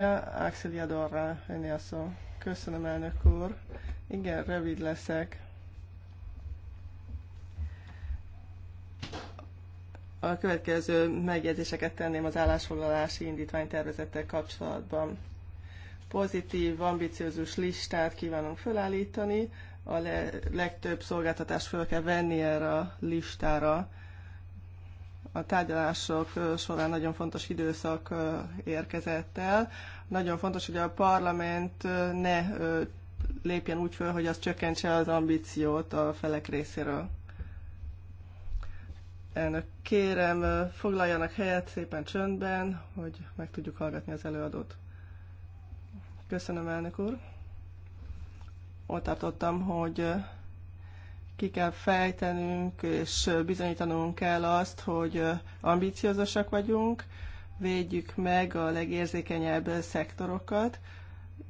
Axel Jadorra lenni a szó. Köszönöm, elnök úr. Igen, rövid leszek. A következő megjegyzéseket tenném az állásfoglalási indítvány kapcsolatban. Pozitív, ambiciózus listát kívánunk felállítani. A le- legtöbb szolgáltatást fel kell venni erre a listára a tárgyalások során nagyon fontos időszak érkezett el. Nagyon fontos, hogy a parlament ne lépjen úgy föl, hogy az csökkentse az ambíciót a felek részéről. Elnök, kérem, foglaljanak helyet szépen csöndben, hogy meg tudjuk hallgatni az előadót. Köszönöm, elnök úr. Ott tartottam, hogy ki kell fejtenünk, és bizonyítanunk kell azt, hogy ambiciózusak vagyunk, védjük meg a legérzékenyebb szektorokat,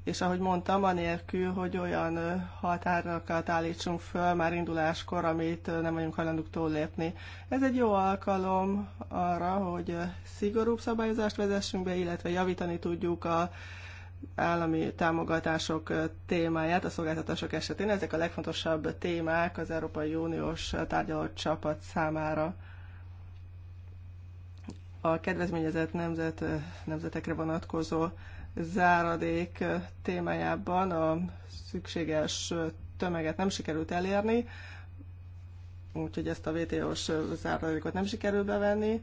és ahogy mondtam, anélkül, hogy olyan határokat állítsunk föl már induláskor, amit nem vagyunk hajlandók túllépni. Ez egy jó alkalom arra, hogy szigorúbb szabályozást vezessünk be, illetve javítani tudjuk a állami támogatások témáját a szolgáltatások esetén. Ezek a legfontosabb témák az Európai Uniós tárgyalócsapat számára. A kedvezményezett nemzet, nemzetekre vonatkozó záradék témájában a szükséges tömeget nem sikerült elérni, úgyhogy ezt a VTO-s záradékot nem sikerül bevenni.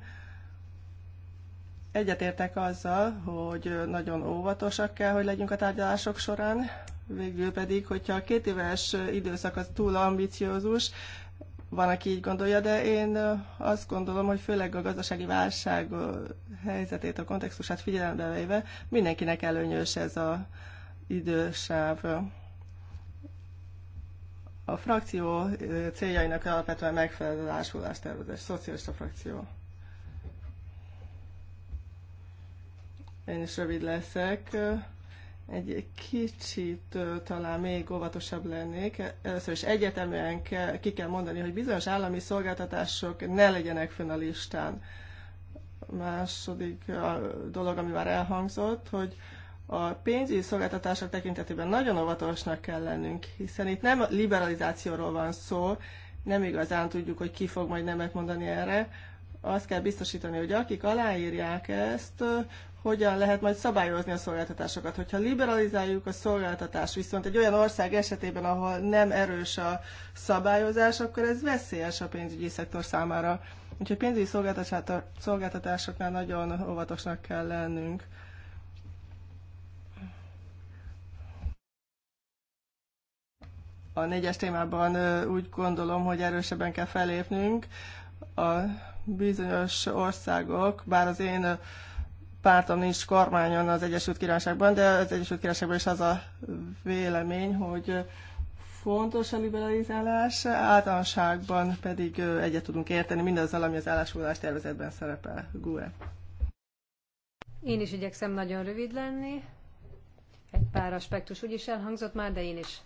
Egyetértek azzal, hogy nagyon óvatosak kell, hogy legyünk a tárgyalások során, végül pedig, hogyha a két éves időszak az túl ambiciózus, van, aki így gondolja, de én azt gondolom, hogy főleg a gazdasági válság helyzetét, a kontextusát figyelembe véve mindenkinek előnyös ez a idősáv. A frakció céljainak alapvetően megfelelő állásulást tervezés, szocialista frakció. Én is rövid leszek. Egy kicsit talán még óvatosabb lennék. Először is egyeteműen ki kell mondani, hogy bizonyos állami szolgáltatások ne legyenek fönn a listán. Második a dolog, ami már elhangzott, hogy a pénzügyi szolgáltatások tekintetében nagyon óvatosnak kell lennünk, hiszen itt nem liberalizációról van szó, nem igazán tudjuk, hogy ki fog majd nemet mondani erre. Azt kell biztosítani, hogy akik aláírják ezt, hogyan lehet majd szabályozni a szolgáltatásokat. Hogyha liberalizáljuk a szolgáltatást, viszont egy olyan ország esetében, ahol nem erős a szabályozás, akkor ez veszélyes a pénzügyi szektor számára. Úgyhogy pénzügyi szolgáltatásoknál nagyon óvatosnak kell lennünk. A négyes témában úgy gondolom, hogy erősebben kell felépnünk. A bizonyos országok, bár az én pártom nincs kormányon az Egyesült Királyságban, de az Egyesült Királyságban is az a vélemény, hogy fontos a liberalizálás, általánosságban pedig egyet tudunk érteni mindazzal, ami az állásfoglalás tervezetben szerepel. GUE. Én is igyekszem nagyon rövid lenni. Egy pár aspektus úgyis elhangzott már, de én is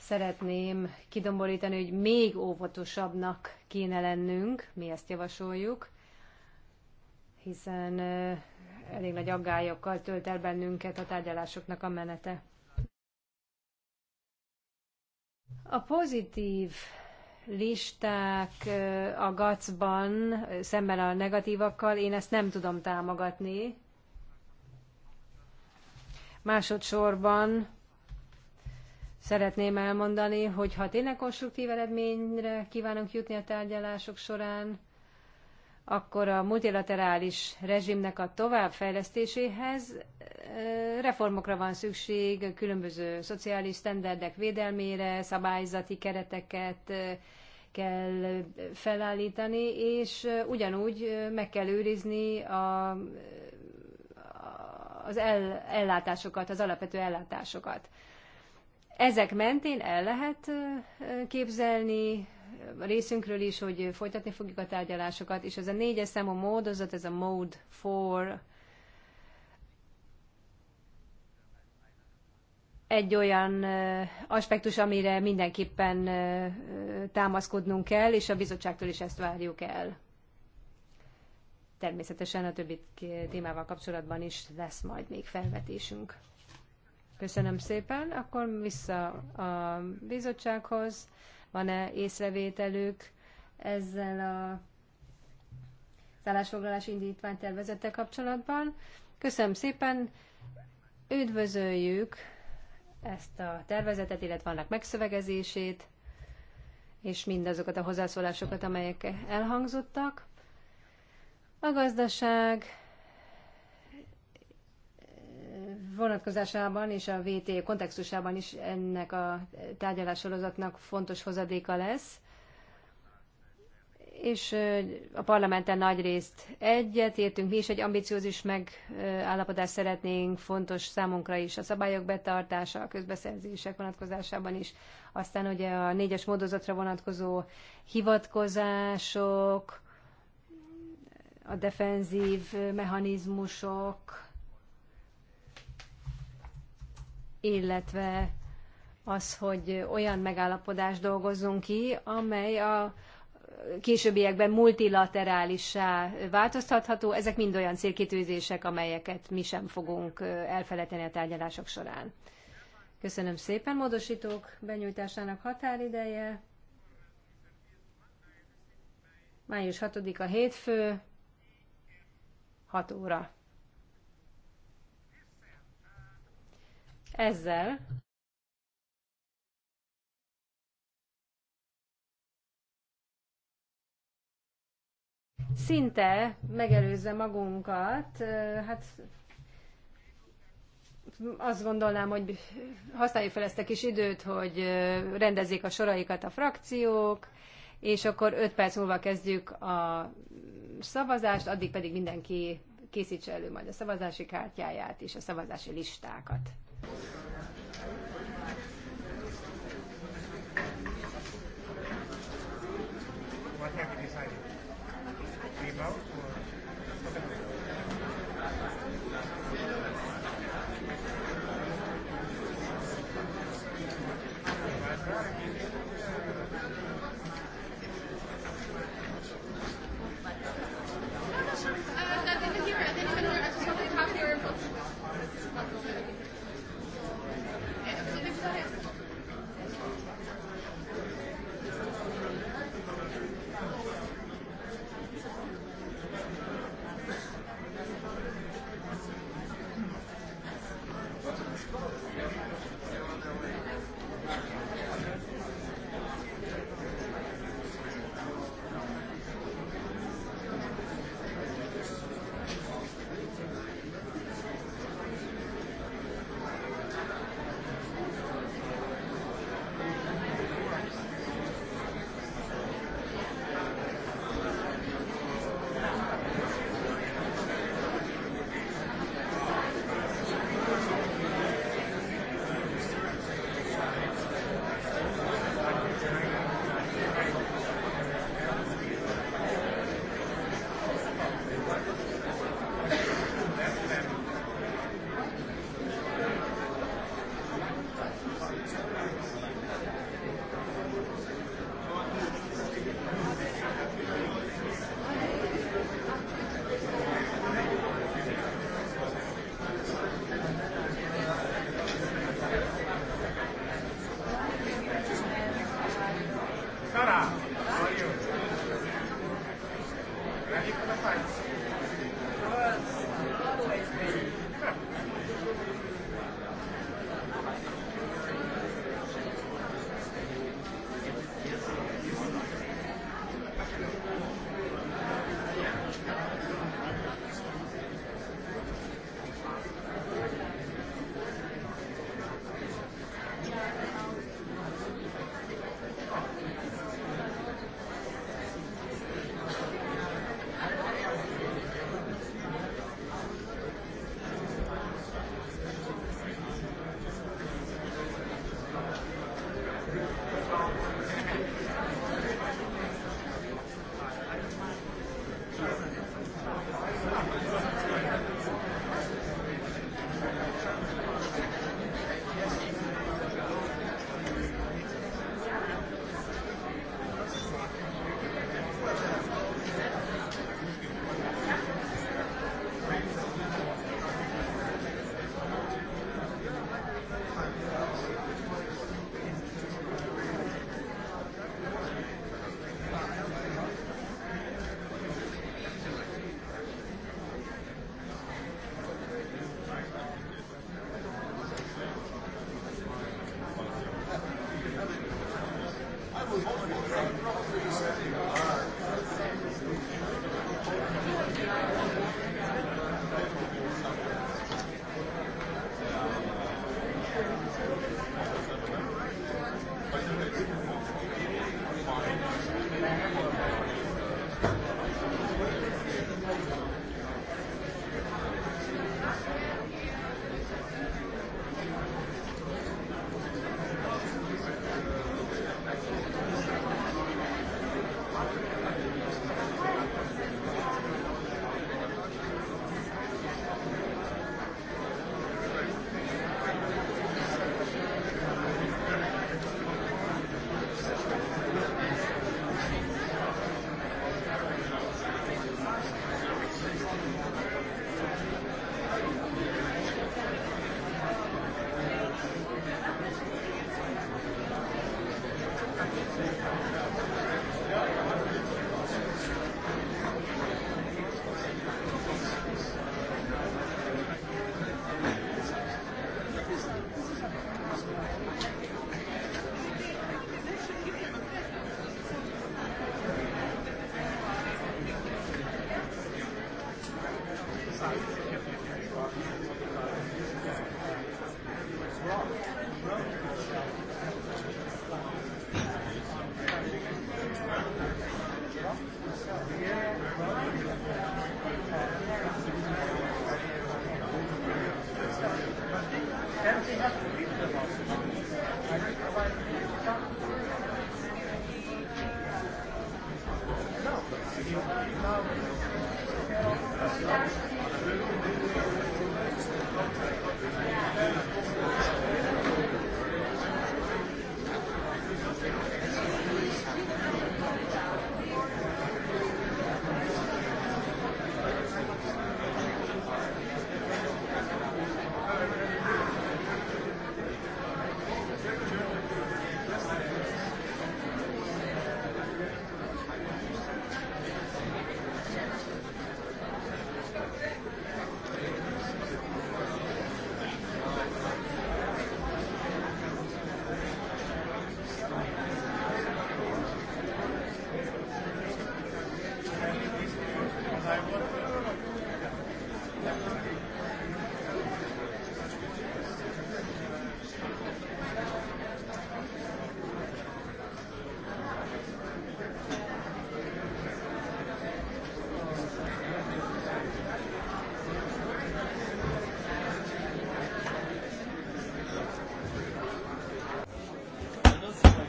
szeretném kidomborítani, hogy még óvatosabbnak kéne lennünk, mi ezt javasoljuk, hiszen elég nagy aggályokkal tölt el bennünket a tárgyalásoknak a menete. A pozitív listák a gacban szemben a negatívakkal, én ezt nem tudom támogatni. Másodszorban szeretném elmondani, hogy ha tényleg konstruktív eredményre kívánunk jutni a tárgyalások során, akkor a multilaterális rezsimnek a továbbfejlesztéséhez reformokra van szükség, különböző szociális standardek védelmére, szabályzati kereteket kell felállítani, és ugyanúgy meg kell őrizni a, az el, ellátásokat, az alapvető ellátásokat. Ezek mentén el lehet képzelni részünkről is, hogy folytatni fogjuk a tárgyalásokat, és ez a négyes a módozat, ez a Mode for egy olyan aspektus, amire mindenképpen támaszkodnunk kell, és a bizottságtól is ezt várjuk el. Természetesen a többi témával kapcsolatban is lesz majd még felvetésünk. Köszönöm szépen. Akkor vissza a bizottsághoz van-e észrevételük ezzel a szállásfoglalás indítvány tervezettel kapcsolatban. Köszönöm szépen, üdvözöljük ezt a tervezetet, illetve annak megszövegezését, és mindazokat a hozzászólásokat, amelyek elhangzottak. A gazdaság vonatkozásában és a VT kontextusában is ennek a tárgyalássorozatnak fontos hozadéka lesz. És a parlamenten nagy részt egyet értünk, mi is egy ambiciózus megállapodást szeretnénk, fontos számunkra is a szabályok betartása, a közbeszerzések vonatkozásában is. Aztán ugye a négyes módozatra vonatkozó hivatkozások, a defenzív mechanizmusok, illetve az, hogy olyan megállapodást dolgozzunk ki, amely a későbbiekben multilaterálissá változtatható. Ezek mind olyan célkitűzések, amelyeket mi sem fogunk elfelejteni a tárgyalások során. Köszönöm szépen. Módosítók benyújtásának határideje. Május 6-a hétfő, 6 óra. Ezzel szinte megelőzze magunkat, hát azt gondolnám, hogy használjuk fel ezt a kis időt, hogy rendezzék a soraikat a frakciók, és akkor 5 perc múlva kezdjük a szavazást, addig pedig mindenki készítse elő majd a szavazási kártyáját és a szavazási listákat. What happened?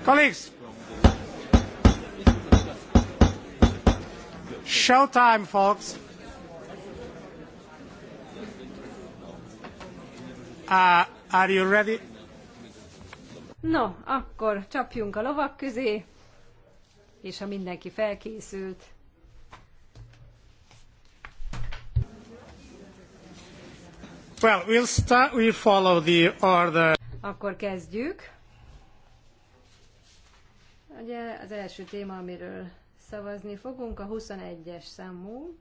Colleagues, showtime, folks. Uh, are you ready? No, akkor csapjunk a lovak közé, és ha mindenki felkészült, Well, we'll start, we follow the order. Akkor kezdjük. Az első téma, amiről szavazni fogunk, a 21-es számú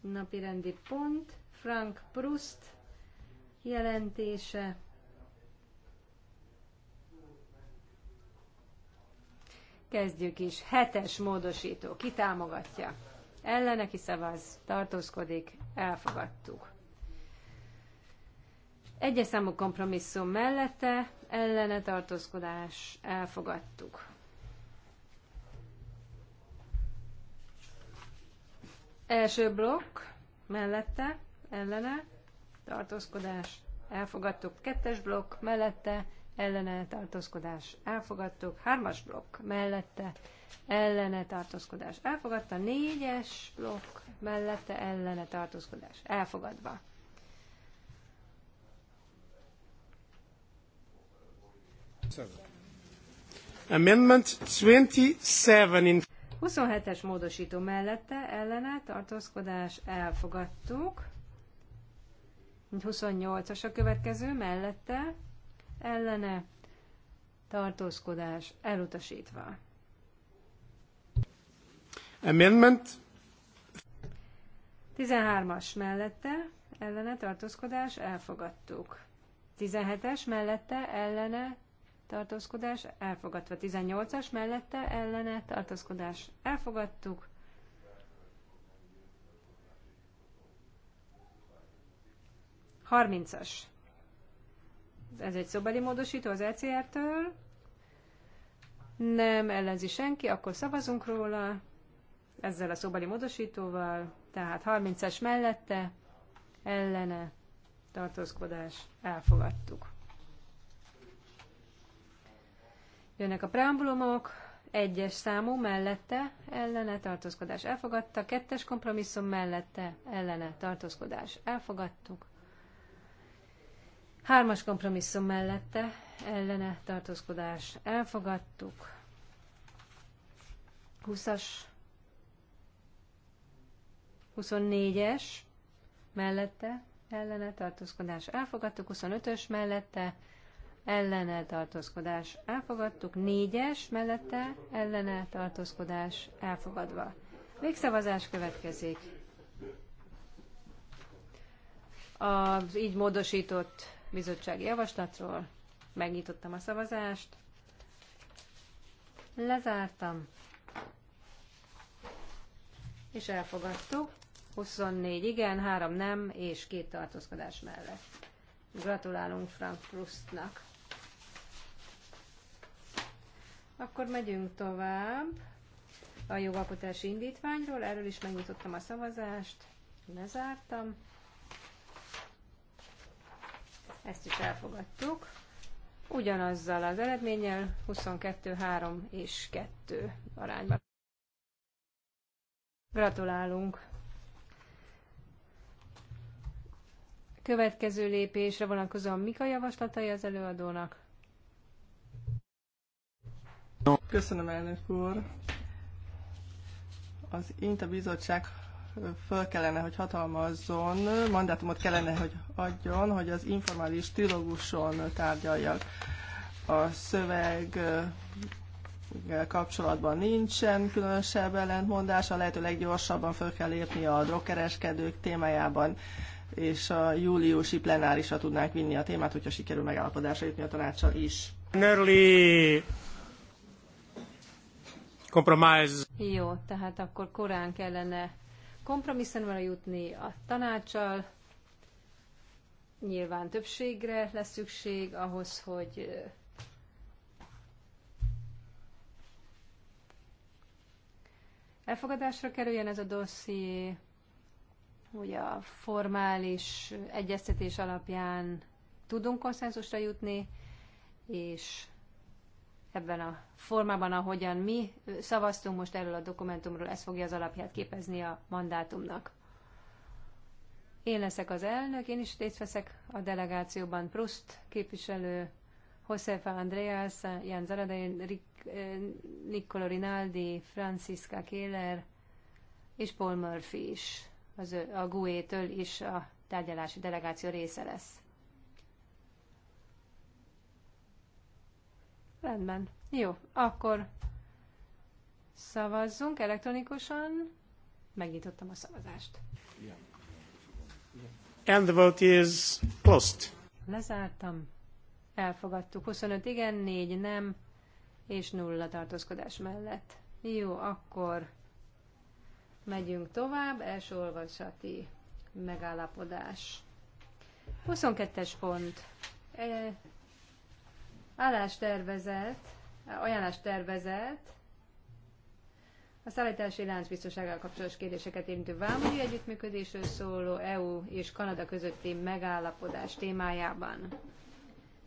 napirendi pont, Frank Proust jelentése. Kezdjük is. Hetes módosító. Ki támogatja? Ellene ki szavaz? Tartózkodik? Elfogadtuk. Egyes számú kompromisszum mellette ellene tartózkodás elfogadtuk. Első blokk, mellette, ellene, tartózkodás, elfogadtuk. Kettes blokk, mellette, ellene, tartózkodás, elfogadtuk. Hármas blokk, mellette, ellene, tartózkodás, elfogadta. Négyes blokk, mellette, ellene, tartózkodás, elfogadva. Amendment 27 in 27-es módosító mellette ellene tartózkodás elfogadtuk. 28-as a következő mellette ellene tartózkodás elutasítva. Amendment 13-as mellette ellene tartózkodás elfogadtuk. 17-es mellette ellene tartózkodás elfogadva. 18-as mellette ellene tartózkodás elfogadtuk. Harmincas. Ez egy szobeli módosító az ECR-től. Nem ellenzi senki, akkor szavazunk róla. Ezzel a szobeli módosítóval. Tehát 30-es mellette, ellene, tartózkodás, elfogadtuk. Jönnek a preambulumok, egyes számú mellette ellene tartózkodás elfogadta, kettes kompromisszum mellette ellene tartózkodás elfogadtuk, hármas kompromisszum mellette ellene tartózkodás elfogadtuk, 20-as, 24-es mellette ellene tartózkodás elfogadtuk, 25-ös mellette ellene tartózkodás elfogadtuk, négyes mellette ellene tartózkodás elfogadva. Végszavazás következik. Az így módosított bizottsági javaslatról megnyitottam a szavazást, lezártam, és elfogadtuk. 24 igen, 3 nem, és két tartózkodás mellett. Gratulálunk Frank Prustnak. Akkor megyünk tovább a jogalkotási indítványról. Erről is megnyitottam a szavazást, lezártam. Ezt is elfogadtuk. Ugyanazzal az eredménnyel 22-3 és 2 arányban. Gratulálunk! Következő lépésre vonatkozóan mik a javaslatai az előadónak? Köszönöm, elnök úr. Az INTA bizottság föl kellene, hogy hatalmazzon, mandátumot kellene, hogy adjon, hogy az informális trilóguson tárgyaljak. A szöveg kapcsolatban nincsen különösebb ellentmondás, a lehető leggyorsabban föl kell lépni a drogkereskedők témájában, és a júliusi plenárisra tudnánk vinni a témát, hogyha sikerül megállapodásra jutni a tanácssal is. Nerli compromise. Jó, tehát akkor korán kellene kompromisszumra jutni a tanácsal. Nyilván többségre lesz szükség ahhoz, hogy eh, elfogadásra kerüljen ez a dosszié, hogy a formális egyeztetés alapján tudunk konszenzusra jutni, és ebben a formában, ahogyan mi szavaztunk most erről a dokumentumról, ez fogja az alapját képezni a mandátumnak. Én leszek az elnök, én is részt veszek a delegációban. Prust képviselő, Josefa Andreas, Jan Zaradai, eh, Niccolo Rinaldi, Francisca Kéler és Paul Murphy is, az, a GUE-től is a tárgyalási delegáció része lesz. Rendben. Jó, akkor szavazzunk elektronikusan. Megnyitottam a szavazást. And the vote is closed. Lezártam. Elfogadtuk. 25 igen, 4 nem, és nulla tartózkodás mellett. Jó, akkor megyünk tovább. Első olvasati megállapodás. 22-es pont. E, állástervezet, tervezett. a szállítási láncbiztonsággal kapcsolatos kérdéseket érintő vámúi együttműködésről szóló EU és Kanada közötti megállapodás témájában.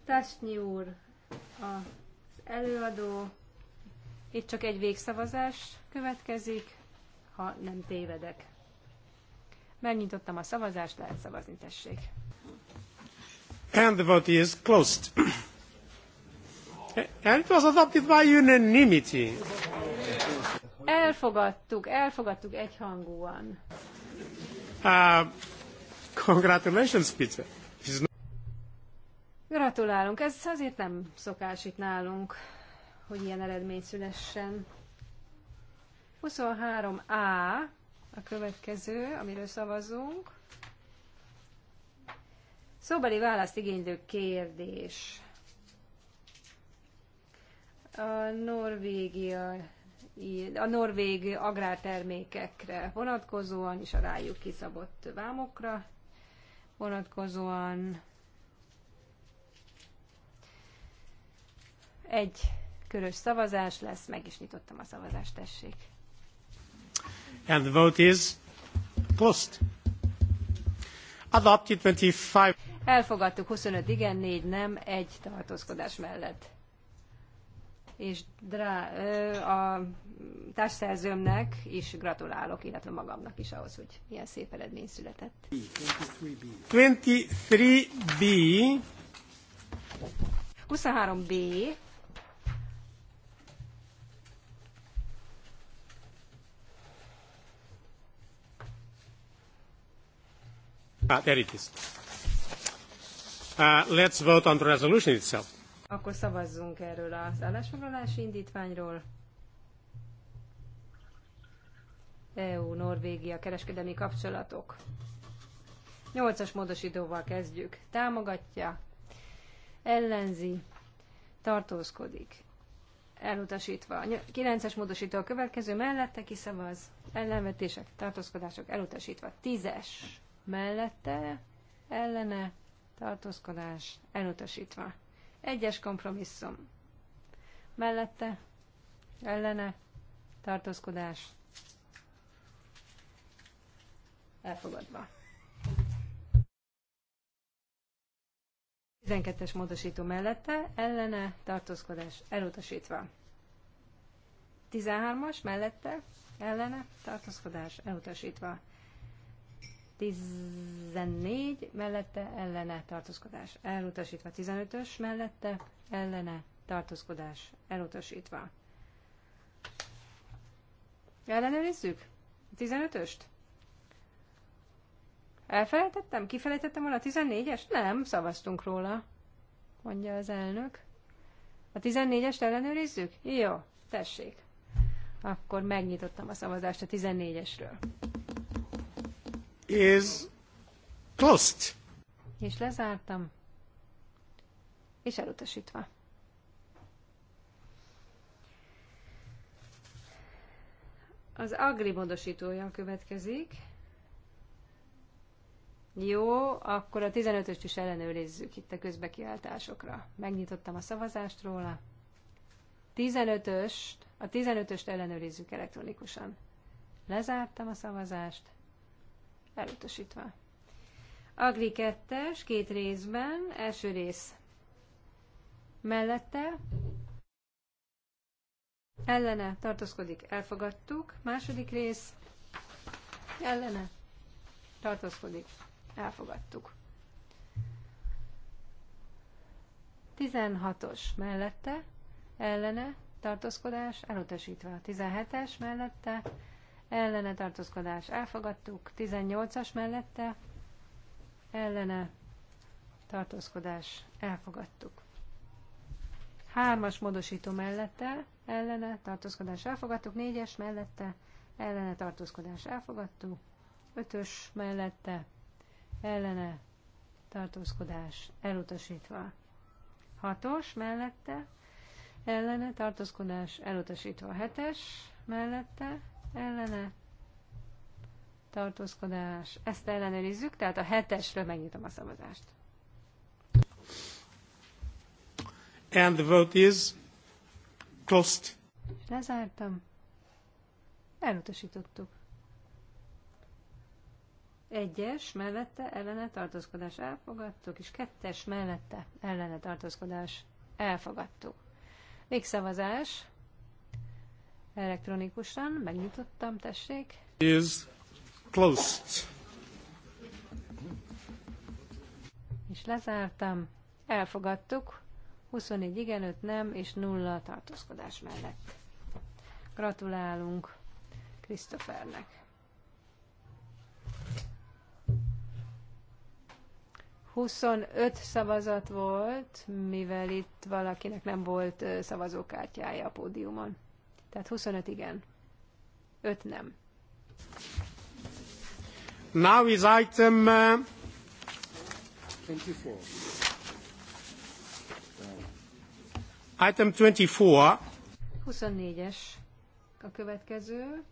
Tásnyi úr, az előadó, itt csak egy végszavazás következik, ha nem tévedek. Megnyitottam a szavazást, lehet szavazni, tessék. And the vote is closed. Elfogadtuk, elfogadtuk egyhangúan. Uh, congratulations, Peter. Not... Gratulálunk, ez azért nem szokás itt nálunk, hogy ilyen eredmény szülessen. 23A a következő, amiről szavazunk. Szóbeli választ igénylő kérdés a Norvégia a norvég agrártermékekre vonatkozóan és a rájuk kiszabott vámokra vonatkozóan egy körös szavazás lesz, meg is nyitottam a szavazást, tessék. And the vote is closed. Adopted 25. Elfogadtuk 25 igen, 4 nem, egy tartózkodás mellett és drá, a társszerzőmnek is gratulálok, illetve magamnak is ahhoz, hogy ilyen szép eredmény született. 23B. 23B. 23B. Ah, there it is. Uh, let's vote on the resolution itself. Akkor szavazzunk erről az állásfoglalási indítványról. EU-Norvégia kereskedelmi kapcsolatok. Nyolcas módosítóval kezdjük. Támogatja, ellenzi, tartózkodik. Elutasítva. Kilences módosító a következő mellette kiszavaz. Ellenvetések, tartózkodások elutasítva. Tízes mellette, ellene, tartózkodás elutasítva. Egyes kompromisszum. Mellette, ellene, tartózkodás. Elfogadva. 12-es módosító mellette, ellene, tartózkodás elutasítva. 13-as mellette, ellene, tartózkodás elutasítva. 14 mellette ellene tartózkodás elutasítva, 15-ös mellette ellene tartózkodás elutasítva. Ellenőrizzük? 15-öst? Elfelejtettem? Kifelejtettem volna a 14-est? Nem, szavaztunk róla, mondja az elnök. A 14-est ellenőrizzük? Jó, tessék. Akkor megnyitottam a szavazást a 14-esről is closed. És lezártam. És elutasítva. Az agri módosítója következik. Jó, akkor a 15-öst is ellenőrizzük itt a közbekiáltásokra. Megnyitottam a szavazást róla. 15-öst, a 15-öst ellenőrizzük elektronikusan. Lezártam a szavazást elutasítva. Agri 2 két részben, első rész mellette, ellene tartózkodik, elfogadtuk, második rész ellene tartózkodik, elfogadtuk. 16-os mellette, ellene tartózkodás, elutasítva. 17-es mellette, ellene tartózkodás elfogadtuk, 18-as mellette ellene tartózkodás elfogadtuk. Hármas módosító mellette ellene tartózkodás elfogadtuk, négyes mellette ellene tartózkodás elfogadtuk, ötös mellette ellene tartózkodás elutasítva. Hatos mellette ellene tartózkodás elutasítva. Hetes mellette ellene tartózkodás. Ezt ellenőrizzük, tehát a hetesről megnyitom a szavazást. And the vote is closed. Lezártam. Elutasítottuk. Egyes mellette ellene tartózkodás elfogadtuk, és kettes mellette ellene tartózkodás elfogadtuk. Végszavazás elektronikusan. Megnyitottam, tessék. Is closed. És lezártam. Elfogadtuk. 24 igen, 5 nem, és 0 tartózkodás mellett. Gratulálunk Krisztofernek. Huszonöt szavazat volt, mivel itt valakinek nem volt szavazókártyája a pódiumon. Tehát 25 igen. 5 nem. Now is item uh, 24. Item 24. 24-es a következő.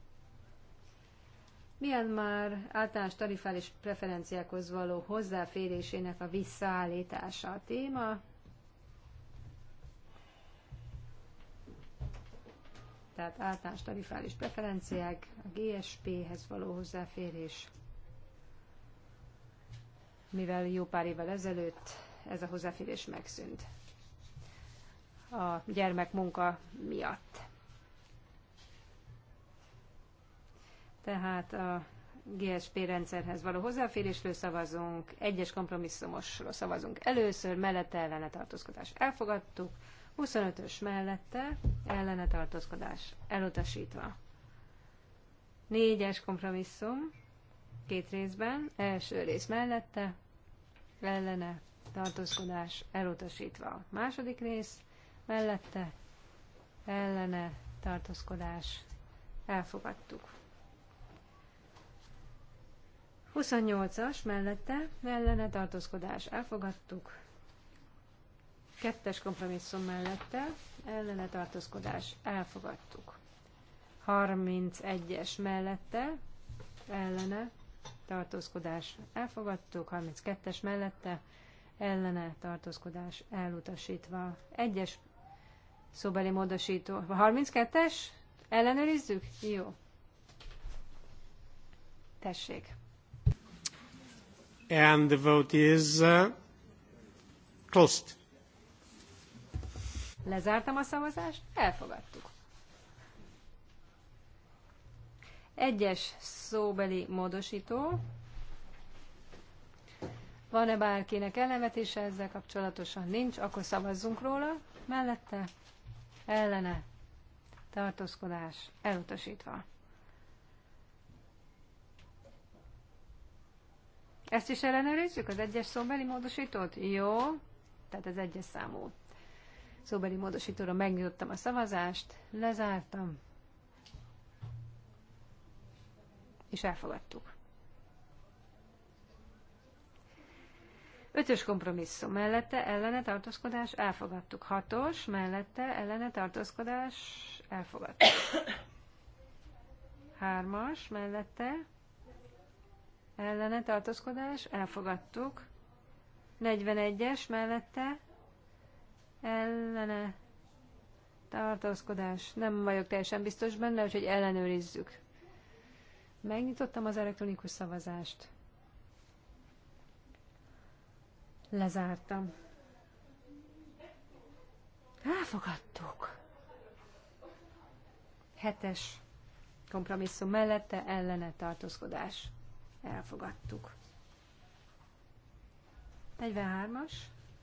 Milyen már általános tarifális preferenciákhoz való hozzáférésének a visszaállítása a téma? tehát általános tarifális preferenciák, a GSP-hez való hozzáférés, mivel jó pár évvel ezelőtt ez a hozzáférés megszűnt a gyermek munka miatt. Tehát a GSP rendszerhez való hozzáférésről szavazunk, egyes kompromisszumosról szavazunk először, mellette ellene tartózkodás elfogadtuk, 25-ös mellette ellene tartózkodás elutasítva. 4-es kompromisszum két részben, első rész mellette ellene tartózkodás elutasítva. Második rész mellette ellene tartózkodás elfogadtuk. 28-as mellette ellene tartózkodás elfogadtuk. Kettes kompromisszum mellette ellene tartózkodás elfogadtuk. 31-es mellette ellene tartózkodás elfogadtuk, 32-es mellette ellene tartózkodás elutasítva. Egyes szóbeli módosító. A 32-es? Ellenőrizzük? Jó. Tessék. And the vote is uh, closed. Lezártam a szavazást, elfogadtuk. Egyes szóbeli módosító. Van-e bárkinek ellenvetése ezzel kapcsolatosan? Nincs, akkor szavazzunk róla. Mellette? Ellene? Tartózkodás elutasítva. Ezt is ellenőrizzük, az egyes szóbeli módosítót? Jó, tehát az egyes számú szóbeli módosítóra megnyitottam a szavazást, lezártam, és elfogadtuk. Ötös kompromisszum mellette ellene tartózkodás elfogadtuk. Hatos mellette ellene tartózkodás elfogadtuk. Hármas mellette ellene tartózkodás elfogadtuk. 41-es mellette ellene tartózkodás. Nem vagyok teljesen biztos benne, úgyhogy ellenőrizzük. Megnyitottam az elektronikus szavazást. Lezártam. Elfogadtuk. Hetes kompromisszum mellette ellene tartózkodás. Elfogadtuk. 43-as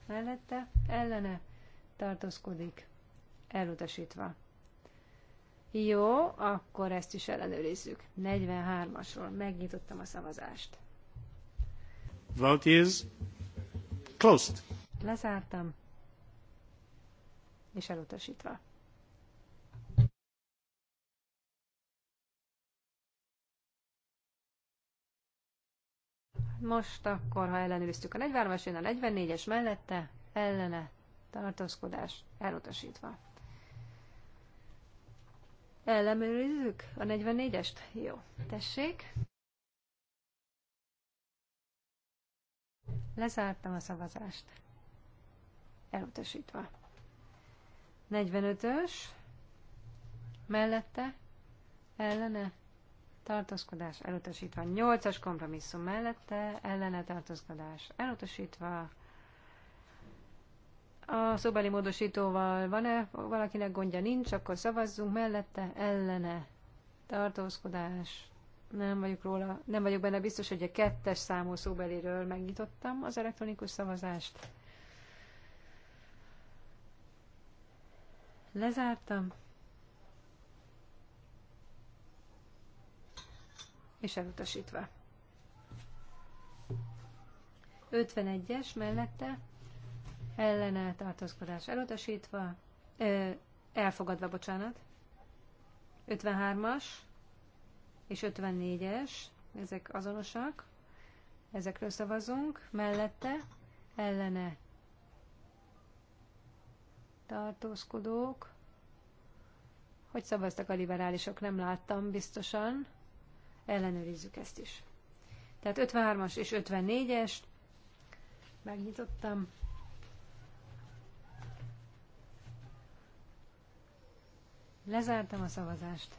mellette ellene tartózkodik, elutasítva. Jó, akkor ezt is ellenőrizzük. 43-asról megnyitottam a szavazást. Vote is closed. Lezártam, és elutasítva. Most akkor, ha ellenőriztük a 43-as, jön a 44-es mellette, ellene tartózkodás elutasítva. Ellenőrizzük a 44-est? Jó, tessék. Lezártam a szavazást. Elutasítva. 45-ös. Mellette. Ellene. Tartózkodás elutasítva. 8-as kompromisszum mellette. Ellene tartózkodás elutasítva. A szóbeli módosítóval van-e valakinek gondja nincs, akkor szavazzunk mellette, ellene, tartózkodás. Nem vagyok róla, nem vagyok benne biztos, hogy a kettes számú szóbeliről megnyitottam az elektronikus szavazást. Lezártam. És elutasítva. 51-es mellette ellene tartózkodás elutasítva, ö, elfogadva, bocsánat, 53-as és 54-es, ezek azonosak, ezekről szavazunk, mellette ellene tartózkodók, hogy szavaztak a liberálisok, nem láttam biztosan, ellenőrizzük ezt is. Tehát 53-as és 54-est megnyitottam, Lezártam a szavazást.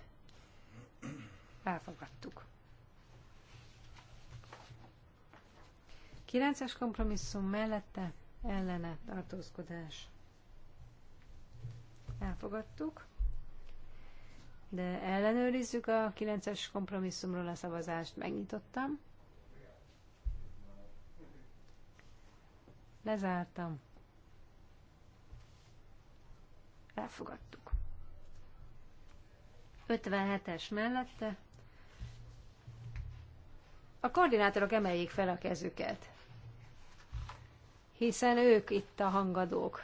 Elfogadtuk. 9-es kompromisszum mellette ellene tartózkodás. Elfogadtuk. De ellenőrizzük a 9-es kompromisszumról a szavazást. Megnyitottam. Lezártam. Elfogadtuk. 57-es mellette. A koordinátorok emeljék fel a kezüket, hiszen ők itt a hangadók,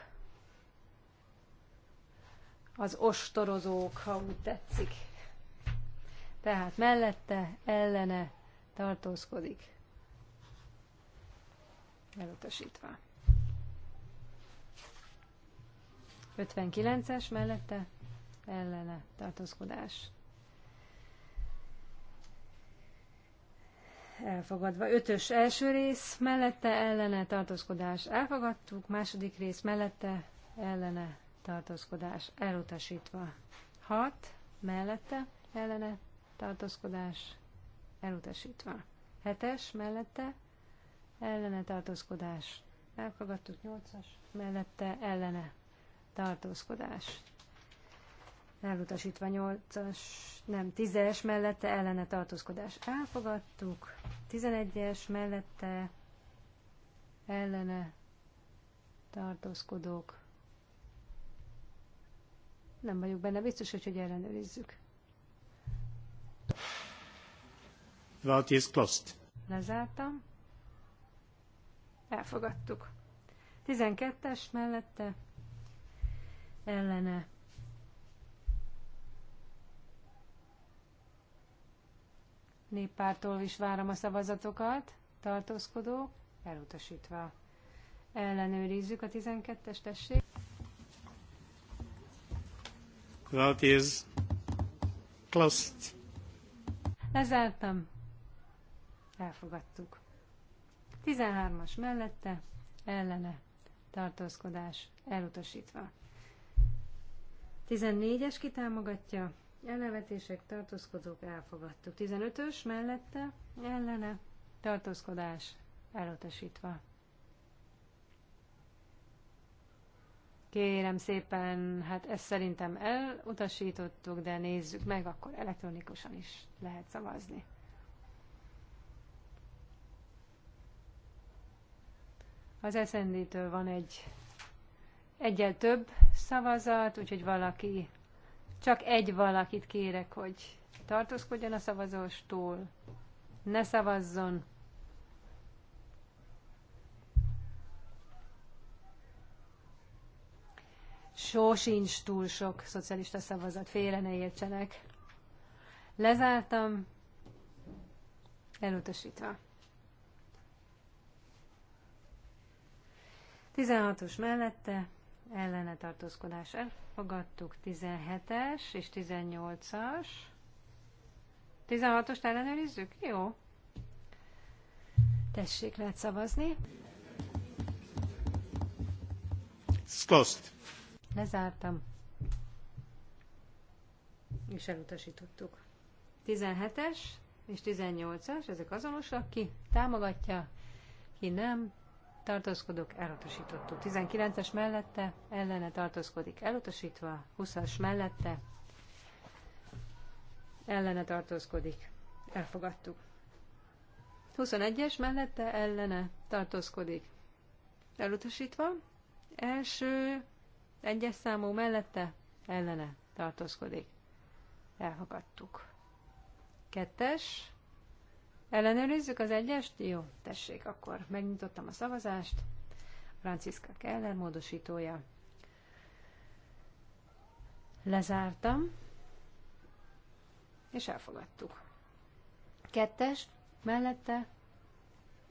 az ostorozók, ha úgy tetszik. Tehát mellette, ellene tartózkodik. Elutasítva. 59-es mellette ellene tartózkodás. Elfogadva. Ötös első rész mellette ellene tartózkodás. Elfogadtuk. Második rész mellette ellene tartózkodás. Elutasítva. Hat mellette ellene tartózkodás. Elutasítva. Hetes mellette ellene tartózkodás. Elfogadtuk. Nyolcas mellette ellene tartózkodás elutasítva 8-as, nem 10-es mellette ellene tartózkodás elfogadtuk, 11-es mellette ellene tartózkodók. Nem vagyok benne biztos, hogy, hogy ellenőrizzük. Vote is closed. Lezártam. Elfogadtuk. 12-es mellette ellene Néppártól is várom a szavazatokat. Tartózkodó, elutasítva. Ellenőrizzük a 12-es, tessék. That is closed. Lezártam. Elfogadtuk. 13-as mellette, ellene, tartózkodás, elutasítva. 14-es kitámogatja, ellenvetések, tartózkodók, elfogadtuk. 15-ös mellette, ellene, tartózkodás, elutasítva. Kérem szépen, hát ezt szerintem elutasítottuk, de nézzük meg, akkor elektronikusan is lehet szavazni. Az SND-től van egy egyel több szavazat, úgyhogy valaki csak egy valakit kérek, hogy tartózkodjon a szavazóstól, ne szavazzon. Sósincs túl sok szocialista szavazat, félre ne értsenek. Lezártam, elutasítva. 16-os mellette ellene tartózkodás el fogadtuk 17-es és 18-as. 16-ost ellenőrizzük? Jó. Tessék, lehet szavazni. Szkoszt. Lezártam. És elutasítottuk. 17-es és 18-as, ezek azonosak, ki támogatja, ki nem, tartózkodók elutasítottuk. 19-es mellette ellene tartózkodik elutasítva, 20-as mellette ellene tartózkodik. Elfogadtuk. 21-es mellette ellene tartózkodik. Elutasítva. Első egyes számú mellette ellene tartózkodik. Elfogadtuk. Kettes Ellenőrizzük az egyest? Jó, tessék, akkor megnyitottam a szavazást. Franciszka Keller módosítója. Lezártam, és elfogadtuk. Kettes, mellette,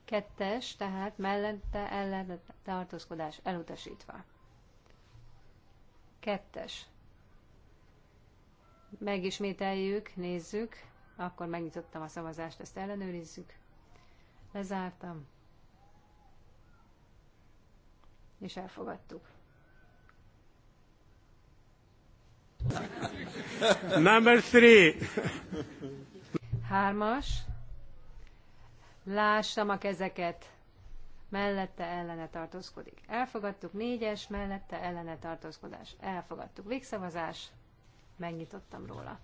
kettes, tehát mellette ellen tartózkodás elutasítva. Kettes. Megismételjük, nézzük, akkor megnyitottam a szavazást, ezt ellenőrizzük. Lezártam. És elfogadtuk. Number three. Hármas. Lássam a kezeket. Mellette ellene tartózkodik. Elfogadtuk. Négyes. Mellette ellene tartózkodás. Elfogadtuk. Végszavazás. Megnyitottam róla.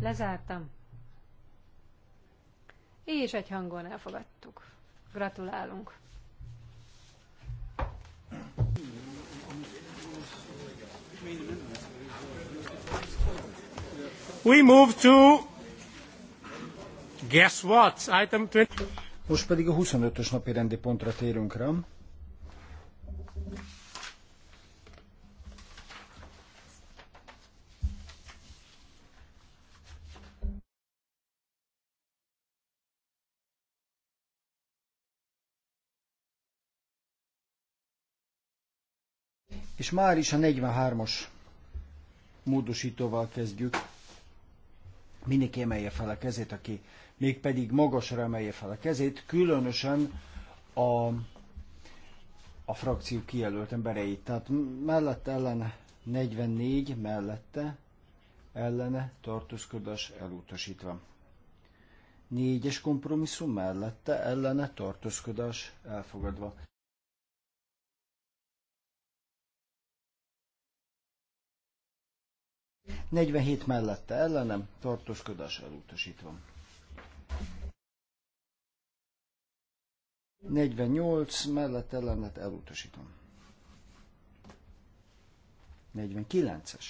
Lezártam. És egy hangon elfogadtuk. Gratulálunk. We move to guess what? Item 20. Most pedig a 25-ös napi rendi pontra térünk rá. És már is a 43-as módosítóval kezdjük. Mindenki emelje fel a kezét, aki mégpedig magasra emelje fel a kezét, különösen a, a frakció kijelölt embereit. Tehát mellette ellene 44, mellette ellene tartózkodás elutasítva. Négyes kompromisszum mellette ellene tartózkodás elfogadva. 47 mellette ellenem, tartózkodás elutasítva. 48 mellett ellenet elutasítom. 49-es.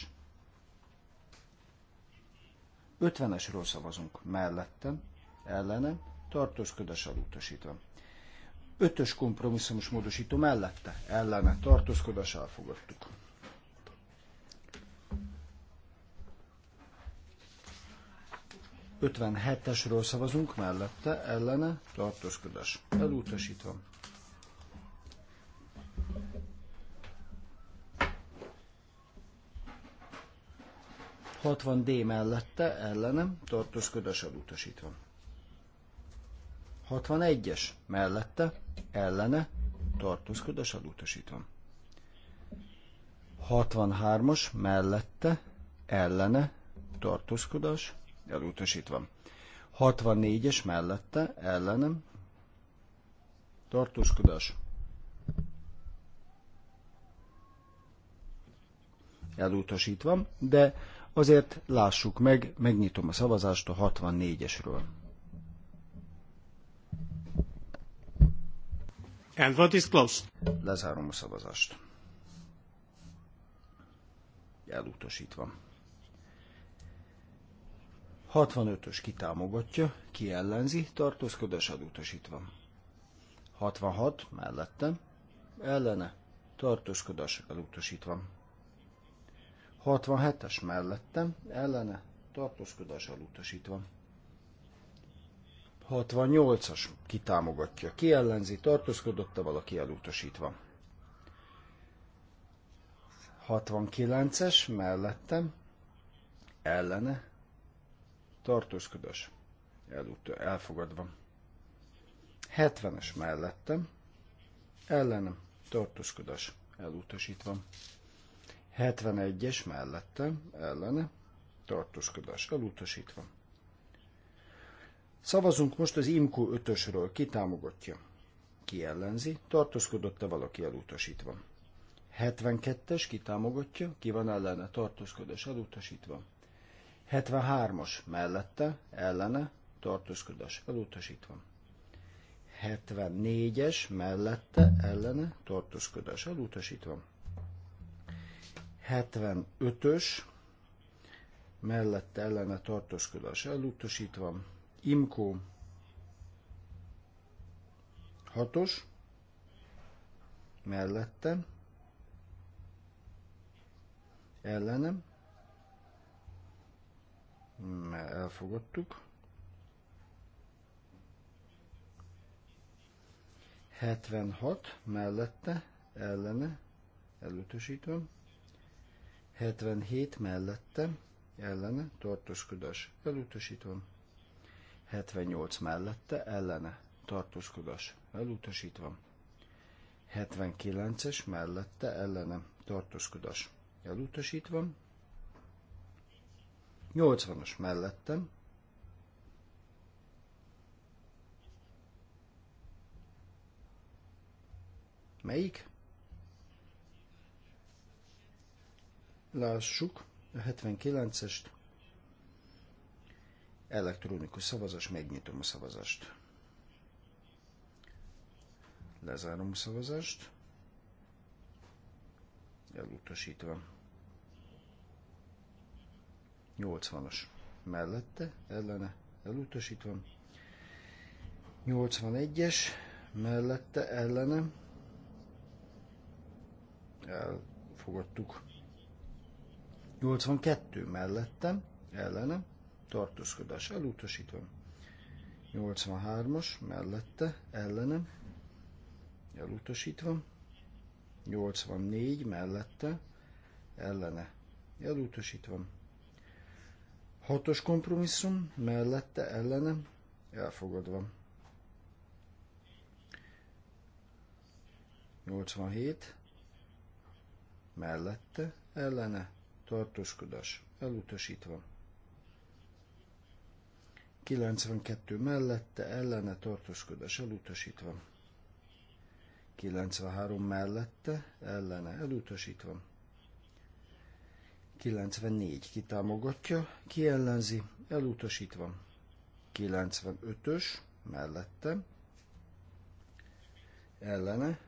50-esről szavazunk mellettem, ellenem, tartózkodás elutasítva. 5-ös kompromisszumos módosító mellette, ellene, tartózkodás elfogadtuk. 57-esről szavazunk mellette, ellene tartózkodás. Elutasítva. Hatvan D mellette, ellenem, tartózkodás elutasítva. 61-es mellette, ellene, tartózkodás elutasítva. 63-as mellette, ellene, tartózkodás elutasítva. 64-es mellette, ellenem, tartózkodás, elutasítva, de azért lássuk meg, megnyitom a szavazást a 64-esről. And what is closed? Lezárom a szavazást. Elutasítva. 65-ös kitámogatja, ki ellenzi, tartózkodás 66 mellette, ellene, tartózkodás elutasítva. 67-es mellette, ellene, tartózkodás elutasítva. 68-as kitámogatja, ki ellenzi, tartózkodott-e valaki elutasítva. 69-es mellette, ellene, tartózkodás elut- elfogadva. 70-es mellettem, ellenem tartózkodás elutasítva. 71-es mellettem, ellene tartózkodás elutasítva. Szavazunk most az IMKU 5-ösről. Ki támogatja? Ki ellenzi? Tartózkodott-e valaki elutasítva? 72-es, ki támogatja? Ki van ellene tartózkodás elutasítva? 73-as mellette, ellene, tartózkodás elutasítva. 74-es mellette, ellene, tartózkodás elutasítva. 75-ös mellette, ellene, tartózkodás elutasítva. Imkó 6-os mellette, ellenem, mert elfogadtuk. 76 mellette, ellene, elutasítom. 77 mellette, ellene, tartózkodás, elutasítom. 78 mellette, ellene, tartózkodás, elutasítom. 79-es mellette, ellene, tartózkodás, elutasítom. 80-as mellettem. Melyik? Lássuk a 79-est. Elektronikus szavazás, megnyitom a szavazást. Lezárom a szavazást. Elutasítva. 80-as mellette, ellene elutasítva. 81-es mellette, ellene elfogadtuk. 82 mellette, ellene tartózkodás elutasítva. 83-as mellette, ellene elutasítva. 84 mellette, ellene elutasítva. Hatos kompromisszum mellette ellenem elfogadva. 87 mellette ellene tartózkodás elutasítva. 92 mellette ellene tartózkodás elutasítva. 93 mellette ellene elutasítva. 94 kitámogatja, kiellenzi, elutasítva. 95-ös mellette, ellene,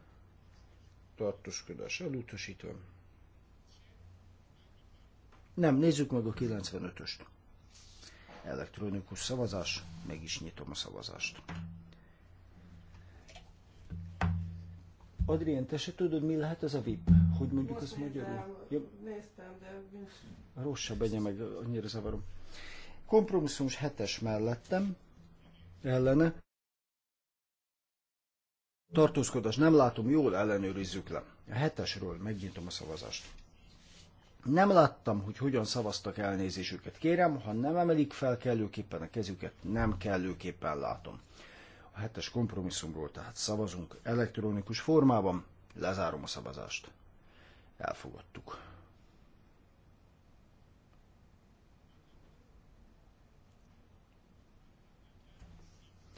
tartózkodás elutasítva. Nem, nézzük meg a 95-öst. Elektronikus szavazás, meg is nyitom a szavazást. Adrien, te se tudod, mi lehet ez a VIP? Hogy mondjuk azt magyarul? Ja. Néztem, de... Rosszabb egyen meg, annyira zavarom. Kompromisszumos hetes mellettem, ellene. Tartózkodás nem látom, jól ellenőrizzük le. A hetesről megnyitom a szavazást. Nem láttam, hogy hogyan szavaztak elnézésüket. Kérem, ha nem emelik fel kellőképpen a kezüket, nem kellőképpen látom hetes kompromisszumról, tehát szavazunk elektronikus formában, lezárom a szavazást. Elfogadtuk.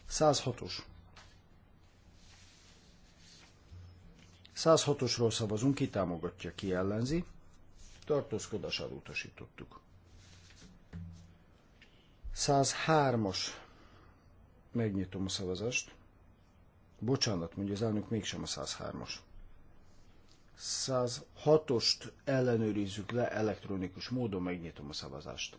Százhatos. 106-osról szavazunk, ki támogatja, ki ellenzi. Tartózkodás elutasítottuk. 103-as Megnyitom a szavazást. Bocsánat, mondja az elnök, mégsem a 103 os 106-ost ellenőrizzük le elektronikus módon, megnyitom a szavazást.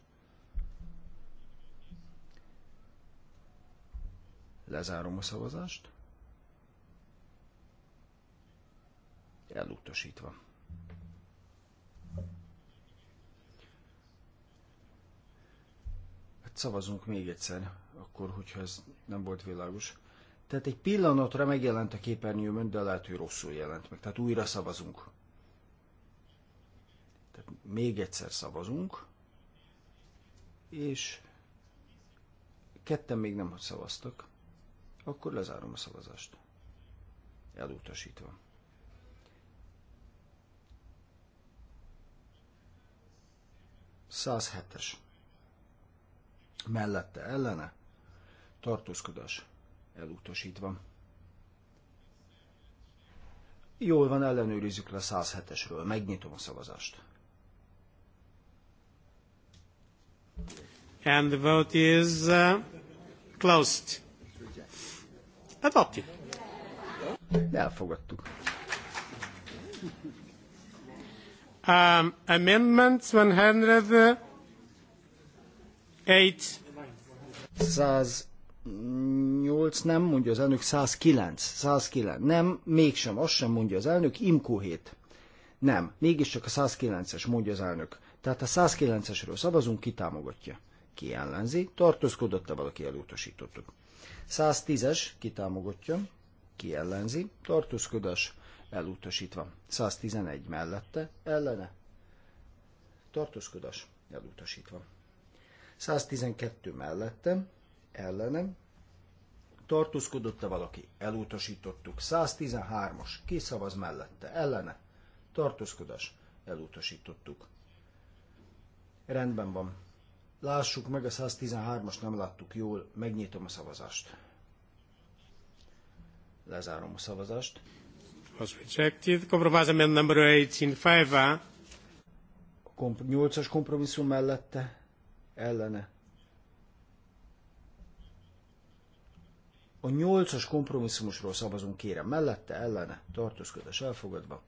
Lezárom a szavazást. Elutasítva. Hát szavazunk még egyszer akkor, hogyha ez nem volt világos. Tehát egy pillanatra megjelent a képernyőmön, de lehet, hogy rosszul jelent meg. Tehát újra szavazunk. Tehát még egyszer szavazunk, és ketten még nem szavaztak, akkor lezárom a szavazást. Elutasítva. Százhetes. Mellette ellene tartózkodás elutasítva. Jól van, ellenőrizzük le 107-esről. Megnyitom a szavazást. And the vote is uh, closed. Adopted. Elfogadtuk. Um, amendment 108. 100 8 nem, mondja az elnök, 109, 109, nem, mégsem, azt sem mondja az elnök, Imkó 7. Nem, mégiscsak a 109-es, mondja az elnök. Tehát a 109-esről szavazunk, ki támogatja. Ki ellenzi, tartózkodott-e valaki, elutasítottuk. 110-es, ki támogatja, ki ellenzi, tartózkodás, elutasítva. 111 mellette, ellene, tartózkodás, elutasítva. 112 mellette, ellenem, tartózkodott-e valaki, elutasítottuk. 113-as, ki szavaz mellette, ellene, tartózkodás, elutasítottuk. Rendben van. Lássuk meg a 113-as, nem láttuk jól, megnyitom a szavazást. Lezárom a szavazást. Was rejected. Compromise amendment number 18, 5A. 8-as kompromisszum mellette, ellene A nyolcas kompromisszumosról szavazunk, kérem, mellette, ellene, tartózkodás elfogadva.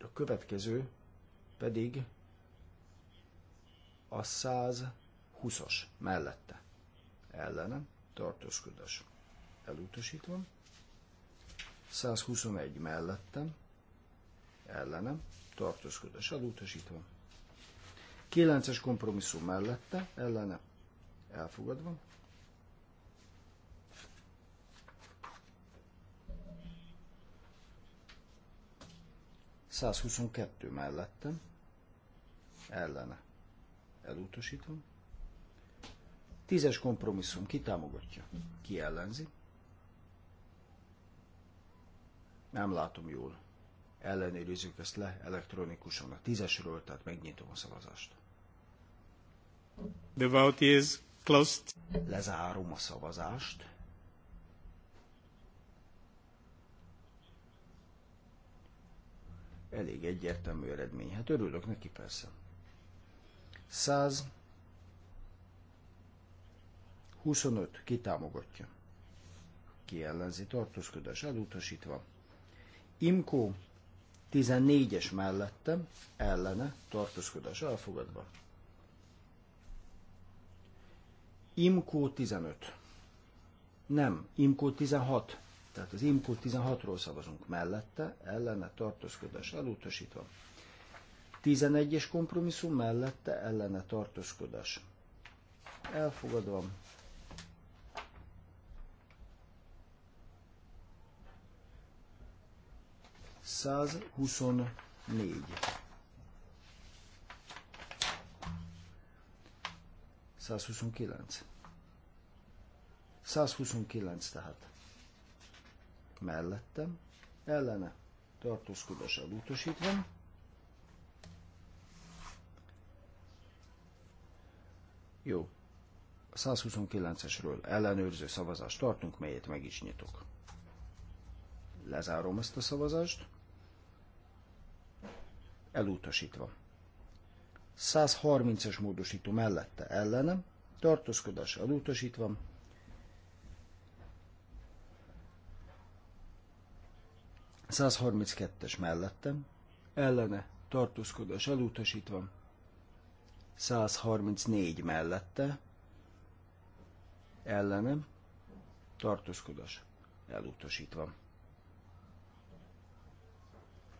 A következő pedig a 120-as mellette. ellene, tartózkodás elutasítva. 121 mellettem, ellenem, tartózkodás elutasítva. 9-es kompromisszum mellette, ellene elfogadva. Százhuszonkettő mellettem, ellene elutasítom. Tízes kompromisszum ki támogatja, ki ellenzi. Nem látom jól ellenőrizzük ezt le elektronikusan a tízesről, tehát megnyitom a szavazást. The vote is closed. Lezárom a szavazást. Elég egyértelmű eredmény. Hát örülök neki persze. 100 25 kitámogatja. Ki ellenzi tartózkodás elutasítva. Imkó 14-es mellettem, ellene, tartózkodás elfogadva. Imkó 15. Nem, Imkó 16. Tehát az Imkó 16-ról szavazunk mellette, ellene, tartózkodás elutasítva. 11-es kompromisszum mellette, ellene, tartózkodás elfogadva. 124. 129. 129 tehát. Mellettem, ellene, tartózkodás elutasítva. Jó. A 129-esről ellenőrző szavazást tartunk, melyet meg is nyitok. Lezárom ezt a szavazást elutasítva. 130-as módosító mellette ellenem, tartózkodás elutasítva. es mellettem, ellene, tartózkodás elutasítva. 134 mellette, ellenem, tartózkodás elutasítva.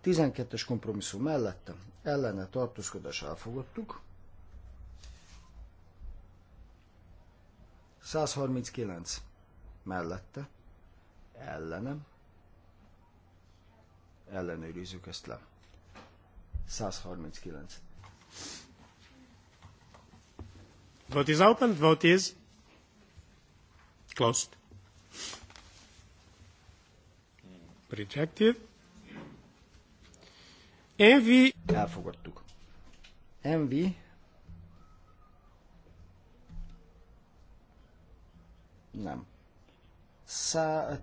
12-es kompromisszum mellette ellene tartózkodás elfogadtuk. 139 mellette ellenem ellenőrizzük ezt le. 139. Vote is open, vote is closed. Rejected. Envi. Elfogadtuk. Envi. Nem.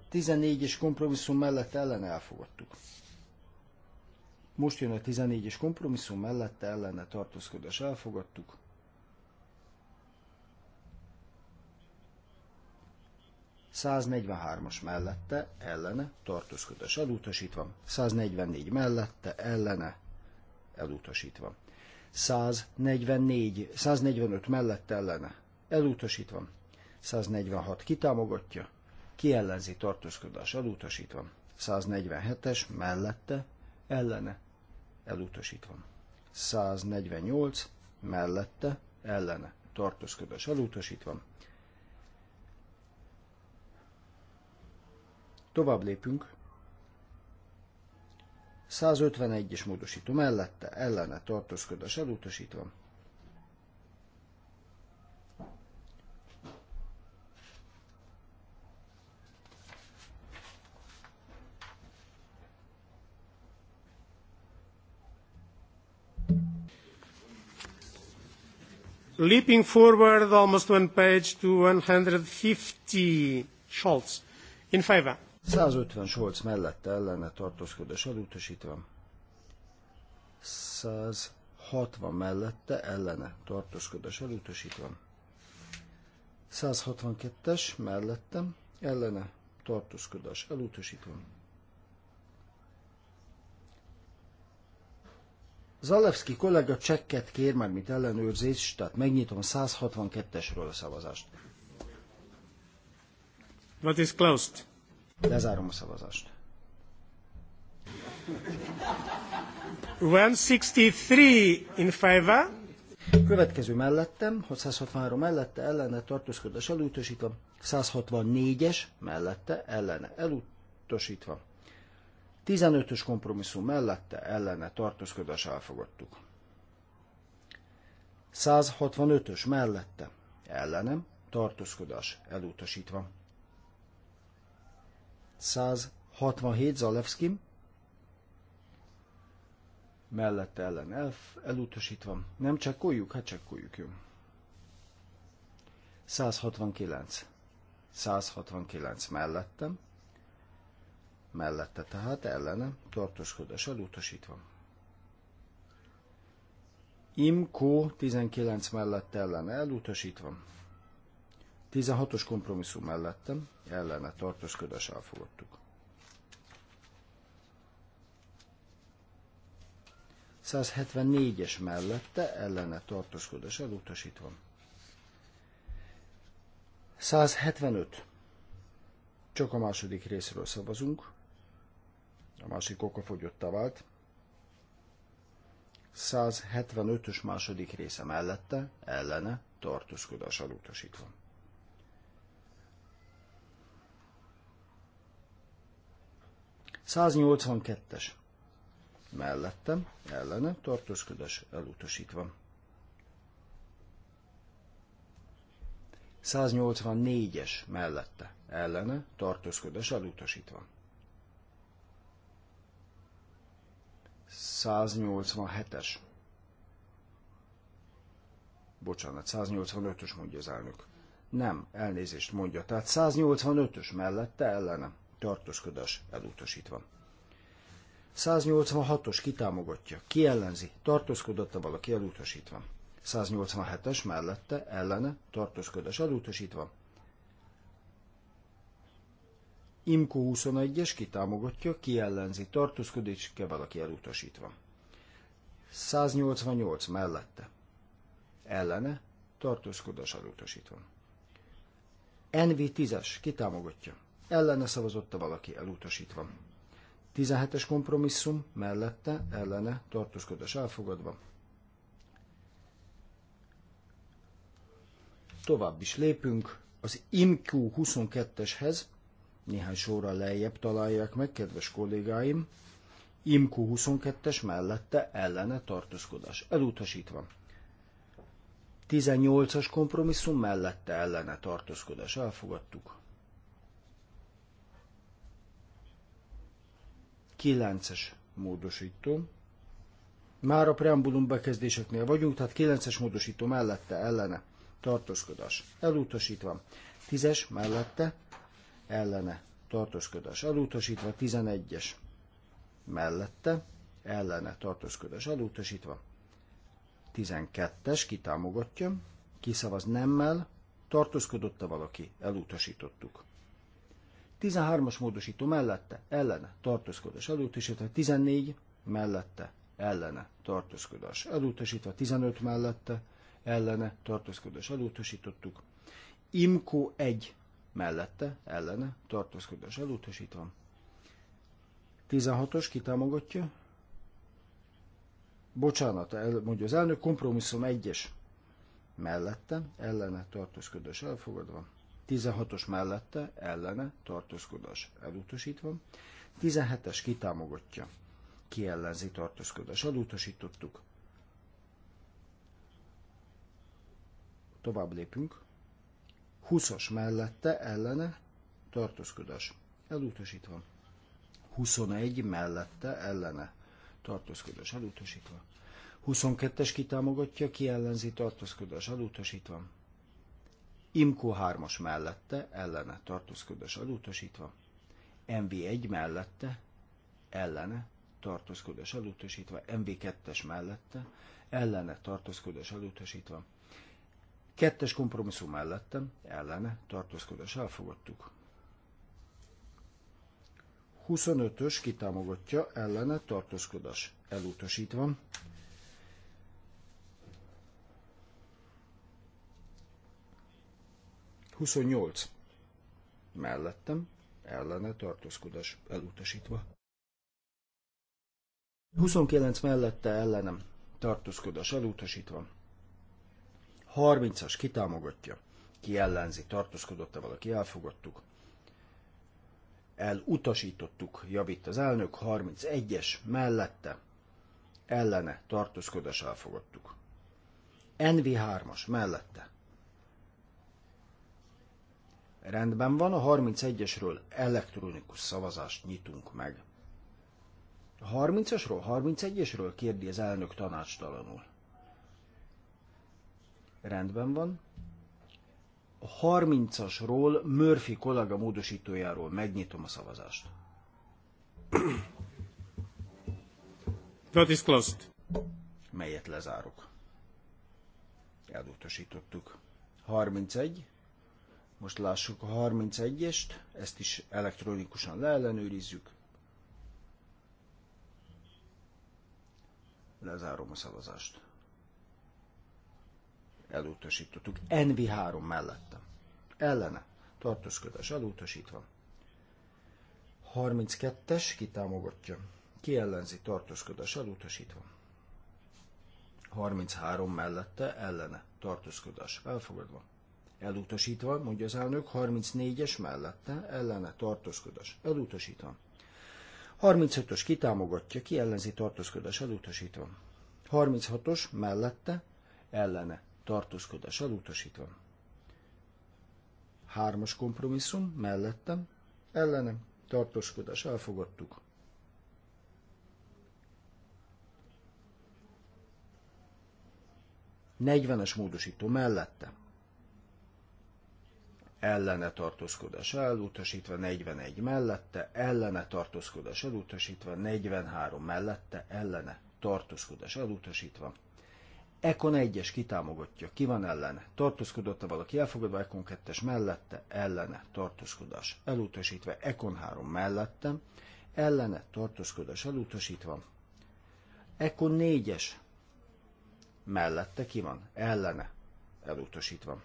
14 és kompromisszum mellett ellen elfogadtuk. Most jön a 14 és kompromisszum mellette ellene tartózkodás elfogadtuk. 143-as mellette, ellene, tartózkodás elutasítva, 144 mellette, ellene, elutasítva. 144, 145 mellette ellene, elutasítva. 146 kitámogatja, kiellenzi tartózkodás elutasítva. 147-es mellette, ellene, elutasítva. 148 mellette, ellene, tartózkodás elutasítva. Tovább lépünk. 151-es módosító mellette ellene tartózkodás elutasítva. Leaping forward almost one page to 150, Schultz, in favor 150 solc mellette ellene tartózkodás elutasítva. 160 mellette ellene tartózkodás elutasítva. 162-es mellettem ellene tartózkodás elutasítva. Zalewski kollega csekket kér már, mint ellenőrzés, tehát megnyitom 162-esről a szavazást. What is closed? Lezárom a szavazást. 163 in favor. Következő mellettem, 663 mellette, ellene tartózkodás elutasítva, 164-es mellette, ellene elutasítva. 15-ös kompromisszum mellette, ellene tartózkodás elfogadtuk. 165-ös mellette, ellenem tartózkodás elutasítva. 167 Zalewski mellette ellen elf, elutasítva. Nem csekkoljuk? Hát csekkoljuk, jó. 169. 169 mellettem. Mellette tehát ellene Tartoskodás elutasítva. Imko 19 mellett ellen elutasítva. 16-os kompromisszum mellettem, ellene tartózkodás elfogadtuk. 174-es mellette ellene tartózkodás elutasítva. 175. Csak a második részről szavazunk. A másik oka fogyottá vált. 175-ös második része mellette ellene tartózkodás elutasítva. 182-es. Mellettem, ellene, tartózkodás elutasítva. 184-es mellette, ellene, tartózkodás elutasítva. 187-es. Bocsánat, 185-ös mondja az elnök. Nem, elnézést mondja, tehát 185-ös mellette ellene tartózkodás elutasítva. 186-os kitámogatja, kiellenzi, tartózkodotta valaki elutasítva. 187-es mellette, ellene, tartózkodás elutasítva. Imko 21-es kitámogatja, kiellenzi, tartózkodik-e valaki elutasítva. 188 mellette, ellene, tartózkodás elutasítva. NV 10-es kitámogatja, ellene szavazotta valaki elutasítva. 17-es kompromisszum mellette ellene tartózkodás elfogadva. Tovább is lépünk az IMQ 22-eshez, néhány sorra lejjebb találják meg, kedves kollégáim, IMQ 22-es mellette ellene tartózkodás elutasítva. 18-as kompromisszum mellette ellene tartózkodás elfogadtuk. 9-es módosító. Már a preambulum bekezdéseknél vagyunk, tehát 9-es módosító mellette ellene tartózkodás elutasítva. 10-es mellette ellene tartózkodás elutasítva. 11-es mellette ellene tartózkodás elutasítva. 12-es kitámogatja, kiszavaz nemmel, tartózkodott-e valaki, elutasítottuk. 13-as módosító mellette, ellene, tartózkodás elutasítva, 14 mellette, ellene, tartózkodás elutasítva, 15 mellette, ellene, tartózkodás elutasítottuk. Imko 1 mellette, ellene, tartózkodás elutasítva. 16-os kitámogatja. Bocsánat, el, mondja az elnök, kompromisszum 1-es mellette, ellene, tartózkodás elfogadva. 16-os mellette ellene tartózkodás elutasítva, 17-es kitámogatja, kiellenzi tartózkodás elutasítottuk. Tovább lépünk. 20-as mellette ellene tartózkodás elutasítva. 21 mellette ellene tartózkodás elutasítva. 22-es kitámogatja, kiellenzi tartózkodás elutasítva. Imco 3-as mellette ellene tartózkodás elutasítva, MV1 mellette ellene tartózkodás elutasítva, MV2-es mellette ellene tartózkodás elutasítva, kettes kompromisszum mellette ellene tartózkodás elfogadtuk. 25-ös kitámogatja ellene tartózkodás elutasítva, 28. Mellettem, ellene tartózkodás elutasítva. 29 mellette ellenem tartózkodás elutasítva. 30-as kitámogatja, ki ellenzi, tartózkodott-e valaki, elfogadtuk. Elutasítottuk, javít az elnök, 31-es mellette, ellene tartózkodás elfogadtuk. NV3-as mellette, Rendben van, a 31-esről elektronikus szavazást nyitunk meg. A 30-asról, 31-esről kérdi az elnök tanácstalanul. Rendben van. A 30-asról Murphy kollega módosítójáról megnyitom a szavazást. That is closed. Melyet lezárok. Elutasítottuk. 31. Most lássuk a 31-est, ezt is elektronikusan leellenőrizzük. Lezárom a szavazást. Elutasítottuk. NV3 mellettem. Ellene. Tartózkodás elutasítva. 32-es kitámogatja. Ki ellenzi tartózkodás elutasítva. 33 mellette ellene tartózkodás elfogadva. Elutasítva, mondja az elnök, 34-es mellette ellene tartózkodás. Elutasítva. 35-ös kitámogatja, ki ellenzi tartózkodás elutasítva. 36-os mellette ellene tartózkodás elutasítva. 3-as kompromisszum mellette ellene tartózkodás elfogadtuk. Negyvenes módosító mellette ellene tartózkodás elutasítva, 41 mellette, ellene tartózkodás elutasítva, 43 mellette, ellene tartózkodás elutasítva. Ekon 1-es kitámogatja, ki van ellene, tartózkodott-e valaki elfogadva, Ekon 2-es mellette, ellene tartózkodás elutasítva, Ekon 3 mellette, ellene tartózkodás elutasítva, Ekon 4-es mellette ki van, ellene elutasítva.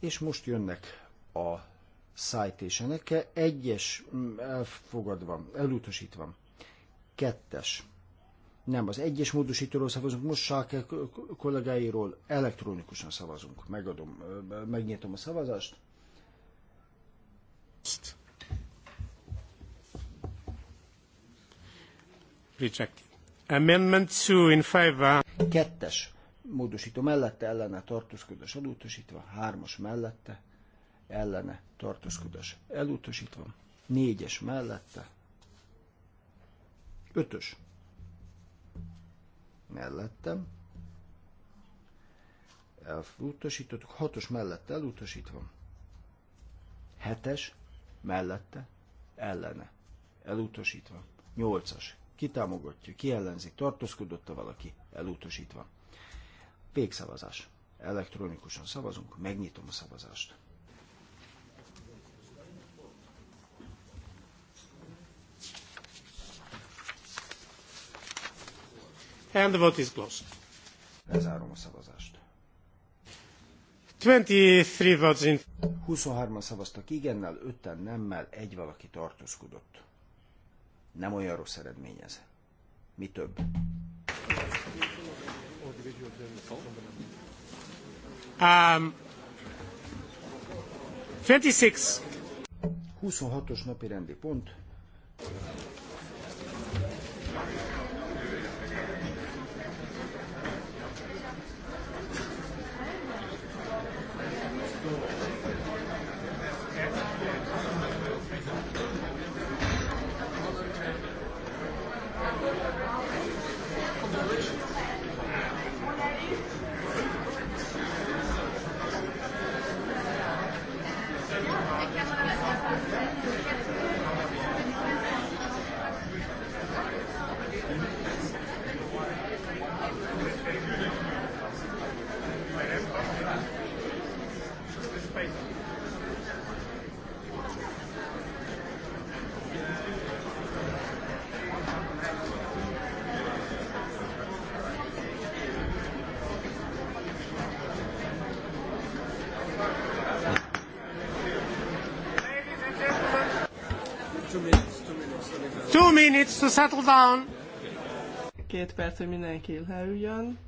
És most jönnek a szájtésenek, egyes mm, elfogadva, elutasítva, kettes. Nem, az egyes módosítóról szavazunk, most Sáke kollégáiról elektronikusan szavazunk. Megadom, megnyitom a szavazást. Reject. Amendment 2 in favor. Kettes módosító mellette ellene tartózkodás elutasítva, hármas mellette ellene tartózkodás elutasítva, négyes mellette, ötös mellettem, elutasítottuk, hatos mellette elutasítva, hetes mellette ellene elutasítva, nyolcas kitámogatja, ki ellenzi, tartózkodott -e valaki, elutasítva. Végszavazás. Elektronikusan szavazunk, megnyitom a szavazást. And the vote is closed. Lezárom a szavazást. 23 votes in... 23-an szavaztak igennel, 5-en nemmel, egy valaki tartózkodott. Nem olyan rossz eredmény ez. Mi több? Um, 26. 26-os napi rendi pont. minutes to settle down. Két perc, hogy mindenki leüljön.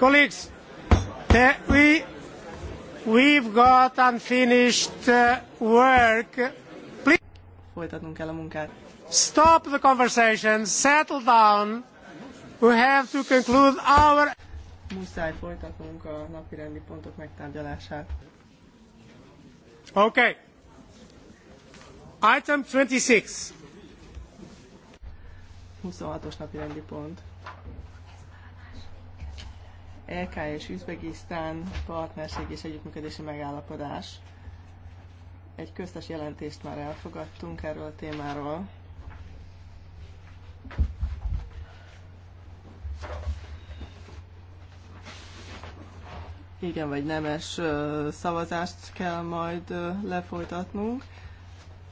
Colleagues, the, we, we've got unfinished uh, work. Please. Stop the conversation, settle down. We have to conclude our... Muszáj folytatnunk a napi rendi pontok megtárgyalását. Okay. Item 26. 26-os napi rendi pont. EK és Üzbegisztán partnerség és együttműködési megállapodás. Egy köztes jelentést már elfogadtunk erről a témáról. igen vagy nemes szavazást kell majd lefolytatnunk.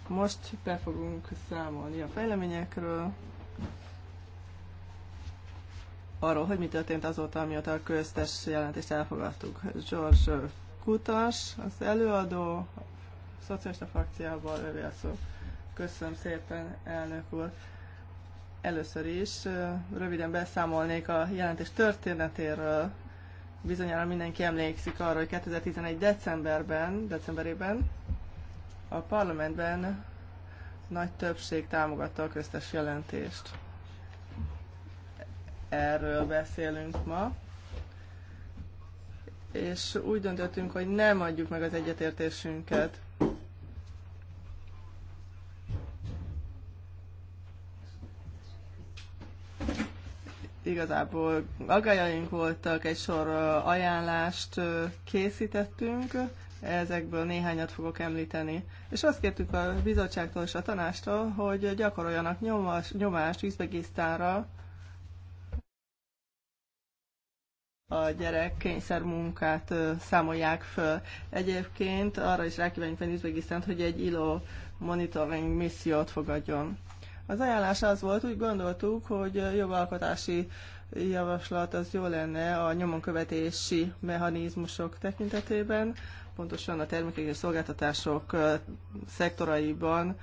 Most be fogunk számolni a fejleményekről arról, hogy mi történt azóta, amióta a köztes jelentést elfogadtuk. George Kutas, az előadó, a szocialista frakciából övé a szó. Köszönöm szépen, elnök úr. Először is röviden beszámolnék a jelentés történetéről. Bizonyára mindenki emlékszik arra, hogy 2011. decemberben, decemberében a parlamentben nagy többség támogatta a köztes jelentést erről beszélünk ma. És úgy döntöttünk, hogy nem adjuk meg az egyetértésünket. Igazából agajaink voltak, egy sor ajánlást készítettünk, ezekből néhányat fogok említeni. És azt kértük a bizottságtól és a tanástól, hogy gyakoroljanak nyomas, nyomást Üzbegisztánra, a gyerek kényszer munkát számolják föl. Egyébként arra is rákívánjuk venni Üzbegisztánt, hogy egy ILO monitoring missziót fogadjon. Az ajánlás az volt, úgy gondoltuk, hogy jogalkotási javaslat az jó lenne a nyomonkövetési mechanizmusok tekintetében, pontosan a termékek és szolgáltatások szektoraiban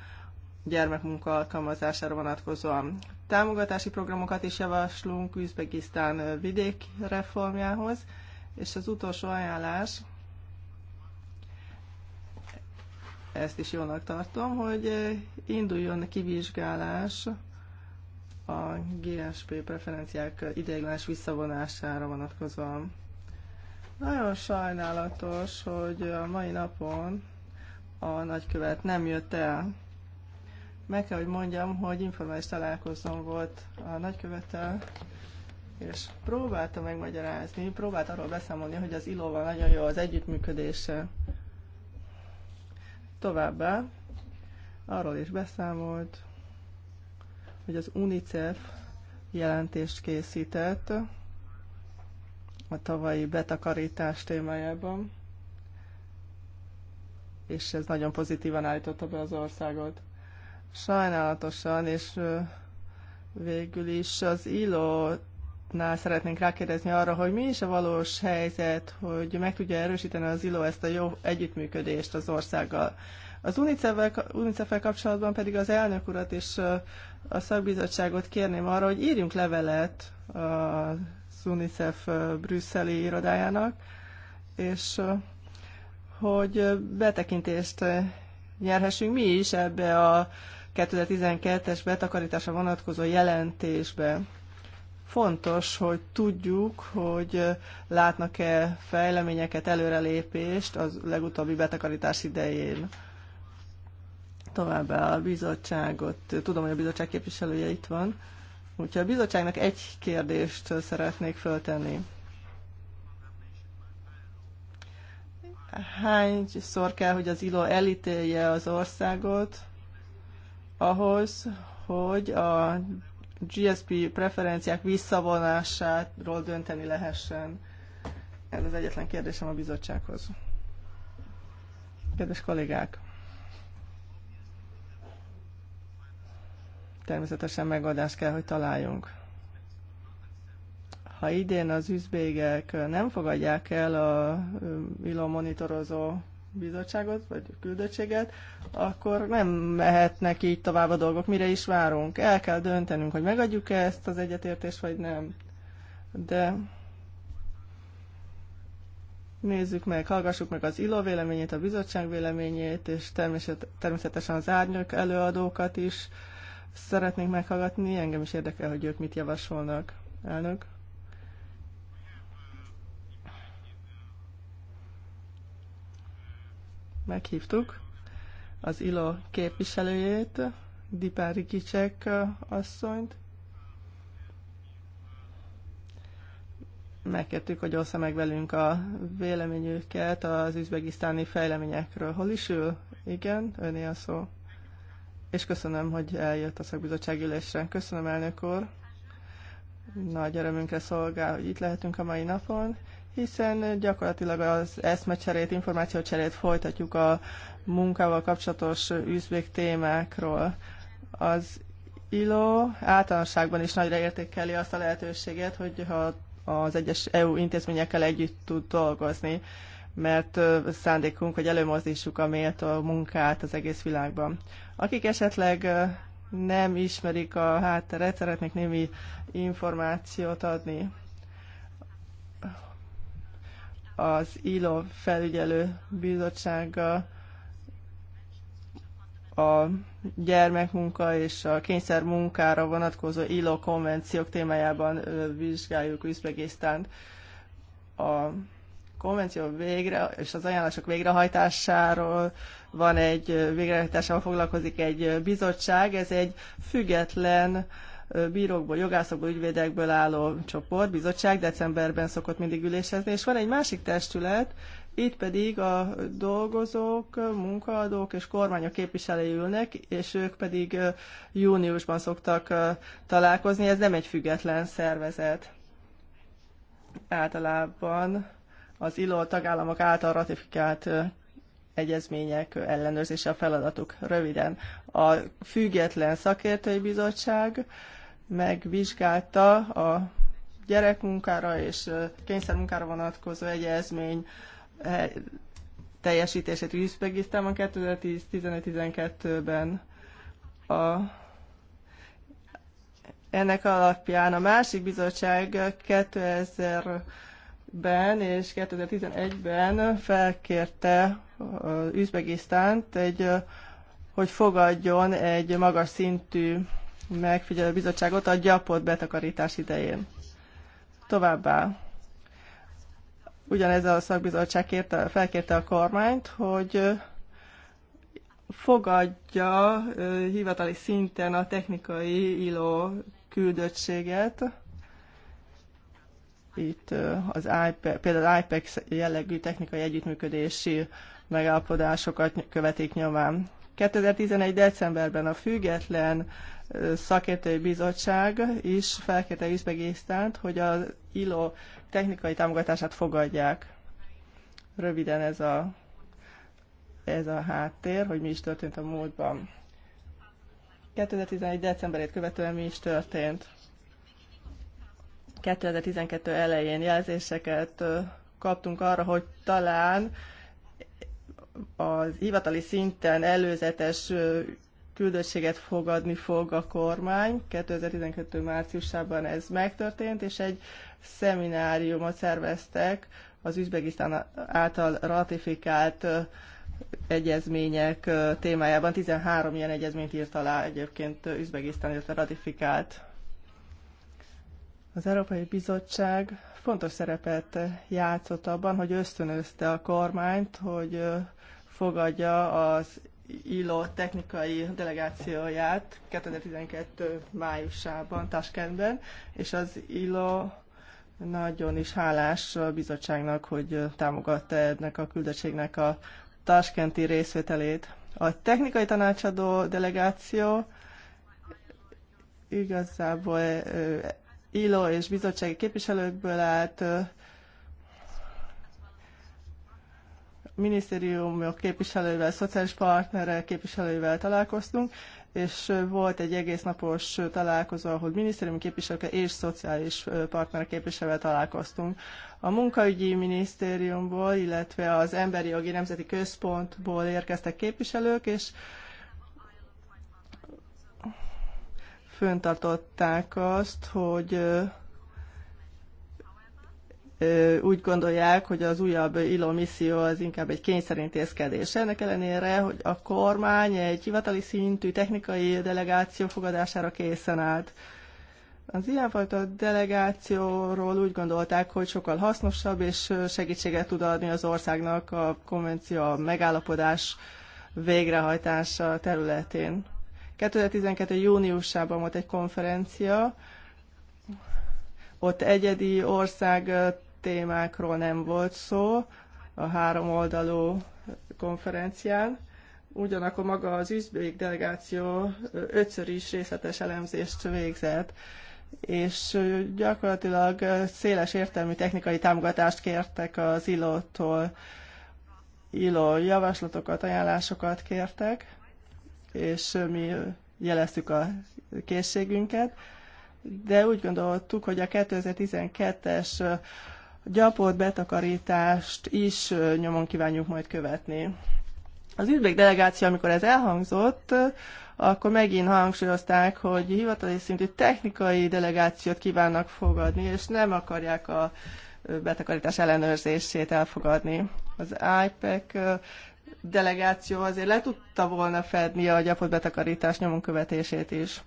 gyermekmunka alkalmazására vonatkozóan támogatási programokat is javaslunk Üzbegisztán eh, vidék reformjához, és az utolsó ajánlás, ezt is jónak tartom, hogy eh, induljon kivizsgálás a GSP preferenciák ideiglenes visszavonására vonatkozóan. Nagyon sajnálatos, hogy a mai napon a nagykövet nem jött el meg kell, hogy mondjam, hogy informális találkozom volt a nagykövettel, és próbálta megmagyarázni, próbált arról beszámolni, hogy az ilóval nagyon jó az együttműködése. Továbbá arról is beszámolt, hogy az UNICEF jelentést készített a tavalyi betakarítás témájában, és ez nagyon pozitívan állította be az országot. Sajnálatosan, és végül is az ILO-nál szeretnénk rákérdezni arra, hogy mi is a valós helyzet, hogy meg tudja erősíteni az ILO ezt a jó együttműködést az országgal. Az UNICEF-vel UNICEF kapcsolatban pedig az elnök urat és a szakbizottságot kérném arra, hogy írjunk levelet az UNICEF brüsszeli irodájának, és hogy betekintést nyerhessünk mi is ebbe a 2012-es betakarítása vonatkozó jelentésbe. Fontos, hogy tudjuk, hogy látnak-e fejleményeket, előrelépést az legutóbbi betakarítás idején. Továbbá a bizottságot, tudom, hogy a bizottság képviselője itt van, úgyhogy a bizottságnak egy kérdést szeretnék föltenni. hányszor kell, hogy az ILO elítélje az országot, ahhoz, hogy a GSP preferenciák visszavonásáról dönteni lehessen. Ez az egyetlen kérdésem a bizottsághoz. Kedves kollégák! Természetesen megoldást kell, hogy találjunk. Ha idén az üzbégek nem fogadják el a ilomonitorozó bizottságot, vagy küldöttséget, akkor nem mehetnek így tovább a dolgok. Mire is várunk? El kell döntenünk, hogy megadjuk-e ezt az egyetértést, vagy nem. De nézzük meg, hallgassuk meg az ILO véleményét, a bizottság véleményét, és természetesen az árnyok előadókat is szeretnénk meghallgatni. Engem is érdekel, hogy ők mit javasolnak. Elnök. meghívtuk az ILO képviselőjét, Dipári Kicsek uh, asszonyt. Megkértük, hogy osza meg velünk a véleményüket az üzbegisztáni fejleményekről. Hol is ül? Igen, öné a szó. És köszönöm, hogy eljött a szakbizottság ülésre. Köszönöm, elnök úr. Nagy örömünkre szolgál, hogy itt lehetünk a mai napon, hiszen gyakorlatilag az eszmecserét, információcserét folytatjuk a munkával kapcsolatos üzbék témákról. Az ILO általánosságban is nagyra értékeli azt a lehetőséget, hogy ha az egyes EU intézményekkel együtt tud dolgozni, mert szándékunk, hogy előmozdítsuk a méltó munkát az egész világban. Akik esetleg nem ismerik a hátteret, szeretnék némi információt adni az ILO felügyelő bizottsága a gyermekmunka és a kényszermunkára vonatkozó ILO konvenciók témájában vizsgáljuk Üzbegisztánt. A konvenció végre és az ajánlások végrehajtásáról van egy végrehajtásával foglalkozik egy bizottság, ez egy független bírókból, jogászokból, ügyvédekből álló csoport, bizottság decemberben szokott mindig ülésezni, és van egy másik testület, itt pedig a dolgozók, munkaadók és kormányok képviselői ülnek, és ők pedig júniusban szoktak találkozni. Ez nem egy független szervezet. Általában az ILO tagállamok által ratifikált egyezmények ellenőrzése a feladatuk. Röviden, a független szakértői bizottság megvizsgálta a gyerekmunkára és kényszermunkára vonatkozó egyezmény eh, teljesítését Üzbegisztánban 2010-12-ben. A, ennek alapján a másik bizottság 2000 2010 ben és 2011-ben felkérte Üzbegisztánt, egy, hogy fogadjon egy magas szintű megfigyelő bizottságot a gyapott betakarítás idején. Továbbá ugyanez a szakbizottság kérte, felkérte a kormányt, hogy fogadja hivatali szinten a technikai ILO küldöttséget, itt az iPad, például IPEX jellegű technikai együttműködési megállapodásokat követik nyomán. 2011. decemberben a független szakértői bizottság is felkérte Üzbegésztánt, hogy az ILO technikai támogatását fogadják. Röviden ez a, ez a háttér, hogy mi is történt a múltban. 2011. decemberét követően mi is történt. 2012 elején jelzéseket kaptunk arra, hogy talán az hivatali szinten előzetes küldöttséget fogadni fog a kormány. 2012. márciusában ez megtörtént, és egy szemináriumot szerveztek az Üzbegisztán által ratifikált egyezmények témájában. 13 ilyen egyezményt írt alá egyébként Üzbegisztán, illetve ratifikált az Európai Bizottság fontos szerepet játszott abban, hogy ösztönözte a kormányt, hogy fogadja az ILO technikai delegációját 2012. májusában Taskentben, és az ILO nagyon is hálás a bizottságnak, hogy támogatta ennek a küldöttségnek a taskenti részvételét. A technikai tanácsadó delegáció igazából ILO és bizottsági képviselőkből állt, minisztériumok képviselőivel, szociális partnerek képviselővel találkoztunk, és volt egy egész napos találkozó, ahol minisztériumi képviselőkkel és szociális partnerek képviselővel találkoztunk. A munkaügyi minisztériumból, illetve az Emberi Jogi Nemzeti Központból érkeztek képviselők, és föntartották azt, hogy úgy gondolják, hogy az újabb ILO misszió az inkább egy kényszerintézkedés. Ennek ellenére, hogy a kormány egy hivatali szintű technikai delegáció fogadására készen állt. Az ilyenfajta delegációról úgy gondolták, hogy sokkal hasznosabb és segítséget tud adni az országnak a konvencia megállapodás végrehajtása területén. 2012. júniusában volt egy konferencia, ott egyedi ország témákról nem volt szó a három oldalú konferencián, ugyanakkor maga az üzbék delegáció ötször is részletes elemzést végzett, és gyakorlatilag széles értelmű technikai támogatást kértek az ILO-tól, ILO javaslatokat, ajánlásokat kértek, és mi jeleztük a készségünket, de úgy gondoltuk, hogy a 2012-es gyapott betakarítást is nyomon kívánjuk majd követni. Az üzbék delegáció, amikor ez elhangzott, akkor megint hangsúlyozták, hogy hivatali szintű technikai delegációt kívánnak fogadni, és nem akarják a betakarítás ellenőrzését elfogadni. Az IPEC delegáció azért le tudta volna fedni a gyapott betakarítás nyomon követését is.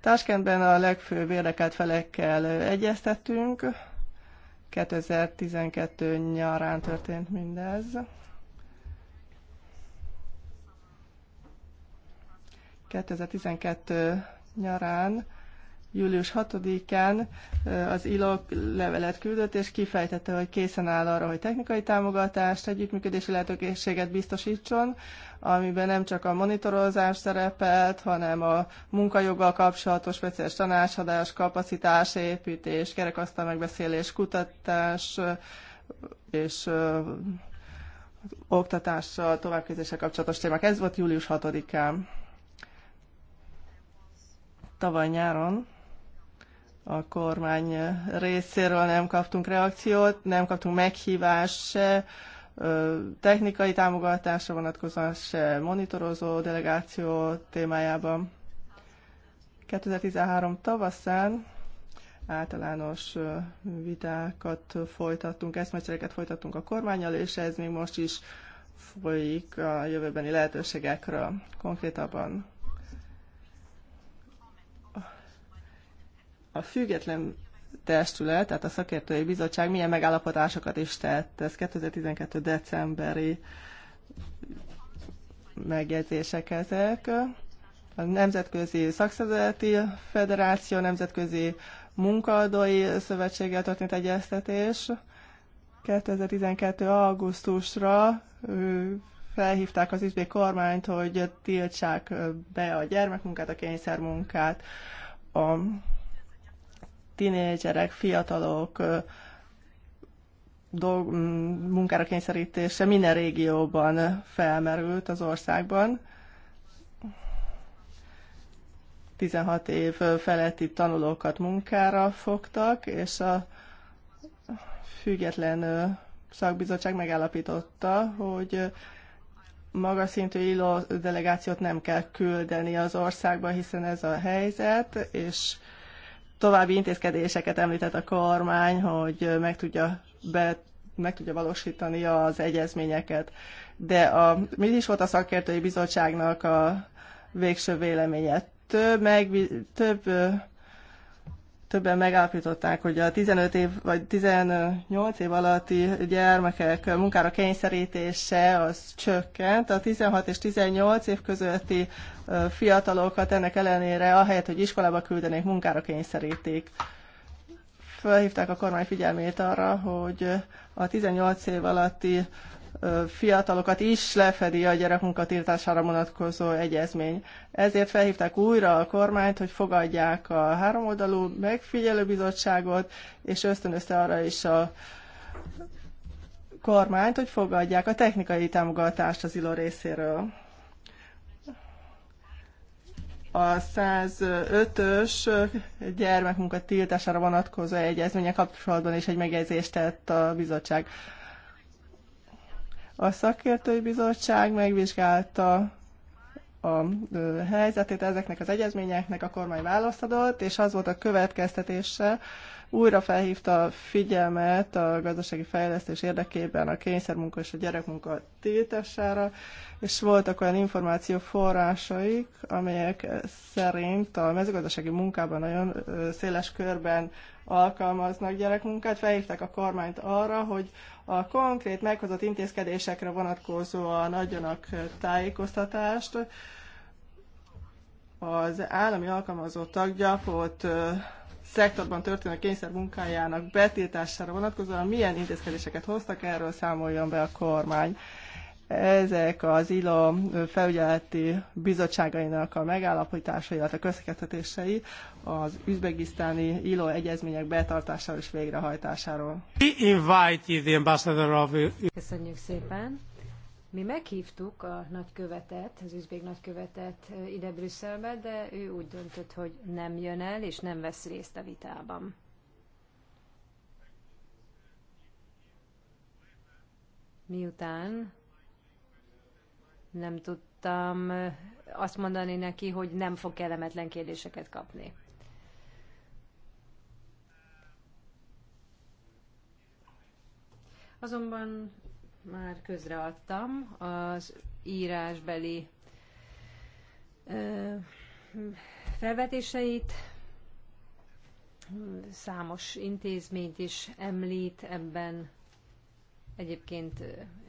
Táskentben a legfőbb érdekelt felekkel egyeztettünk. 2012 nyarán történt mindez. ...2012 nyarán július 6-án az ILOK levelet küldött, és kifejtette, hogy készen áll arra, hogy technikai támogatást, együttműködési lehetőséget biztosítson, amiben nem csak a monitorozás szerepelt, hanem a munkajoggal kapcsolatos speciális tanácsadás, kapacitás, építés, kerekasztal megbeszélés, kutatás és oktatással, továbbképzéssel kapcsolatos témák. Ez volt július 6-án. Tavaly nyáron a kormány részéről nem kaptunk reakciót, nem kaptunk meghívást se, technikai támogatásra vonatkozóan se monitorozó delegáció témájában. 2013 tavaszán általános vitákat folytattunk, eszmecsereket folytattunk a kormányal, és ez még most is folyik a jövőbeni lehetőségekről konkrétabban. a független testület, tehát a szakértői bizottság milyen megállapodásokat is tett. Ez 2012. decemberi megjegyzések ezek. A Nemzetközi Szakszervezeti Federáció, Nemzetközi Munkadói Szövetséggel történt egyeztetés. 2012. augusztusra felhívták az üzbék kormányt, hogy tiltsák be a gyermekmunkát, a kényszermunkát, a tinédzserek, fiatalok dolg, munkára kényszerítése minden régióban felmerült az országban. 16 év feletti tanulókat munkára fogtak, és a független szakbizottság megállapította, hogy magas szintű ILO delegációt nem kell küldeni az országba, hiszen ez a helyzet, és további intézkedéseket említett a kormány, hogy meg tudja, be, meg tudja valósítani az egyezményeket. De a, mi is volt a szakértői bizottságnak a végső véleménye? Több, meg, több többen megállapították, hogy a 15 év vagy 18 év alatti gyermekek munkára kényszerítése az csökkent. A 16 és 18 év közötti fiatalokat ennek ellenére ahelyett, hogy iskolába küldenék, munkára kényszerítik. Felhívták a kormány figyelmét arra, hogy a 18 év alatti fiatalokat is lefedi a gyerekmunka tiltására vonatkozó egyezmény. Ezért felhívták újra a kormányt, hogy fogadják a háromoldalú megfigyelőbizottságot, és ösztönözte arra is a kormányt, hogy fogadják a technikai támogatást az ILO részéről. A 105-ös gyermekmunka tiltására vonatkozó egyezménye kapcsolatban is egy megjegyzést tett a bizottság. A szakértői bizottság megvizsgálta a helyzetét ezeknek az egyezményeknek, a kormány választ adott, és az volt a következtetése, újra felhívta a figyelmet a gazdasági fejlesztés érdekében a kényszermunka és a gyerekmunka tiltására, és voltak olyan információ forrásaik, amelyek szerint a mezőgazdasági munkában nagyon széles körben alkalmaznak gyerekmunkát. Felhívták a kormányt arra, hogy a konkrét meghozott intézkedésekre vonatkozóan adjanak tájékoztatást, az állami alkalmazottak gyakorolt szektorban történő kényszer munkájának betiltására vonatkozóan milyen intézkedéseket hoztak, erről számoljon be a kormány ezek az ILO felügyeleti bizottságainak a megállapítása, illetve közlekedtetései az üzbegisztáni ILO egyezmények betartásáról és végrehajtásáról. Köszönjük szépen! Mi meghívtuk a nagykövetet, az üzbék nagykövetet ide Brüsszelbe, de ő úgy döntött, hogy nem jön el és nem vesz részt a vitában. Miután nem tudtam azt mondani neki, hogy nem fog kellemetlen kérdéseket kapni. Azonban már közreadtam az írásbeli felvetéseit, számos intézményt is említ ebben. Egyébként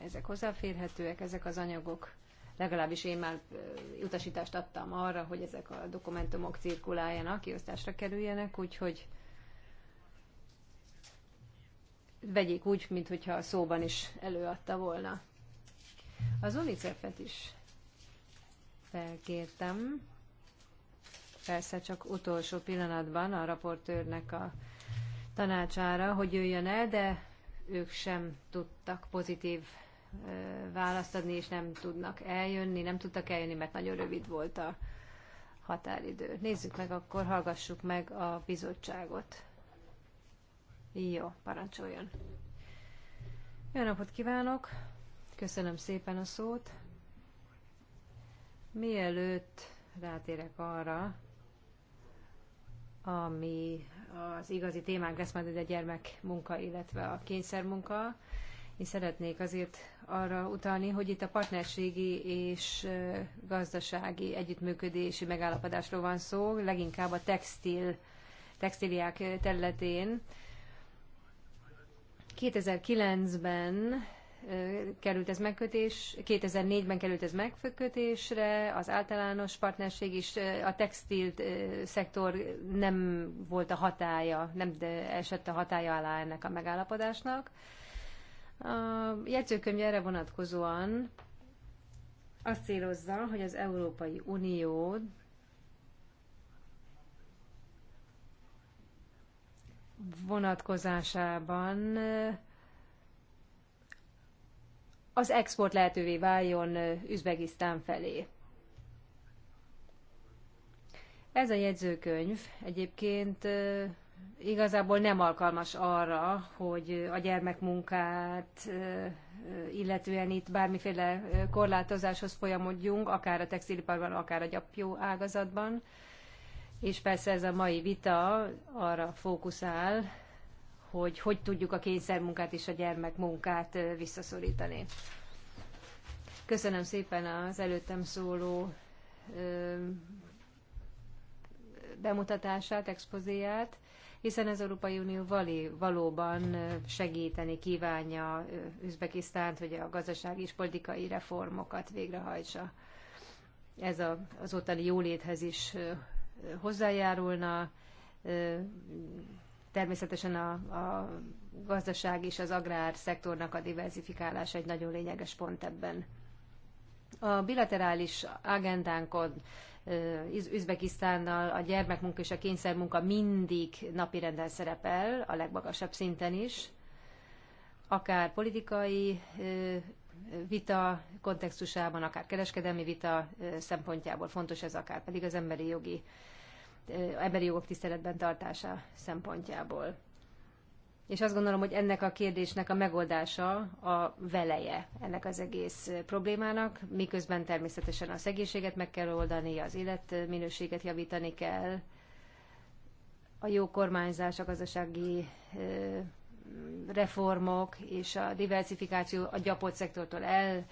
ezek hozzáférhetőek, ezek az anyagok legalábbis én már utasítást adtam arra, hogy ezek a dokumentumok cirkuláljanak, kiosztásra kerüljenek, úgyhogy vegyék úgy, mintha a szóban is előadta volna. Az UNICEF-et is felkértem. Persze csak utolsó pillanatban a raportőrnek a tanácsára, hogy jöjjön el, de ők sem tudtak pozitív választ adni, és nem tudnak eljönni, nem tudtak eljönni, mert nagyon rövid volt a határidő. Nézzük meg akkor, hallgassuk meg a bizottságot. Jó, parancsoljon. Jó napot kívánok! Köszönöm szépen a szót. Mielőtt rátérek arra, ami az igazi témánk lesz majd, a gyermek munka, illetve a kényszermunka és szeretnék azért arra utalni, hogy itt a partnerségi és gazdasági együttműködési megállapodásról van szó, leginkább a textil, textiliák területén. 2009-ben került ez megkötés, 2004-ben került ez megkötésre, az általános partnerség is, a textil szektor nem volt a hatája, nem esett a hatája alá ennek a megállapodásnak. A jegyzőkönyv erre vonatkozóan azt célozza, hogy az Európai Unió vonatkozásában eh, az export lehetővé váljon eh, Üzbegisztán felé. Ez a jegyzőkönyv egyébként eh, igazából nem alkalmas arra, hogy a gyermekmunkát illetően itt bármiféle korlátozáshoz folyamodjunk, akár a textiliparban, akár a gyapjó ágazatban. És persze ez a mai vita arra fókuszál, hogy hogy tudjuk a kényszermunkát és a gyermekmunkát visszaszorítani. Köszönöm szépen az előttem szóló bemutatását, expozéját hiszen az Európai Unió vali, valóban segíteni kívánja Üzbekisztánt, hogy a gazdasági és politikai reformokat végrehajtsa. Ez a, az ottani jóléthez is hozzájárulna, Természetesen a, a gazdaság és az agrár szektornak a diversifikálása egy nagyon lényeges pont ebben. A bilaterális agendánkon Üzbekisztánnal a gyermekmunka és a kényszermunka mindig napirenden szerepel, a legmagasabb szinten is, akár politikai vita kontextusában, akár kereskedelmi vita szempontjából fontos ez, akár pedig az emberi jogi emberi jogok tiszteletben tartása szempontjából és azt gondolom, hogy ennek a kérdésnek a megoldása a veleje ennek az egész problémának, miközben természetesen a szegénységet meg kell oldani, az életminőséget javítani kell, a jó kormányzás, a gazdasági reformok és a diversifikáció a gyapott szektortól el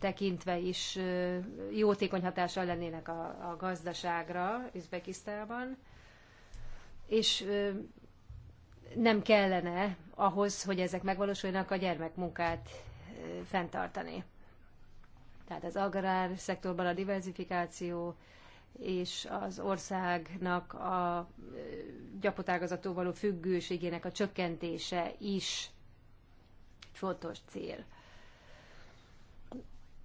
tekintve is jótékony hatással lennének a, a gazdaságra Üzbekisztában. És nem kellene ahhoz, hogy ezek megvalósuljanak a gyermekmunkát fenntartani. Tehát az agrár szektorban a diversifikáció és az országnak a gyapotágazattól való függőségének a csökkentése is fontos cél.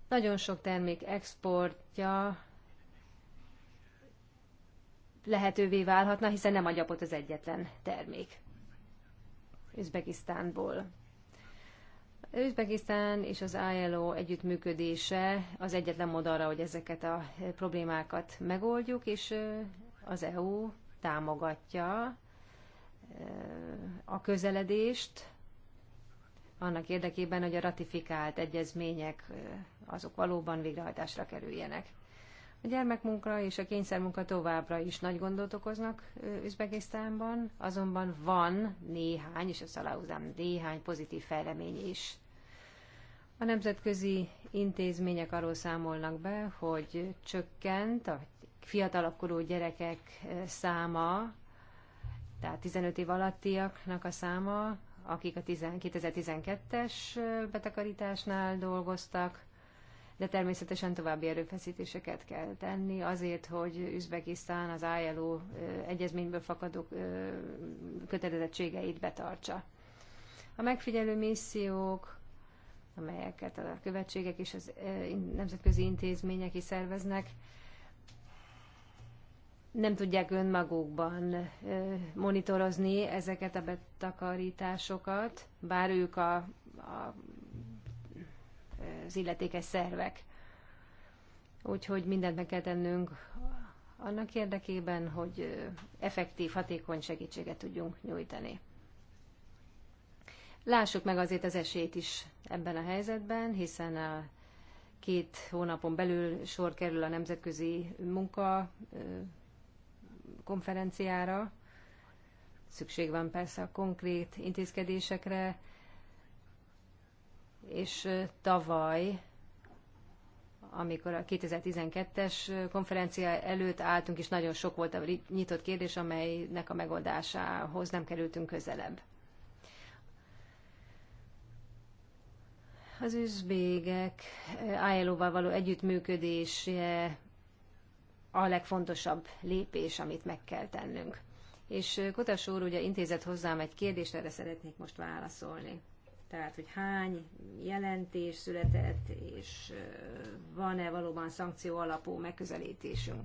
Nagyon sok termék exportja lehetővé válhatna, hiszen nem a gyapot az egyetlen termék. Üzbegisztánból. Üzbegisztán és az ILO együttműködése az egyetlen mód arra, hogy ezeket a problémákat megoldjuk, és az EU támogatja a közeledést annak érdekében, hogy a ratifikált egyezmények azok valóban végrehajtásra kerüljenek. A gyermekmunka és a kényszermunka továbbra is nagy gondot okoznak Üzbegisztánban, azonban van néhány, és a szalauzám néhány pozitív fejlemény is. A nemzetközi intézmények arról számolnak be, hogy csökkent a fiatalkorú gyerekek száma, tehát 15 év alattiaknak a száma, akik a 2012-es betakarításnál dolgoztak, de természetesen további erőfeszítéseket kell tenni azért, hogy Üzbegisztán az ILO egyezményből fakadó kötelezettségeit betartsa. A megfigyelő missziók, amelyeket a követségek és az nemzetközi intézmények is szerveznek, nem tudják önmagukban monitorozni ezeket a betakarításokat, bár ők a, a az illetékes szervek. Úgyhogy mindent meg kell tennünk annak érdekében, hogy effektív, hatékony segítséget tudjunk nyújtani. Lássuk meg azért az esélyt is ebben a helyzetben, hiszen a két hónapon belül sor kerül a nemzetközi munka konferenciára. Szükség van persze a konkrét intézkedésekre, és tavaly, amikor a 2012-es konferencia előtt álltunk, és nagyon sok volt a nyitott kérdés, amelynek a megoldásához nem kerültünk közelebb. Az üzbégek ILO-val való együttműködés a legfontosabb lépés, amit meg kell tennünk. És Kotas úr ugye intézett hozzám egy kérdést, erre szeretnék most válaszolni tehát hogy hány jelentés született, és van-e valóban szankció alapú megközelítésünk.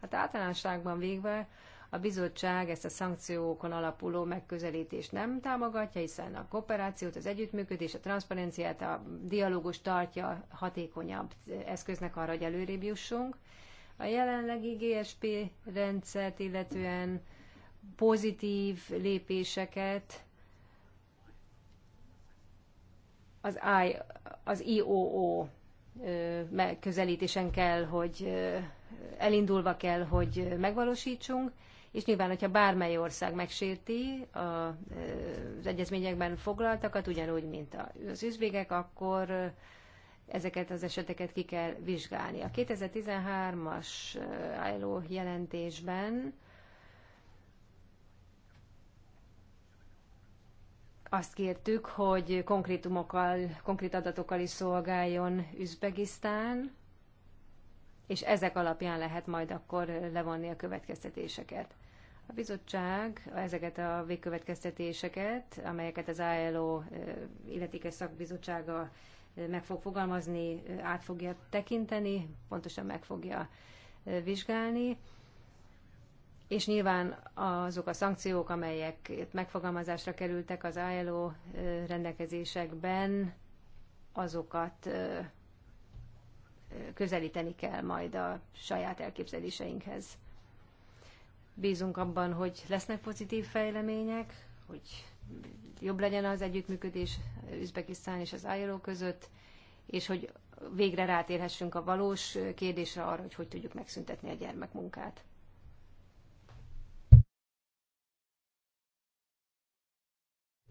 Hát általánosságban végve a bizottság ezt a szankciókon alapuló megközelítést nem támogatja, hiszen a kooperációt, az együttműködés, a transzparenciát, a dialógus tartja hatékonyabb eszköznek arra, hogy előrébb jussunk. A jelenlegi GSP rendszert illetően pozitív lépéseket az, I, az IOO megközelítésen kell, hogy elindulva kell, hogy megvalósítsunk, és nyilván, hogyha bármely ország megsérti az egyezményekben foglaltakat, ugyanúgy, mint az üzvégek, akkor ezeket az eseteket ki kell vizsgálni. A 2013-as ILO jelentésben Azt kértük, hogy konkrétumokkal, konkrét adatokkal is szolgáljon Üzbegisztán, és ezek alapján lehet majd akkor levonni a következtetéseket. A bizottság ezeket a végkövetkeztetéseket, amelyeket az ILO illetékes szakbizottsága meg fog fogalmazni, át fogja tekinteni, pontosan meg fogja vizsgálni, és nyilván azok a szankciók, amelyek megfogalmazásra kerültek az ILO rendelkezésekben, azokat közelíteni kell majd a saját elképzeléseinkhez. Bízunk abban, hogy lesznek pozitív fejlemények, hogy jobb legyen az együttműködés Üzbekisztán és az ILO között, és hogy végre rátérhessünk a valós kérdésre arra, hogy hogy tudjuk megszüntetni a gyermekmunkát.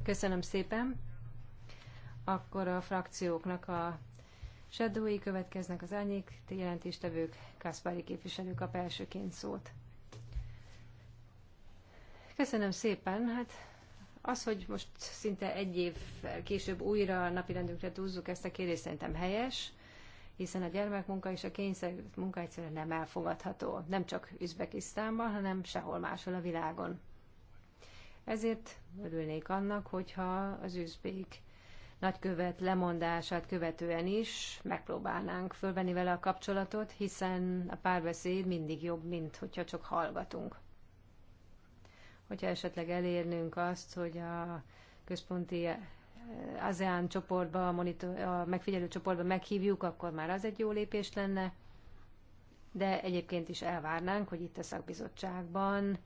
Köszönöm szépen. Akkor a frakcióknak a Shadowi következnek az árnyék jelentéstevők, Kaspari képviselő kap elsőként szót. Köszönöm szépen. Hát az, hogy most szinte egy év később újra a napirendünkre túzzuk ezt a kérdést, szerintem helyes, hiszen a gyermekmunka és a kényszer munka egyszerűen nem elfogadható. Nem csak Üzbekisztánban, hanem sehol máshol a világon. Ezért örülnék annak, hogyha az üzbék nagykövet lemondását követően is megpróbálnánk fölvenni vele a kapcsolatot, hiszen a párbeszéd mindig jobb, mint hogyha csak hallgatunk. Hogyha esetleg elérnünk azt, hogy a központi eh, ASEAN csoportba, a, monitor, a megfigyelő csoportba meghívjuk, akkor már az egy jó lépés lenne, de egyébként is elvárnánk, hogy itt a szakbizottságban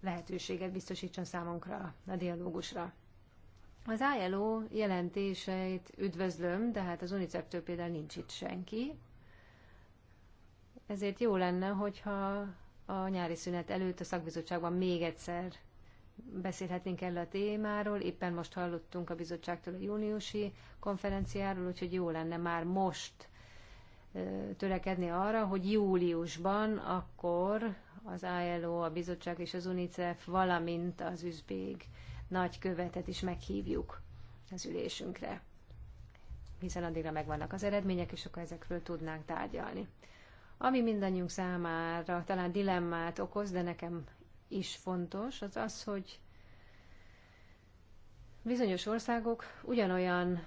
lehetőséget biztosítson számunkra a dialógusra. Az ILO jelentéseit üdvözlöm, de hát az UNICEF-től például nincs itt senki, ezért jó lenne, hogyha a nyári szünet előtt a szakbizottságban még egyszer beszélhetnénk erről a témáról. Éppen most hallottunk a bizottságtól a júniusi konferenciáról, úgyhogy jó lenne már most törekedni arra, hogy júliusban akkor az ILO, a bizottság és az UNICEF, valamint az üzbég nagykövetet is meghívjuk az ülésünkre, hiszen addigra megvannak az eredmények, és akkor ezekről tudnánk tárgyalni. Ami mindannyiunk számára talán dilemmát okoz, de nekem is fontos, az az, hogy bizonyos országok ugyanolyan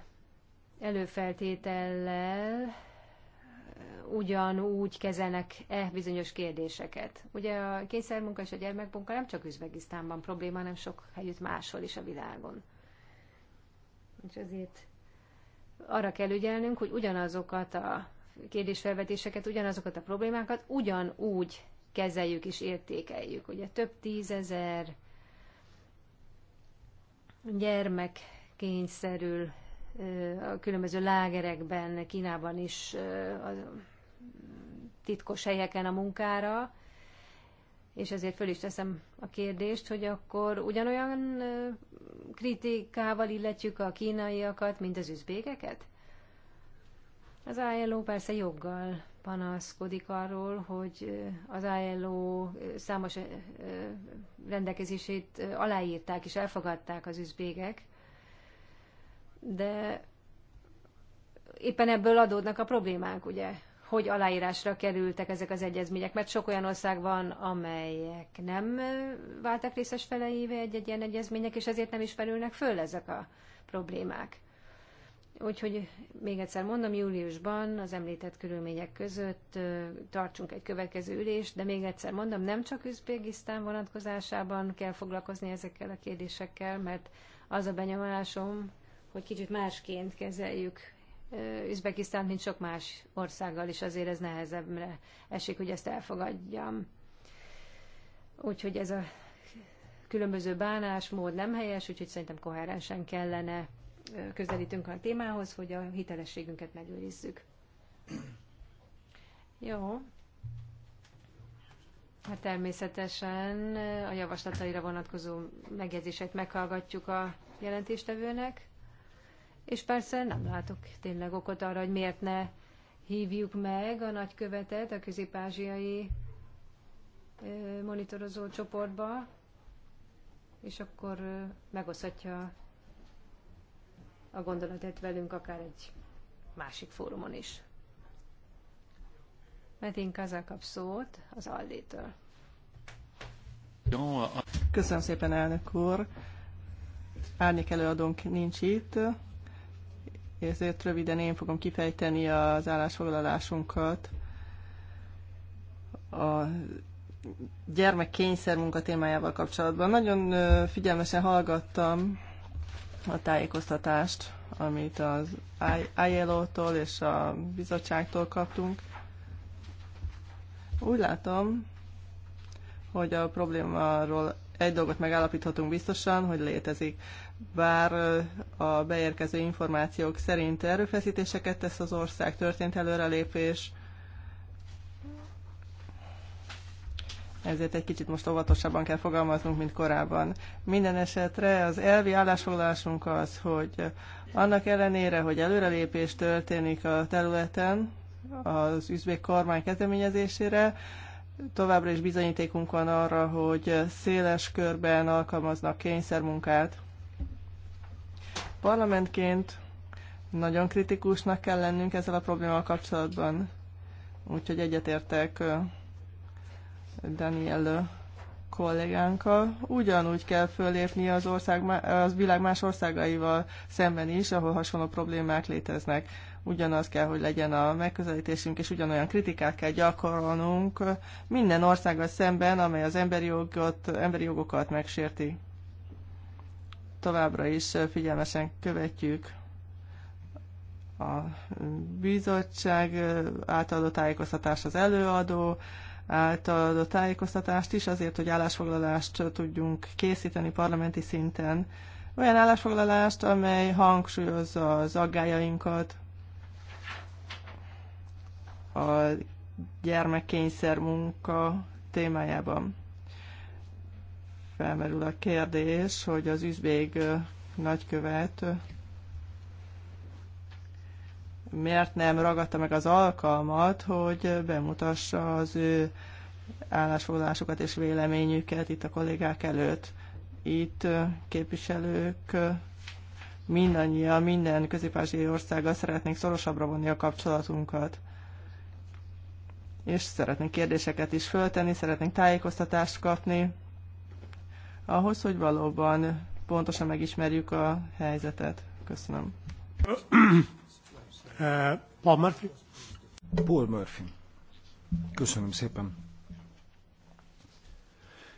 előfeltétellel ugyanúgy kezelnek-e bizonyos kérdéseket. Ugye a kényszermunka és a gyermekmunka nem csak Üzbegisztánban probléma, hanem sok helyütt máshol is a világon. És azért arra kell ügyelnünk, hogy ugyanazokat a kérdésfelvetéseket, ugyanazokat a problémákat ugyanúgy kezeljük és értékeljük. Ugye több tízezer gyermek kényszerül a különböző lágerekben, Kínában is titkos helyeken a munkára, és ezért föl is teszem a kérdést, hogy akkor ugyanolyan kritikával illetjük a kínaiakat, mint az üzbégeket? Az ILO persze joggal panaszkodik arról, hogy az ILO számos rendelkezését aláírták és elfogadták az üzbégek, de éppen ebből adódnak a problémák, ugye? hogy aláírásra kerültek ezek az egyezmények, mert sok olyan ország van, amelyek nem váltak részes feleivé egy-egy ilyen egyezmények, és ezért nem is felülnek föl ezek a problémák. Úgyhogy még egyszer mondom, júliusban az említett körülmények között tartsunk egy következő ülést, de még egyszer mondom, nem csak Üzbégisztán vonatkozásában kell foglalkozni ezekkel a kérdésekkel, mert az a benyomásom, hogy kicsit másként kezeljük Üzbekisztánt, mint sok más országgal is azért ez nehezebbre esik, hogy ezt elfogadjam. Úgyhogy ez a különböző bánásmód nem helyes, úgyhogy szerintem koherensen kellene közelítünk a témához, hogy a hitelességünket megőrizzük. Jó. Hát természetesen a javaslataira vonatkozó megjegyzéseit meghallgatjuk a jelentéstevőnek és persze nem látok tényleg okot arra, hogy miért ne hívjuk meg a nagykövetet a közép-ázsiai monitorozó csoportba, és akkor megoszthatja a gondolatát velünk akár egy másik fórumon is. Mert én kap szót az Aldétől. Köszönöm szépen, elnök úr! Árnyék előadónk nincs itt, ezért röviden én fogom kifejteni az állásfoglalásunkat. A gyermek munka témájával kapcsolatban. Nagyon figyelmesen hallgattam a tájékoztatást, amit az ILO-tól és a bizottságtól kaptunk. Úgy látom, hogy a problémáról egy dolgot megállapíthatunk biztosan, hogy létezik bár a beérkező információk szerint erőfeszítéseket tesz az ország, történt előrelépés, ezért egy kicsit most óvatosabban kell fogalmaznunk, mint korábban. Minden esetre az elvi állásfoglalásunk az, hogy annak ellenére, hogy előrelépés történik a területen, az üzbék kormány kezdeményezésére, továbbra is bizonyítékunk van arra, hogy széles körben alkalmaznak kényszermunkát, Parlamentként nagyon kritikusnak kell lennünk ezzel a problémával kapcsolatban. Úgyhogy egyetértek Daniel kollégánkkal. Ugyanúgy kell fölépni az, ország, az világ más országaival szemben is, ahol hasonló problémák léteznek. Ugyanaz kell, hogy legyen a megközelítésünk, és ugyanolyan kritikát kell gyakorolnunk minden országgal szemben, amely az emberi, jogot, emberi jogokat megsérti továbbra is figyelmesen követjük a bizottság által adott tájékoztatást az előadó, által adott tájékoztatást is azért, hogy állásfoglalást tudjunk készíteni parlamenti szinten. Olyan állásfoglalást, amely hangsúlyozza az aggájainkat, a gyermekkényszer munka témájában felmerül a kérdés, hogy az üzbég nagykövet miért nem ragadta meg az alkalmat, hogy bemutassa az ő állásfoglalásokat és véleményüket itt a kollégák előtt. Itt képviselők mindannyian, minden közép országgal szeretnénk szorosabbra vonni a kapcsolatunkat. És szeretnénk kérdéseket is föltenni, szeretnénk tájékoztatást kapni ahhoz, hogy valóban pontosan megismerjük a helyzetet. Köszönöm. Eh, Paul Murphy. Paul Murphy. Köszönöm szépen.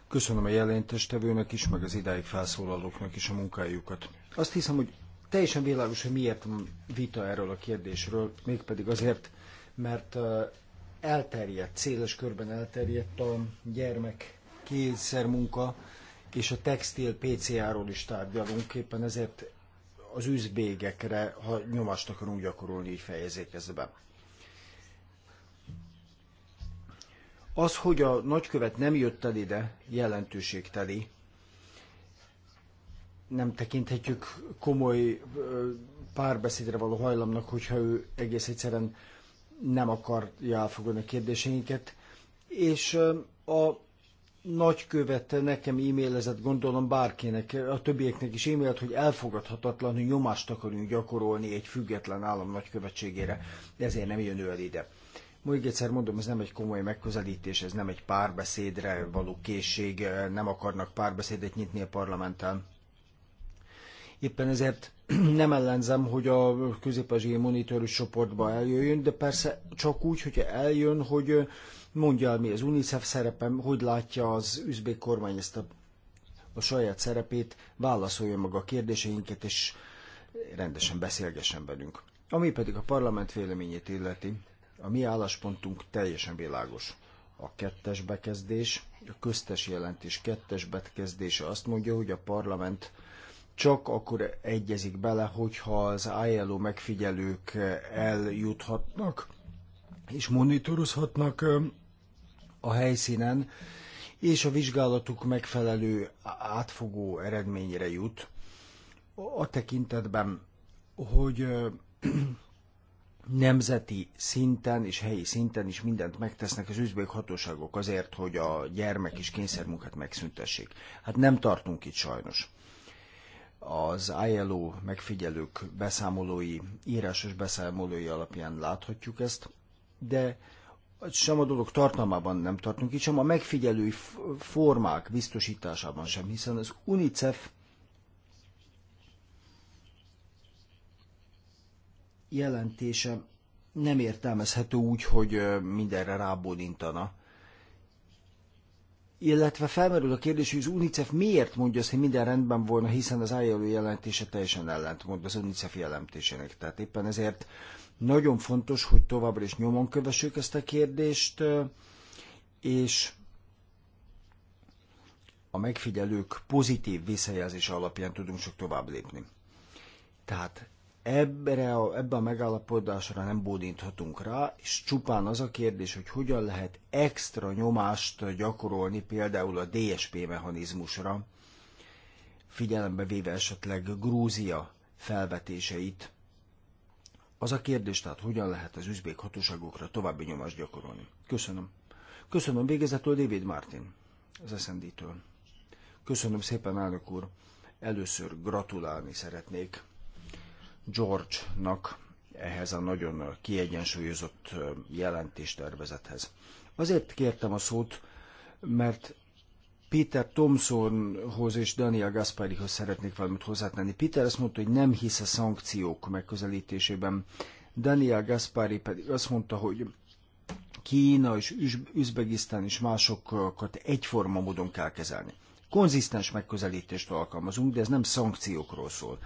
Köszönöm a jelentéstevőnek is, meg az idáig felszólalóknak is a munkájukat. Azt hiszem, hogy teljesen világos, hogy miért van vita erről a kérdésről, mégpedig azért, mert eh, elterjedt, széles körben elterjedt a gyermek kényszer munka, és a textil PCR ról is tárgyalunk, éppen ezért az üzbégekre, ha nyomást akarunk gyakorolni, így fejezzék ezzel Az, hogy a nagykövet nem jött el ide, jelentőségteli. Nem tekinthetjük komoly párbeszédre való hajlamnak, hogyha ő egész egyszerűen nem akarja elfogadni a kérdéseinket. És a nagykövete nekem e-mailezett, gondolom bárkinek, a többieknek is e-mailt, hogy elfogadhatatlan, hogy nyomást akarunk gyakorolni egy független állam nagykövetségére, ezért nem jön ő el ide. Még egyszer mondom, ez nem egy komoly megközelítés, ez nem egy párbeszédre való készség, nem akarnak párbeszédet nyitni a parlamenten. Éppen ezért nem ellenzem, hogy a közép-ázsiai csoportba eljöjjön, de persze csak úgy, hogyha eljön, hogy mondja el, mi az UNICEF szerepem, hogy látja az üzbék kormány ezt a, a saját szerepét, válaszolja meg a kérdéseinket, és rendesen beszélgessen velünk. Ami pedig a parlament véleményét illeti, a mi álláspontunk teljesen világos. A kettes bekezdés, a köztes jelentés kettes bekezdése azt mondja, hogy a parlament csak akkor egyezik bele, hogyha az ILO megfigyelők eljuthatnak és monitorozhatnak a helyszínen, és a vizsgálatuk megfelelő átfogó eredményre jut. A tekintetben, hogy nemzeti szinten és helyi szinten is mindent megtesznek az üzbék hatóságok azért, hogy a gyermek és kényszermunkát megszüntessék. Hát nem tartunk itt sajnos. Az ILO megfigyelők beszámolói, írásos beszámolói alapján láthatjuk ezt, de sem a dolog tartalmában nem tartunk itt, sem a megfigyelői formák biztosításában sem, hiszen az UNICEF jelentése nem értelmezhető úgy, hogy mindenre rábólintana. Illetve felmerül a kérdés, hogy az UNICEF miért mondja azt, hogy minden rendben volna, hiszen az ILO jelentése teljesen ellentmond az UNICEF jelentésének. Tehát éppen ezért nagyon fontos, hogy továbbra is nyomon kövessük ezt a kérdést, és a megfigyelők pozitív visszajelzése alapján tudunk csak tovább lépni. Tehát ebbre a, ebbe a megállapodásra nem bódíthatunk rá, és csupán az a kérdés, hogy hogyan lehet extra nyomást gyakorolni például a DSP mechanizmusra, figyelembe véve esetleg Grúzia felvetéseit, az a kérdés tehát, hogyan lehet az üzbék hatóságokra további nyomást gyakorolni. Köszönöm. Köszönöm végezetül David Martin, az SND-től. Köszönöm szépen, elnök úr. Először gratulálni szeretnék George-nak ehhez a nagyon kiegyensúlyozott jelentéstervezethez. Azért kértem a szót, mert Peter Thomsonhoz és Daniel Gasparihoz szeretnék valamit hozzátenni. Peter azt mondta, hogy nem hisz a szankciók megközelítésében. Daniel Gaspari pedig azt mondta, hogy Kína és Üzbegisztán és másokat egyforma módon kell kezelni. Konzisztens megközelítést alkalmazunk, de ez nem szankciókról szól.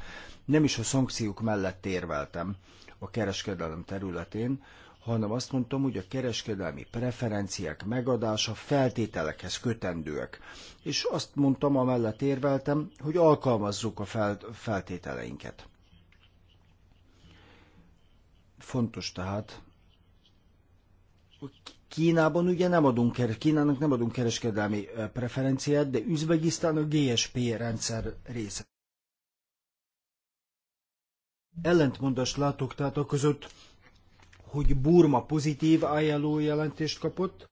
Nem is a szankciók mellett érveltem a kereskedelem területén, hanem azt mondtam, hogy a kereskedelmi preferenciák megadása feltételekhez kötendőek. És azt mondtam, amellett érveltem, hogy alkalmazzuk a fel- feltételeinket. Fontos tehát, Kínában ugye nem adunk, Kínának nem adunk kereskedelmi preferenciát, de Üzbegisztán a GSP rendszer része. Ellentmondást látok tehát a között, hogy Burma pozitív ajánló jelentést kapott,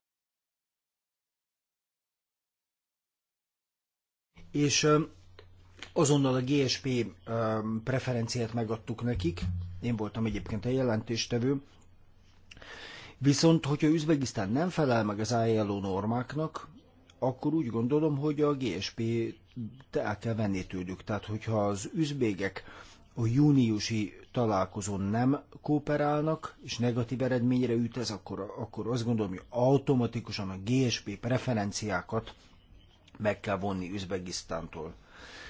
és azonnal a GSP preferenciát megadtuk nekik, én voltam egyébként a jelentéstevő, viszont hogyha Üzbegisztán nem felel meg az ajánló normáknak, akkor úgy gondolom, hogy a GSP el kell venni tőlük. Tehát, hogyha az üzbégek a júniusi találkozón nem kooperálnak, és negatív eredményre üt ez, akkor, akkor azt gondolom, hogy automatikusan a GSP preferenciákat meg kell vonni Üzbegisztántól.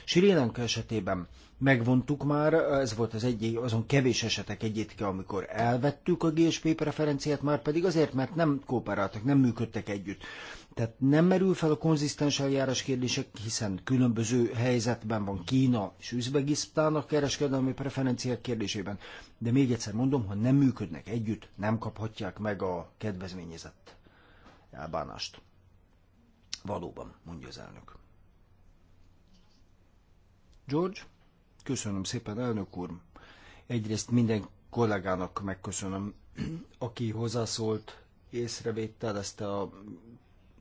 Sri Lanka esetében megvontuk már, ez volt az egyik azon kevés esetek egyike, amikor elvettük a GSP preferenciát, már pedig azért, mert nem kooperáltak, nem működtek együtt. Tehát nem merül fel a konzisztens eljárás kérdése, hiszen különböző helyzetben van Kína és Üzbegisztán a kereskedelmi preferenciák kérdésében. De még egyszer mondom, ha nem működnek együtt, nem kaphatják meg a kedvezményezett elbánást. Valóban, mondja az elnök. George, köszönöm szépen, elnök úr. Egyrészt minden kollégának megköszönöm, aki hozzászólt, ezt a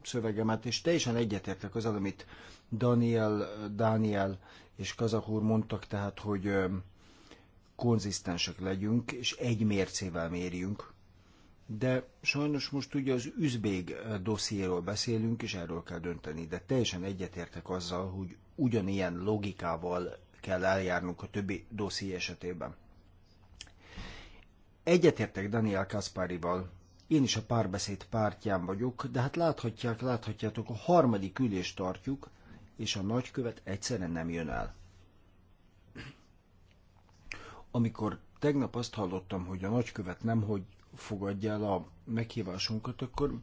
szövegemet, és teljesen egyetértek az, amit Daniel, Daniel és Kazak úr mondtak, tehát, hogy konzisztensek legyünk, és egy mércével mérjünk. De sajnos most ugye az üzbég dossziéről beszélünk, és erről kell dönteni, de teljesen egyetértek azzal, hogy ugyanilyen logikával kell eljárnunk a többi dosszié esetében. Egyetértek Daniel Kasparival, én is a párbeszéd pártján vagyok, de hát láthatják, láthatjátok, a harmadik ülést tartjuk, és a nagykövet egyszerűen nem jön el. Amikor tegnap azt hallottam, hogy a nagykövet nem hogy fogadja el a meghívásunkat, akkor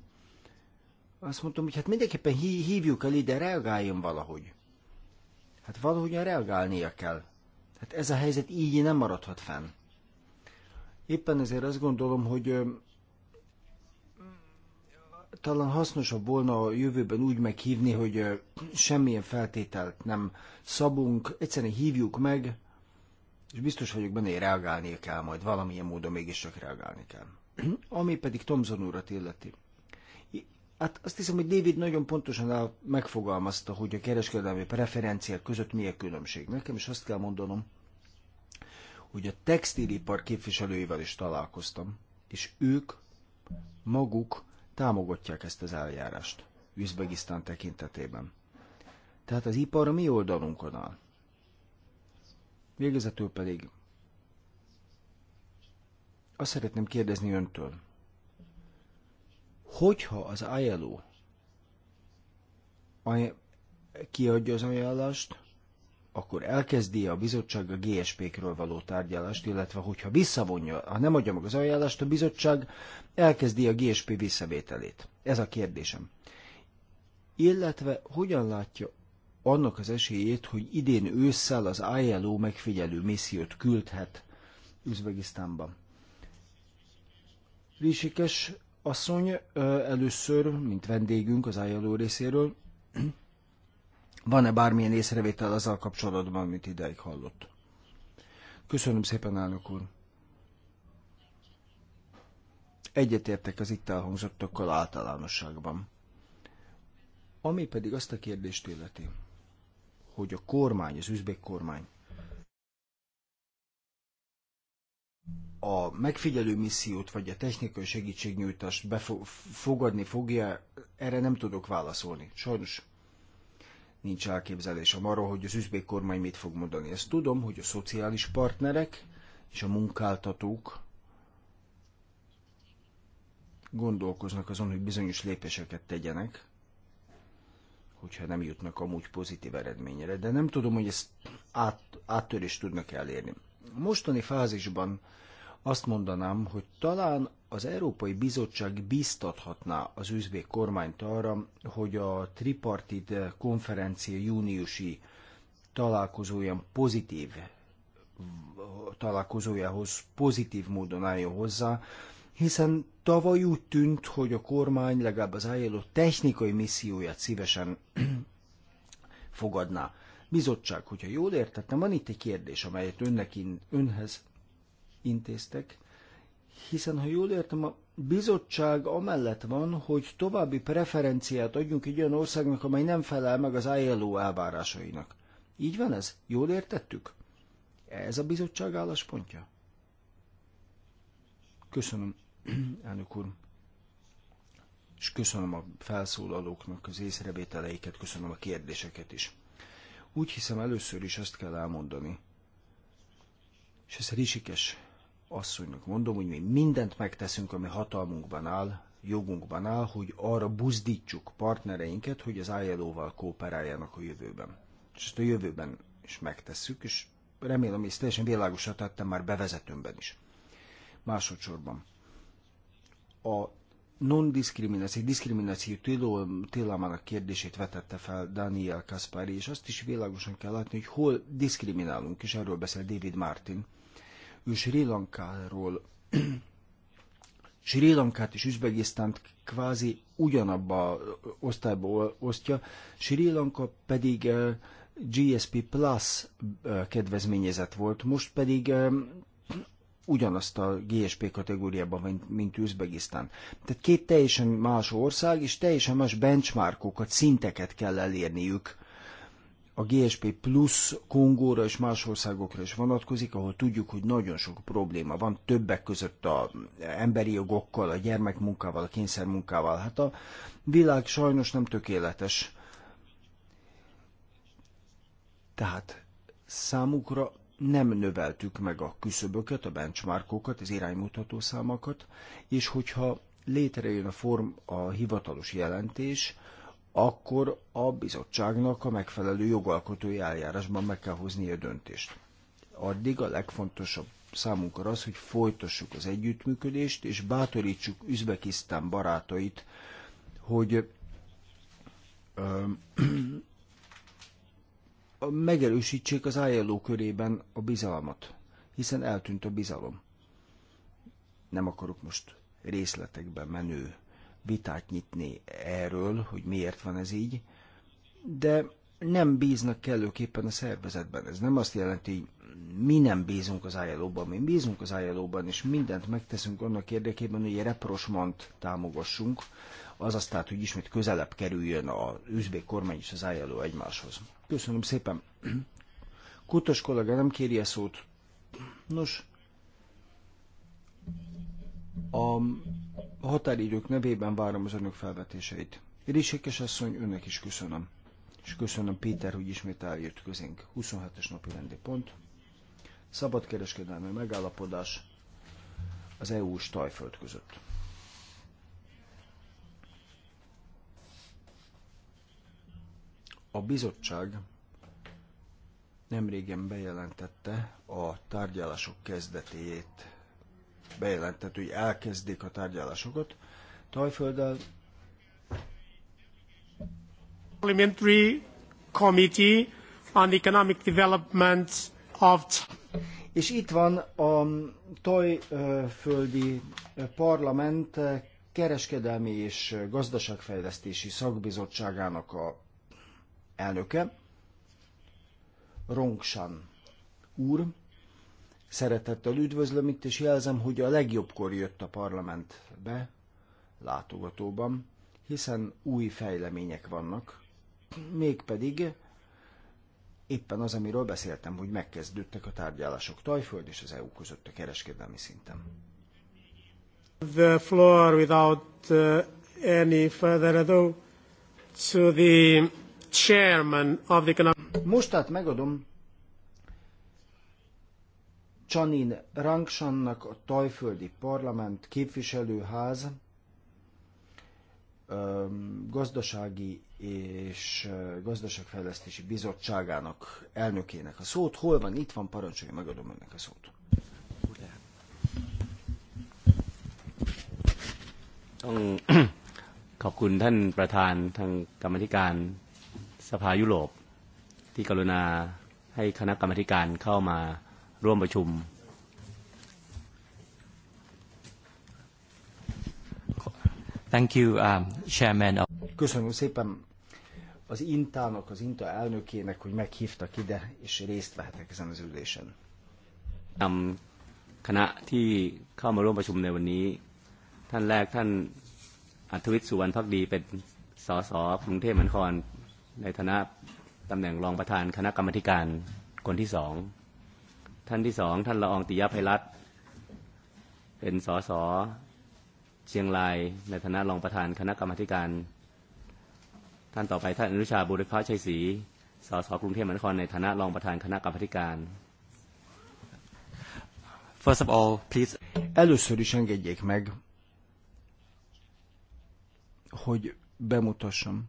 azt mondtam, hogy hát mindenképpen hívjuk el ide, reagáljon valahogy. Hát valahogyan reagálnia kell. Hát ez a helyzet így nem maradhat fenn. Éppen ezért azt gondolom, hogy talán hasznosabb volna a jövőben úgy meghívni, hogy semmilyen feltételt nem szabunk, egyszerűen hívjuk meg, és biztos vagyok benne, hogy reagálni kell majd, valamilyen módon mégiscsak reagálni kell. Ami pedig Tomzon urat illeti. Hát azt hiszem, hogy David nagyon pontosan megfogalmazta, hogy a kereskedelmi preferenciák között mi a különbség. Nekem is azt kell mondanom, hogy a textilipar képviselőivel is találkoztam, és ők maguk támogatják ezt az eljárást Üzbegisztán tekintetében. Tehát az ipar a mi oldalunkon áll. Végezetül pedig azt szeretném kérdezni öntől, hogyha az ILO kiadja az ajánlást, akkor elkezdi a bizottság a GSP-kről való tárgyalást, illetve hogyha visszavonja, ha nem adja meg az ajánlást, a bizottság elkezdi a GSP visszavételét. Ez a kérdésem. Illetve hogyan látja annak az esélyét, hogy idén ősszel az ILO megfigyelő missziót küldhet Üzbegisztánba? Rísikes asszony először, mint vendégünk az ILO részéről, van-e bármilyen észrevétel azzal kapcsolatban, amit ideig hallott? Köszönöm szépen, elnök úr. Egyetértek az itt elhangzottakkal általánosságban. Ami pedig azt a kérdést illeti, hogy a kormány, az üzbék kormány a megfigyelő missziót vagy a technikai segítségnyújtást befogadni fogja, erre nem tudok válaszolni. Sajnos nincs elképzelésem arról, hogy az üzbék kormány mit fog mondani. Ezt tudom, hogy a szociális partnerek és a munkáltatók gondolkoznak azon, hogy bizonyos lépéseket tegyenek, hogyha nem jutnak amúgy pozitív eredményre, de nem tudom, hogy ezt át, áttörést tudnak elérni. A mostani fázisban azt mondanám, hogy talán az Európai Bizottság biztathatná az üzbék kormányt arra, hogy a tripartit konferencia júniusi találkozóján pozitív találkozójához pozitív módon álljon hozzá, hiszen tavaly úgy tűnt, hogy a kormány legalább az ILO technikai misszióját szívesen fogadná. Bizottság, hogyha jól értettem, van itt egy kérdés, amelyet önnek, önhez intéztek, hiszen ha jól értem, a bizottság amellett van, hogy további preferenciát adjunk egy olyan országnak, amely nem felel meg az ILO elvárásainak. Így van ez? Jól értettük? Ez a bizottság álláspontja? Köszönöm, elnök úr. És köszönöm a felszólalóknak az észrevételeiket, köszönöm a kérdéseket is. Úgy hiszem először is azt kell elmondani, és ez Risikes asszonynak mondom, hogy mi mindent megteszünk, ami hatalmunkban áll, jogunkban áll, hogy arra buzdítsuk partnereinket, hogy az ILO-val kooperáljanak a jövőben. És ezt a jövőben is megtesszük, és remélem, hogy ezt teljesen világosra tettem már bevezetőmben is. Másodszorban. A non-diszkrimináció, diszkrimináció tilalmának kérdését vetette fel Daniel Kaspari, és azt is világosan kell látni, hogy hol diszkriminálunk, és erről beszél David Martin, ő Sri Lankáról Sri Lankát és Üzbegisztánt kvázi ugyanabba osztályba osztja, Sri Lanka pedig eh, GSP Plus eh, kedvezményezett volt, most pedig eh, ugyanazt a GSP kategóriában, mint, mint Üzbegisztán. Tehát két teljesen más ország, és teljesen más benchmarkokat, szinteket kell elérniük a GSP plusz Kongóra és más országokra is vonatkozik, ahol tudjuk, hogy nagyon sok probléma van, többek között a emberi jogokkal, a gyermekmunkával, a kényszermunkával. Hát a világ sajnos nem tökéletes. Tehát számukra nem növeltük meg a küszöböket, a benchmarkokat, az iránymutató számokat, és hogyha létrejön a form a hivatalos jelentés, akkor a bizottságnak a megfelelő jogalkotói eljárásban meg kell hozni a döntést. Addig a legfontosabb számunkra az, hogy folytassuk az együttműködést, és bátorítsuk Üzbekisztán barátait, hogy ö, ö, megerősítsék az ILO körében a bizalmat, hiszen eltűnt a bizalom. Nem akarok most részletekben menő vitát nyitni erről, hogy miért van ez így, de nem bíznak kellőképpen a szervezetben. Ez nem azt jelenti, hogy mi nem bízunk az ilo mi bízunk az ilo és mindent megteszünk annak érdekében, hogy egy reprosmant támogassunk, azaz tehát, hogy ismét közelebb kerüljön az üzbék kormány és az ILO egymáshoz. Köszönöm szépen. Kutos kollega nem kéri a szót. Nos, a a határidők nevében várom az önök felvetéseit. Risikes asszony, önnek is köszönöm. És köszönöm Péter, hogy ismét eljött közénk. 27-es napi rendi pont. kereskedelmi megállapodás az EU és Tajföld között. A bizottság nemrégen bejelentette a tárgyalások kezdetét bejelentett, hogy elkezdik a tárgyalásokat Tajfölddel. Parliamentary Committee on Economic Development of és itt van a Tajföldi Parlament kereskedelmi és gazdaságfejlesztési szakbizottságának a elnöke, Rongsan, úr, Szeretettel üdvözlöm itt, és jelzem, hogy a legjobbkor jött a parlamentbe látogatóban, hiszen új fejlemények vannak, mégpedig éppen az, amiről beszéltem, hogy megkezdődtek a tárgyalások Tajföld és az EU között a kereskedelmi szinten. The floor without uh, any further ado to the chairman of the Most hát megadom Csanin Rangsannak a tajföldi parlament képviselőház gazdasági és gazdaságfejlesztési bizottságának elnökének a szót. Hol van? Itt van, parancsolja, megadom önnek a szót? Köszönöm. ร่วมประชุม Thank you, um, Köszönöm szépen az Intának, az Inta elnökének, hogy meghívtak ide, és részt vehetek ezen az ülésen. Um, ท่านที่สองท่านละอองติยภัยรัตน์เป็นสสเชียงรายในฐานะรองประธานคณะกรรมการ First of all, please. Először is engedjék meg, hogy bemutassam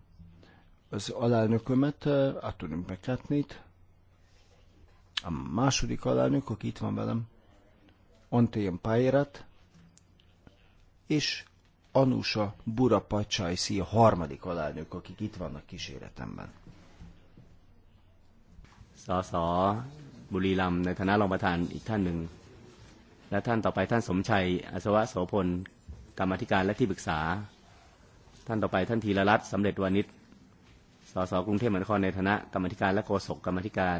az alelnökömet, Atunim Bekátnit, a második alelnök, aki itt van velem, Antoine Pairat, és Anusa Burapacsajszi, a harmadik alelnök, akik itt vannak kíséretemben. Szasza, bulilam, nekem elomatán itt tennünk. และท่านต่อไปท่านสมชัยอสวะโสพลกรรมธิการและที่ปรึกษาท่านต่อไปท่านธีรรัตน์สำเร็จวานิชสสกรุงเทพมหานครในฐานะกรรมธิการและโฆษกกรรมธิการ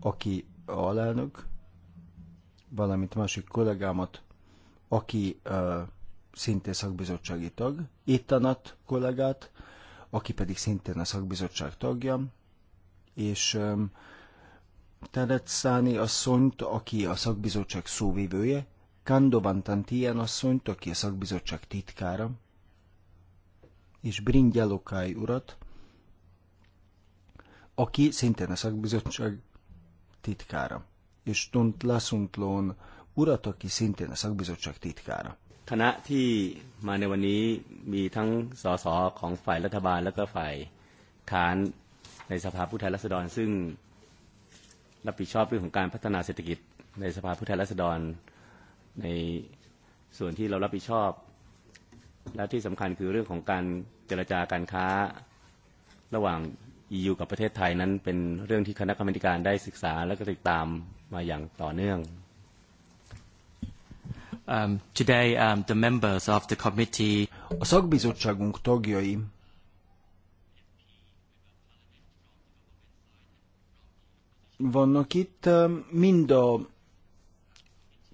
aki alelnök, valamint másik kollégámat, aki uh, szintén szakbizottsági tag, Ittanat kollégát, aki pedig szintén a szakbizottság tagja, és um, Száni asszonyt, aki a szakbizottság szóvivője, Kandovan Tantien asszonyt, aki a szakbizottság titkára, és Bringyalokály urat, aki szintén a szakbizottság titkára, és Tunt Lasuntlón urat, aki szintén a szakbizottság titkára. คณะที่มาในวันนี้มีทั้งสสของฝ่ายรัฐบาลและก็ฝ่ายค้านในสภาผู้แทนราษฎรซึ่งรับผิดชอบเรื่องของการพัฒนาเศรษฐกิจในสภาผู้แทนราษฎรในส่วนที่เรารับผิดชอบและที่สําคัญคือเรื่องของการเจรจาการค้าระหว่าง EU กับประเทศไทยนั้นเป็นเรื่องที่คณะกรรมการได้ศึกษาและก็ติดตามมาอย่างต่อเนื่อง um, today um, the members of the committee A szakbizottságunk tagjai vannak itt, um, mind a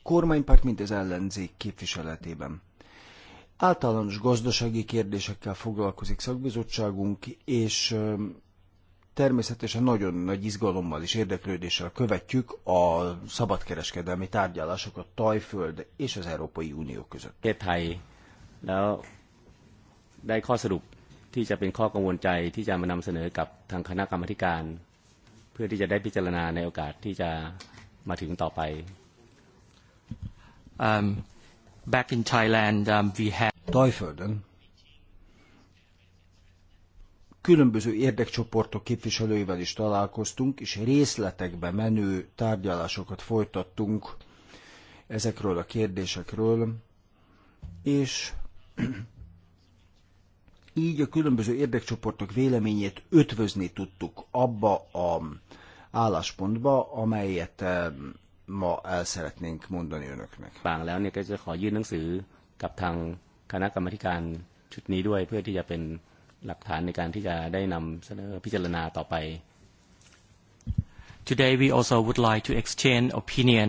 kormánypárt, mind az ellenzék képviseletében. Általános gazdasági kérdésekkel foglalkozik szakbizottságunk, és um, természetesen nagyon nagy izgalommal és érdeklődéssel követjük a szabadkereskedelmi tárgyalásokat Tajföld és az Európai Unió között. ประเทศไทยแล้วได้ข้อสรุปที่จะเป็นข้อกังวลใจที่จะมานำเสนอกับทางคณะกรรมการเพื่อที่จะได้พิจารณาในโอกาสที่จะมาถึงต่อไป um, back in Thailand um, we had Tajföldön különböző érdekcsoportok képviselőivel is találkoztunk, és részletekbe menő tárgyalásokat folytattunk ezekről a kérdésekről, és így a különböző érdekcsoportok véleményét ötvözni tudtuk abba a álláspontba, amelyet eh, ma el szeretnénk mondani önöknek. หลักฐานในการที่จะได้นำเสนอพิจารณาต่อไป Today we also would like to exchange opinion.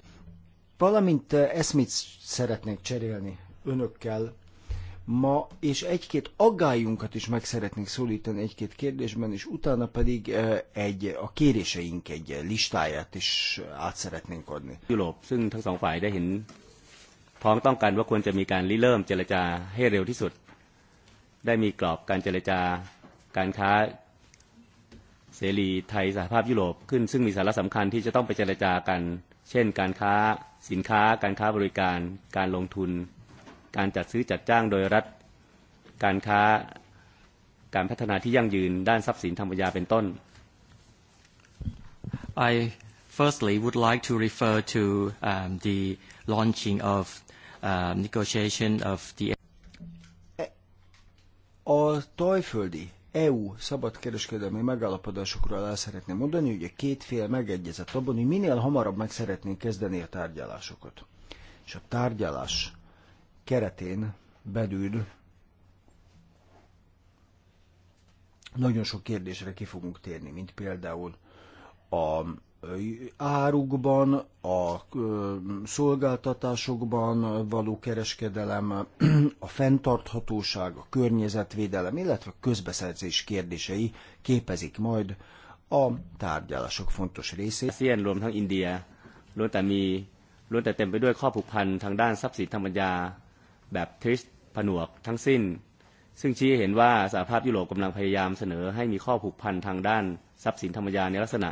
Valamint eh, eszmét szeretnénk cserélni önökkel ma, és egy-két aggályunkat is meg szeretnénk szólítani egy-két kérdésben, és utána pedig eh, egy, a kéréseink egy listáját is át szeretnénk adni. Európa, ซึ่งทั้งสองฝ่ายได้เห็นพ้องต้องการว่าควรจะมีการริเริ่มเจรจาให้เร็วที่สุดได้มีกรอบการเจรจาการค้าเสรีไทยสหภาพยุโรป ขึ้นซึ่งมีสาระสำคัญที่จะต้องไปเจรจากัน เช่น การค้าสินค้า การค้าบริการ การลงทุน การจัดซื้อจัดจ้าง โดยรัฐการค้าการพัฒนาที่ยั่งยืน ด้านทรัพย์สินธรรมยาเป็นต้น I firstly would like to refer to um, the launching of um, negotiation of the a tajföldi EU szabadkereskedelmi megállapodásokról el szeretném mondani, hogy a két fél megegyezett abban, hogy minél hamarabb meg szeretnénk kezdeni a tárgyalásokat. És a tárgyalás keretén belül nagyon sok kérdésre ki fogunk térni, mint például a árukban, a szolgáltatásokban való kereskedelem, a fenntarthatóság, a környezetvédelem, illetve a közbeszerzés kérdései képezik majd a tárgyalások fontos részét. ASEAN รวมทั้งอินเดียล้วนแต่มีล้วนแต่เต็มไปด้วยข้อผูกพันทางด้านทรัพย์สินทางปัญญาแบบทริสผนวกทั้งสิ้นซึ่งชี้เห็นว่าสหภาพยุโรปกำลังพยายามเสนอให้มีข้อผูกพันทางด้านทรัพย์สินธรรมยาในลักษณะ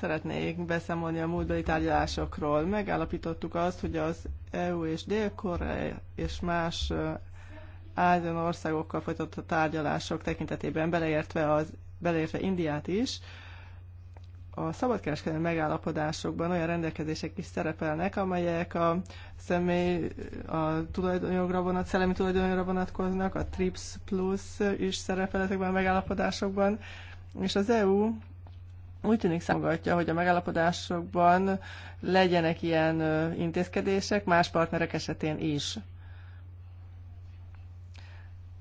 Szeretnék beszámolni a múltbeli tárgyalásokról. Megállapítottuk azt, hogy az EU és Dél-Korea és más ázsiai országokkal folytatott tárgyalások tekintetében, beleértve, az, beleértve Indiát is, a szabadkereskedelmi megállapodásokban olyan rendelkezések is szerepelnek, amelyek a személy a tulajdonjogra vonat, szellemi tulajdonjogra vonatkoznak, a TRIPS Plus is szerepel ezekben a megállapodásokban, és az EU úgy tűnik számogatja, hogy a megállapodásokban legyenek ilyen intézkedések más partnerek esetén is.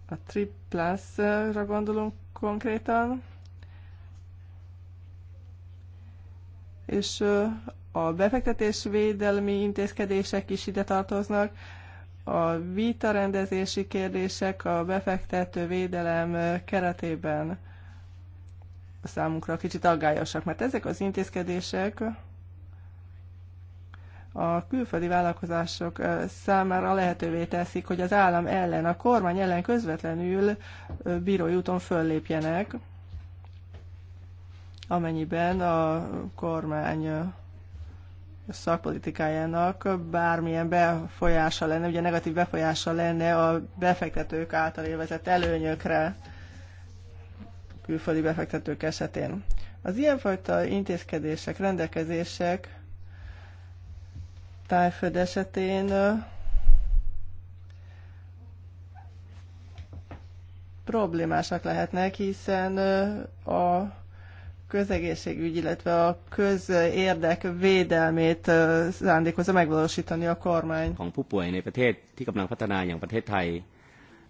A Triplus-ra gondolunk konkrétan. És a befektetésvédelmi intézkedések is ide tartoznak, a rendezési kérdések a befektető védelem keretében számunkra kicsit aggályosak, mert ezek az intézkedések a külföldi vállalkozások számára lehetővé teszik, hogy az állam ellen, a kormány ellen közvetlenül bírói úton föllépjenek, amennyiben a kormány szakpolitikájának bármilyen befolyása lenne, ugye negatív befolyása lenne a befektetők által élvezett előnyökre külföldi befektetők esetén. Az ilyenfajta intézkedések, rendelkezések tájföld esetén problémásak lehetnek, hiszen a közegészségügy, illetve a közérdek védelmét szándékozza megvalósítani a kormány. ของผู้ป่วยในประเทศที่กำลังพัฒนาอย่างประเทศไทย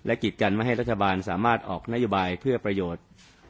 และกีดกันไม่ให้รัฐบาลสามารถออกนโยบายเพื่อประโยชน์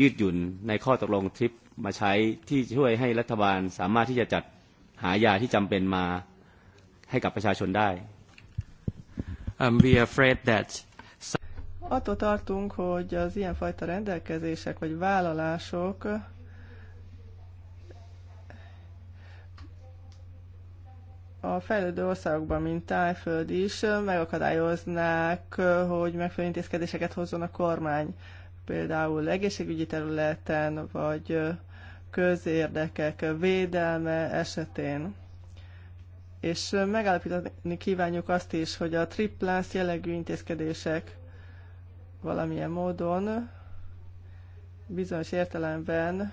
ยืดหยุ่นในข้อตกลงทริปมาใช้ที่ช่วยให้รัฐบาลสามารถที่จะจัดหายาที่จำเป็นมาให้กับประชาชนได้ um, we are afraid that Attól tartunk, hogy az ilyenfajta rendelkezések vagy vállalások a fejlődő országokban, mint Tájföld is, megakadályoznák, hogy megfelelő intézkedéseket hozzon a kormány például egészségügyi területen, vagy közérdekek védelme esetén. És megállapítani kívánjuk azt is, hogy a triplász jellegű intézkedések valamilyen módon bizonyos értelemben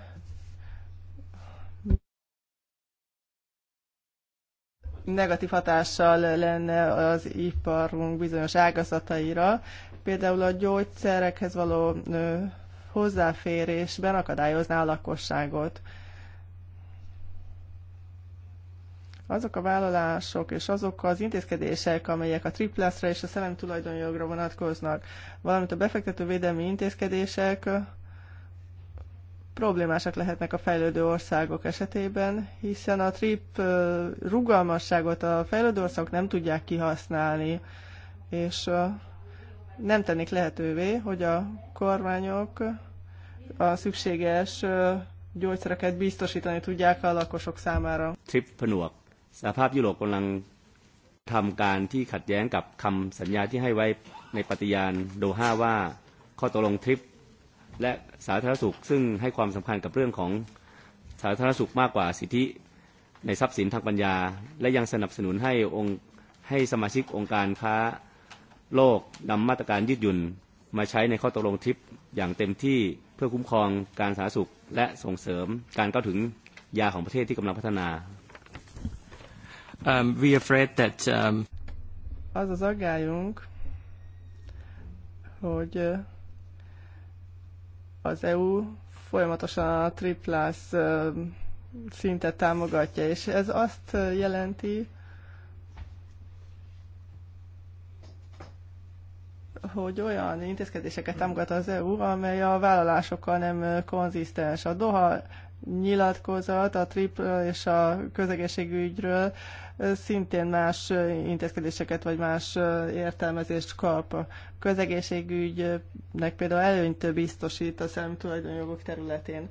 negatív hatással lenne az iparunk bizonyos ágazataira, például a gyógyszerekhez való hozzáférésben akadályozná a lakosságot. Azok a vállalások és azok az intézkedések, amelyek a triplászra és a szellem tulajdonjogra vonatkoznak, valamint a védelmi intézkedések problémásak lehetnek a fejlődő országok esetében, hiszen a TRIP rugalmasságot a fejlődő országok nem tudják kihasználni, és nem tennék lehetővé, hogy a kormányok a szükséges gyógyszereket biztosítani tudják a lakosok számára. Trip ผนวกสหภาพยุโรปกำลังทำการที่ขัดแย้งกับคำสัญญาที่ให้ไว้ในปฏิญาณโดฮาว่าข้อตกลงทริปและสาธารณสุขซึ่งให้ความสำคัญกับเรื่องของสาธารณสุขมากกว่าสิทธิในทรัพย์สินทางปัญญาและยังสนับสนุนให้องค์ให้สมาชิกองค์การค้าโลกนำมาตรการยืดหยุ่นมาใช้ในข้อตกลงทิปอย่างเต็มที่เพื่อคุ้มครองการสาธารณสุขและส่งเสริมการเข้าถึงยาของประเทศที่กำลังพัฒนา um, we afraid that um... az az aggályunk, hogy az EU folyamatosan a triplás szintet támogatja, és ez azt jelenti, hogy olyan intézkedéseket támogat az EU, amely a vállalásokkal nem konzisztens. A Doha nyilatkozat a tripl és a közegészségügyről szintén más intézkedéseket vagy más értelmezést kap. A közegészségügynek például előnyt biztosít a szemtulajdonjogok területén.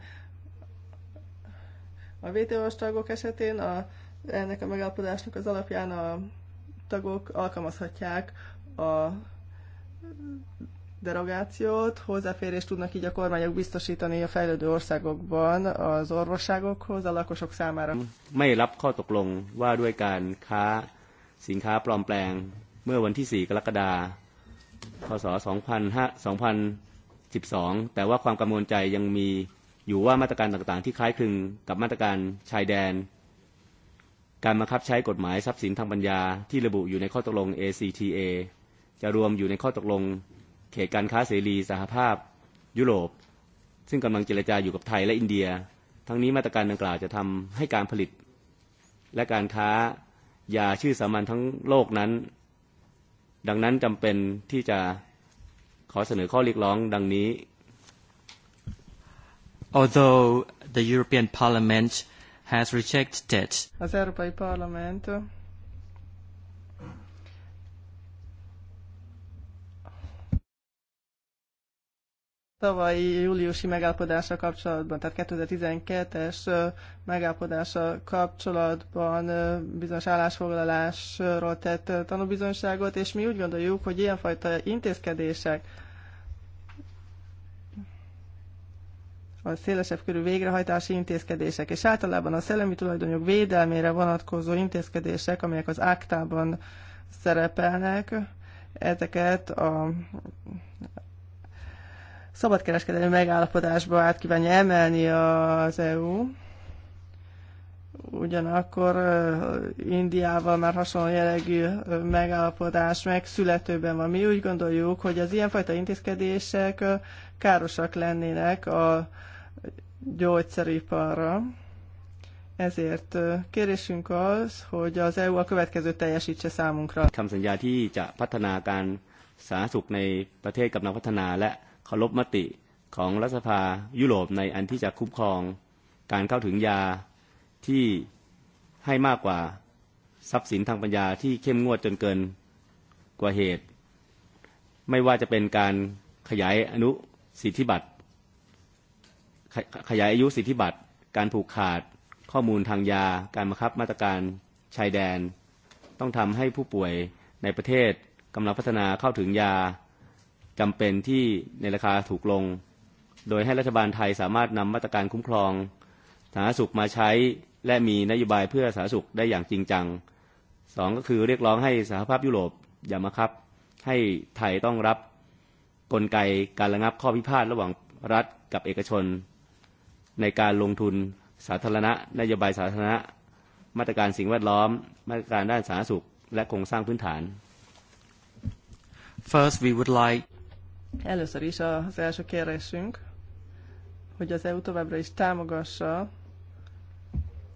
A wto tagok esetén a, ennek a megállapodásnak az alapján a tagok alkalmazhatják a derogációt, hozzáférést tudnak így a kormányok biztosítani a fejlődő országokban az orvosságokhoz, a lakosok számára. Mely lap kautok long, váduaj kán ká, szín ká plomplang, mőr van tiszi kalakadá, kaszó 2012, de a kvám kamolcáj yang mi, jó a mátakán a ti kháj krüng, a mátakán cháj dán, การบังคับใช้กฎหมายทรัพย์สินทางปัญญาที่ระบุอยู่ในข้อตกลง ACTA จะรวมอยู่ในข้อตกลงเขตการค้าเสรี สหภาพยุโรป ซึ่งกําลังเจรจาอยู่กับไทยและอินเดีย ทั้งนี้มาตรการดังกล่าวจะทําให้การผลิตและการค้ายาชื่อสามัญทั้งโลกนั้น ดังนั้นจําเป็นที่จะขอเสนอข้อเรียกร้อง ดังนี้ Although the European Parliament has rejected Az Európai Parlament tavalyi júliusi megállapodása kapcsolatban, tehát 2012-es megállapodása kapcsolatban bizonyos állásfoglalásról tett tanúbizonyságot, és mi úgy gondoljuk, hogy ilyenfajta intézkedések a szélesebb körű végrehajtási intézkedések, és általában a szellemi tulajdonjog védelmére vonatkozó intézkedések, amelyek az áktában szerepelnek, ezeket a szabadkereskedelmi megállapodásba át kívánja emelni az EU, ugyanakkor Indiával már hasonló jellegű megállapodás megszületőben van. Mi úgy gondoljuk, hogy az ilyenfajta intézkedések károsak lennének a gyógyszeriparra. Ezért kérésünk az, hogy az EU a következő teljesítse számunkra. คารพมติของรัฐสภายุโรปในอันที่จะคุ้มครองการเข้าถึงยาที่ให้มากกว่าทรัพย์สินทางปัญญาที่เข้มงวดจนเกินกว่าเหตุ ไม่ว่าจะเป็นการขยายอนุสิทธิบัตรข,ขยายอายุสิทธิบัตร การผูกขาดข้อมูลทางยา การบังคับมาตรการชายแดน ต้องทำให้ผู้ป่วยในประเทศกำลังพัฒนาเข้าถึงยาจำเป็นที่ในราคาถูกลง2ก็คือเรียกร้องให้สหภาพยุโรปอย่ามาครับให้ไทยต้องรับกลไกการระงับข้อพิพาทระหว่างรัฐกับเอกชน ในการลงทุนสาธารณะนโยบายสาธารณะ มาตรการสิ่งแวดล้อม มาตรการด้านสาธารณสุขและโครงสร้างพื้นฐาน First, we would like Először is az első kérésünk, hogy az EU továbbra is támogassa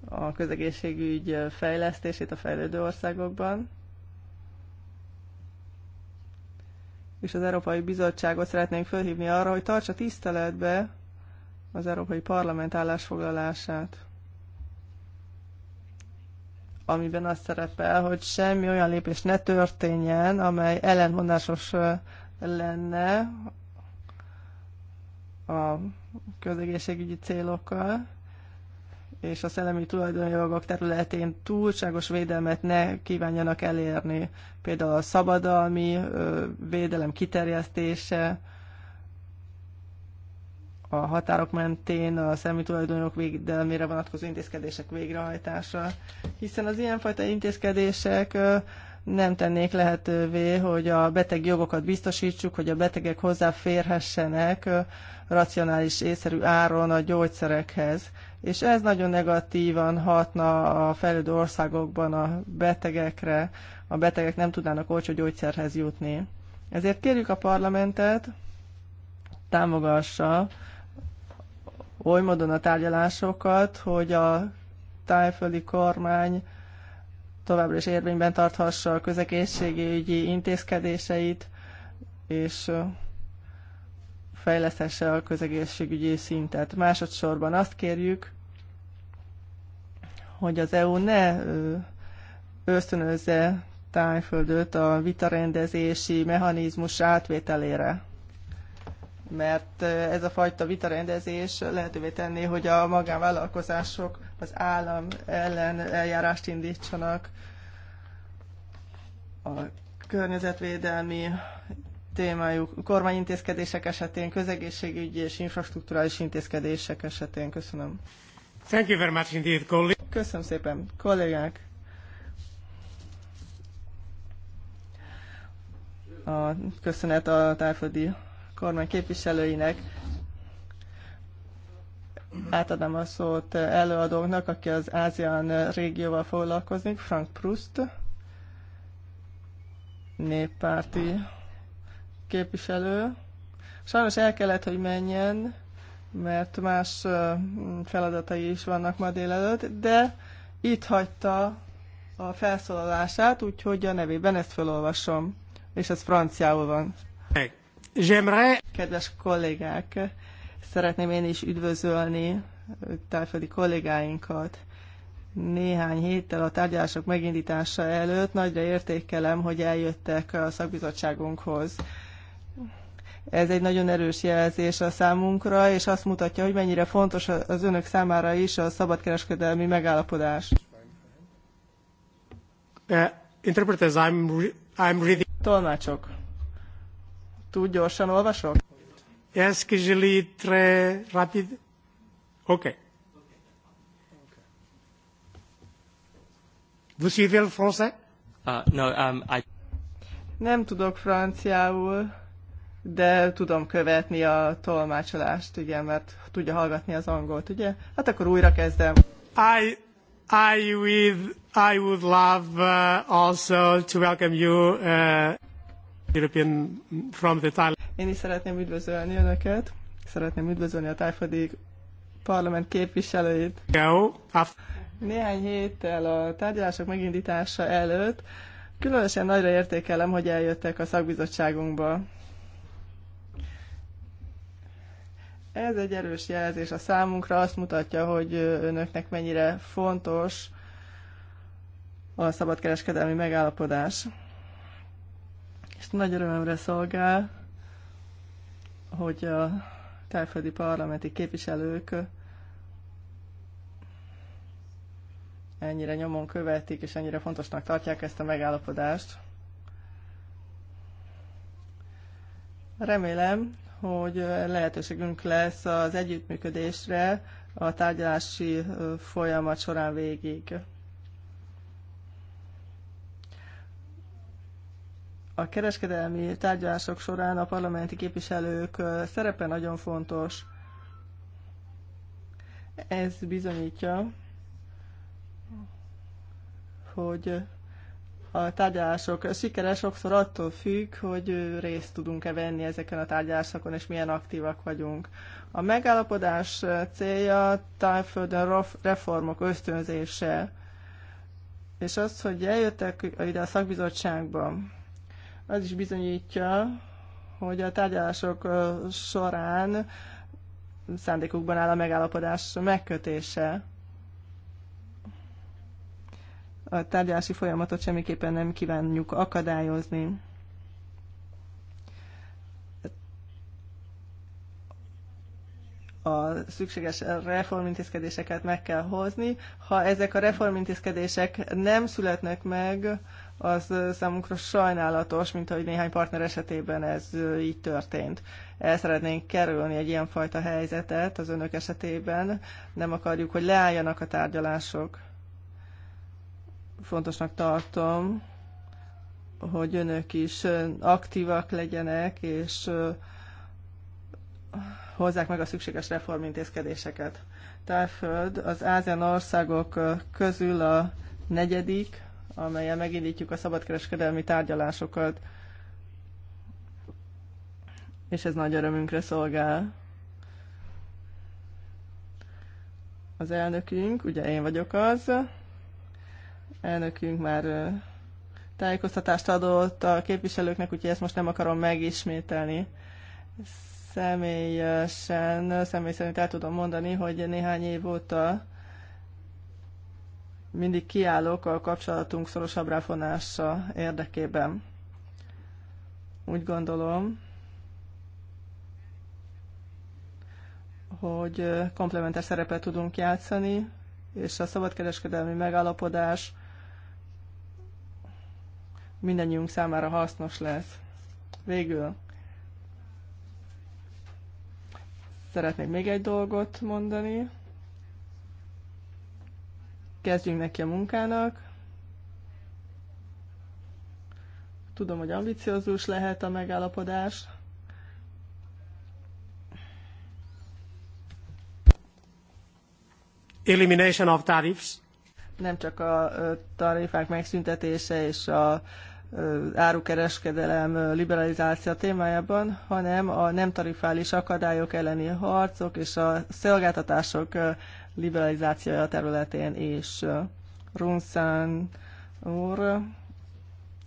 a közegészségügy fejlesztését a fejlődő országokban, és az Európai Bizottságot szeretnénk fölhívni arra, hogy tartsa tiszteletbe az Európai Parlament állásfoglalását, amiben azt szerepel, hogy semmi olyan lépés ne történjen, amely ellenmondásos lenne a közegészségügyi célokkal, és a szellemi tulajdonjogok területén túlságos védelmet ne kívánjanak elérni. Például a szabadalmi védelem kiterjesztése, a határok mentén a szellemi tulajdonjogok védelmére vonatkozó intézkedések végrehajtása, hiszen az ilyenfajta intézkedések nem tennék lehetővé, hogy a beteg jogokat biztosítsuk, hogy a betegek hozzáférhessenek racionális észszerű áron a gyógyszerekhez. És ez nagyon negatívan hatna a fejlődő országokban a betegekre, a betegek nem tudnának olcsó gyógyszerhez jutni. Ezért kérjük a parlamentet, támogassa oly módon a tárgyalásokat, hogy a tájföldi kormány továbbra is érvényben tarthassa a közegészségügyi intézkedéseit, és fejleszthesse a közegészségügyi szintet. Másodszorban azt kérjük, hogy az EU ne ösztönözze tájföldöt a vitarendezési mechanizmus átvételére mert eh, ez a fajta vitarendezés lehetővé tenné, hogy a magánvállalkozások az állam ellen eljárást indítsanak a környezetvédelmi témájuk, kormányintézkedések esetén, közegészségügyi és infrastruktúrális intézkedések esetén. Köszönöm. Thank you very much indeed, colleague. Köszönöm szépen, kollégák. A köszönet a tájföldi kormány képviselőinek. Átadom a szót előadónak, aki az ASEAN régióval foglalkozik, Frank Prust, néppárti képviselő. Sajnos el kellett, hogy menjen, mert más feladatai is vannak ma délelőtt, de itt hagyta a felszólalását, úgyhogy a nevében ezt felolvasom, és ez franciául van. Kedves kollégák, szeretném én is üdvözölni tájföldi kollégáinkat. Néhány héttel a tárgyalások megindítása előtt nagyra értékelem, hogy eljöttek a szakbizottságunkhoz. Ez egy nagyon erős jelzés a számunkra, és azt mutatja, hogy mennyire fontos az önök számára is a szabadkereskedelmi megállapodás. Uh, eh, interpreters, I'm, I'm reading. Tolmácsok Túl gyorsan olvasok? Yes, que je lis très rapide. Vous suivez le français? Uh, no, um, I... Nem tudok franciául, de tudom követni a tolmácsolást, igen, mert tudja hallgatni az angolt, ugye? Hát akkor újra kezdem. I, I, with, I would love uh, also to welcome you. Uh... European, from the Thailand. Én is szeretném üdvözölni Önöket, szeretném üdvözölni a tájfadi parlament képviselőit. Néhány héttel a tárgyalások megindítása előtt különösen nagyra értékelem, hogy eljöttek a szakbizottságunkba. Ez egy erős jelzés a számunkra, azt mutatja, hogy önöknek mennyire fontos a szabadkereskedelmi megállapodás nagy örömömre szolgál, hogy a tájföldi parlamenti képviselők ennyire nyomon követik, és ennyire fontosnak tartják ezt a megállapodást. Remélem, hogy lehetőségünk lesz az együttműködésre a tárgyalási folyamat során végig. a kereskedelmi tárgyalások során a parlamenti képviselők szerepe nagyon fontos. Ez bizonyítja, hogy a tárgyalások sikere sokszor attól függ, hogy részt tudunk-e venni ezeken a tárgyalásokon, és milyen aktívak vagyunk. A megállapodás célja tájföldön reformok ösztönzése, és az, hogy eljöttek ide a szakbizottságban, az is bizonyítja, hogy a tárgyalások során szándékukban áll a megállapodás megkötése. A tárgyalási folyamatot semmiképpen nem kívánjuk akadályozni. a szükséges reformintézkedéseket meg kell hozni. Ha ezek a reformintézkedések nem születnek meg, az számunkra sajnálatos, mint ahogy néhány partner esetében ez így történt. El szeretnénk kerülni egy ilyenfajta helyzetet az önök esetében, nem akarjuk, hogy leálljanak a tárgyalások. Fontosnak tartom, hogy önök is aktívak legyenek, és hozzák meg a szükséges reformintézkedéseket. Tájföld az Ázsián országok közül a negyedik, amelyen megindítjuk a szabadkereskedelmi tárgyalásokat. És ez nagy örömünkre szolgál. Az elnökünk, ugye én vagyok az, elnökünk már tájékoztatást adott a képviselőknek, úgyhogy ezt most nem akarom megismételni. Személyesen, személy szerint el tudom mondani, hogy néhány év óta mindig kiállok a kapcsolatunk szorosabb ráfonása érdekében. Úgy gondolom, hogy komplementer szerepet tudunk játszani, és a szabadkereskedelmi megállapodás mindannyiunk számára hasznos lesz. Végül szeretnék még egy dolgot mondani kezdjünk neki a munkának. Tudom, hogy ambiciózus lehet a megállapodás. Elimination of tariffs. Nem csak a tarifák megszüntetése és a árukereskedelem liberalizáció témájában, hanem a nem tarifális akadályok elleni harcok és a szolgáltatások liberalizációja területén és Runszán úr,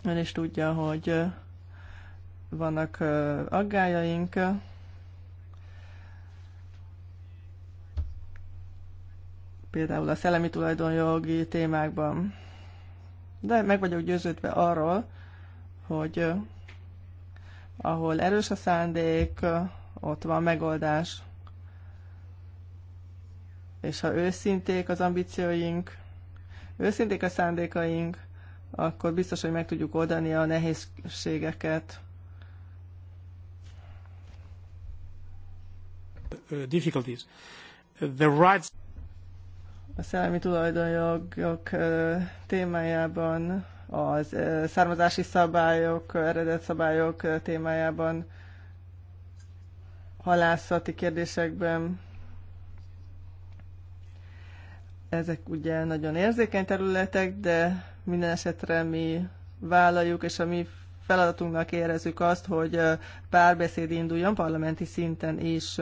ön is tudja, hogy vannak aggájaink. Például a szellemi tulajdonjogi témákban. De meg vagyok győződve arról, hogy ahol erős a szándék, ott van megoldás és ha őszinték az ambícióink, őszinték a szándékaink, akkor biztos, hogy meg tudjuk oldani a nehézségeket. Uh, difficulties. Uh, the rights... A szellemi tulajdonjogok uh, témájában, az származási szabályok, eredet szabályok témájában, halászati kérdésekben ezek ugye nagyon érzékeny területek, de minden esetre mi vállaljuk, és a mi feladatunknak érezzük azt, hogy párbeszéd induljon parlamenti szinten is.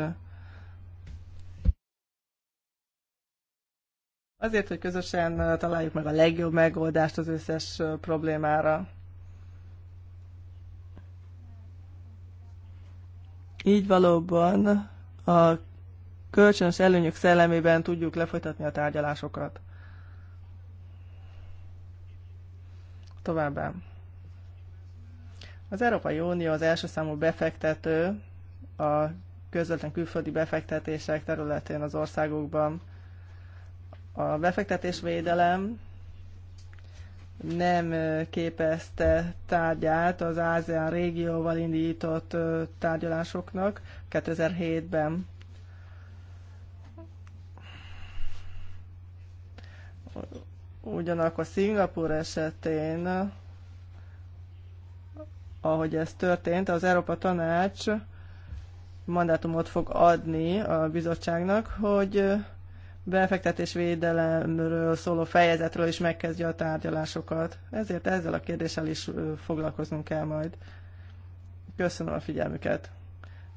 Azért, hogy közösen találjuk meg a legjobb megoldást az összes problémára. Így valóban a kölcsönös előnyök szellemében tudjuk lefolytatni a tárgyalásokat. Továbbá. Az Európai Unió az első számú befektető a közvetlen külföldi befektetések területén az országokban. A befektetésvédelem nem képezte tárgyát az ASEAN régióval indított tárgyalásoknak 2007-ben. Ugyanakkor Szingapur esetén, ahogy ez történt, az Európa Tanács mandátumot fog adni a bizottságnak, hogy befektetésvédelemről szóló fejezetről is megkezdje a tárgyalásokat. Ezért ezzel a kérdéssel is foglalkoznunk kell majd. Köszönöm a figyelmüket.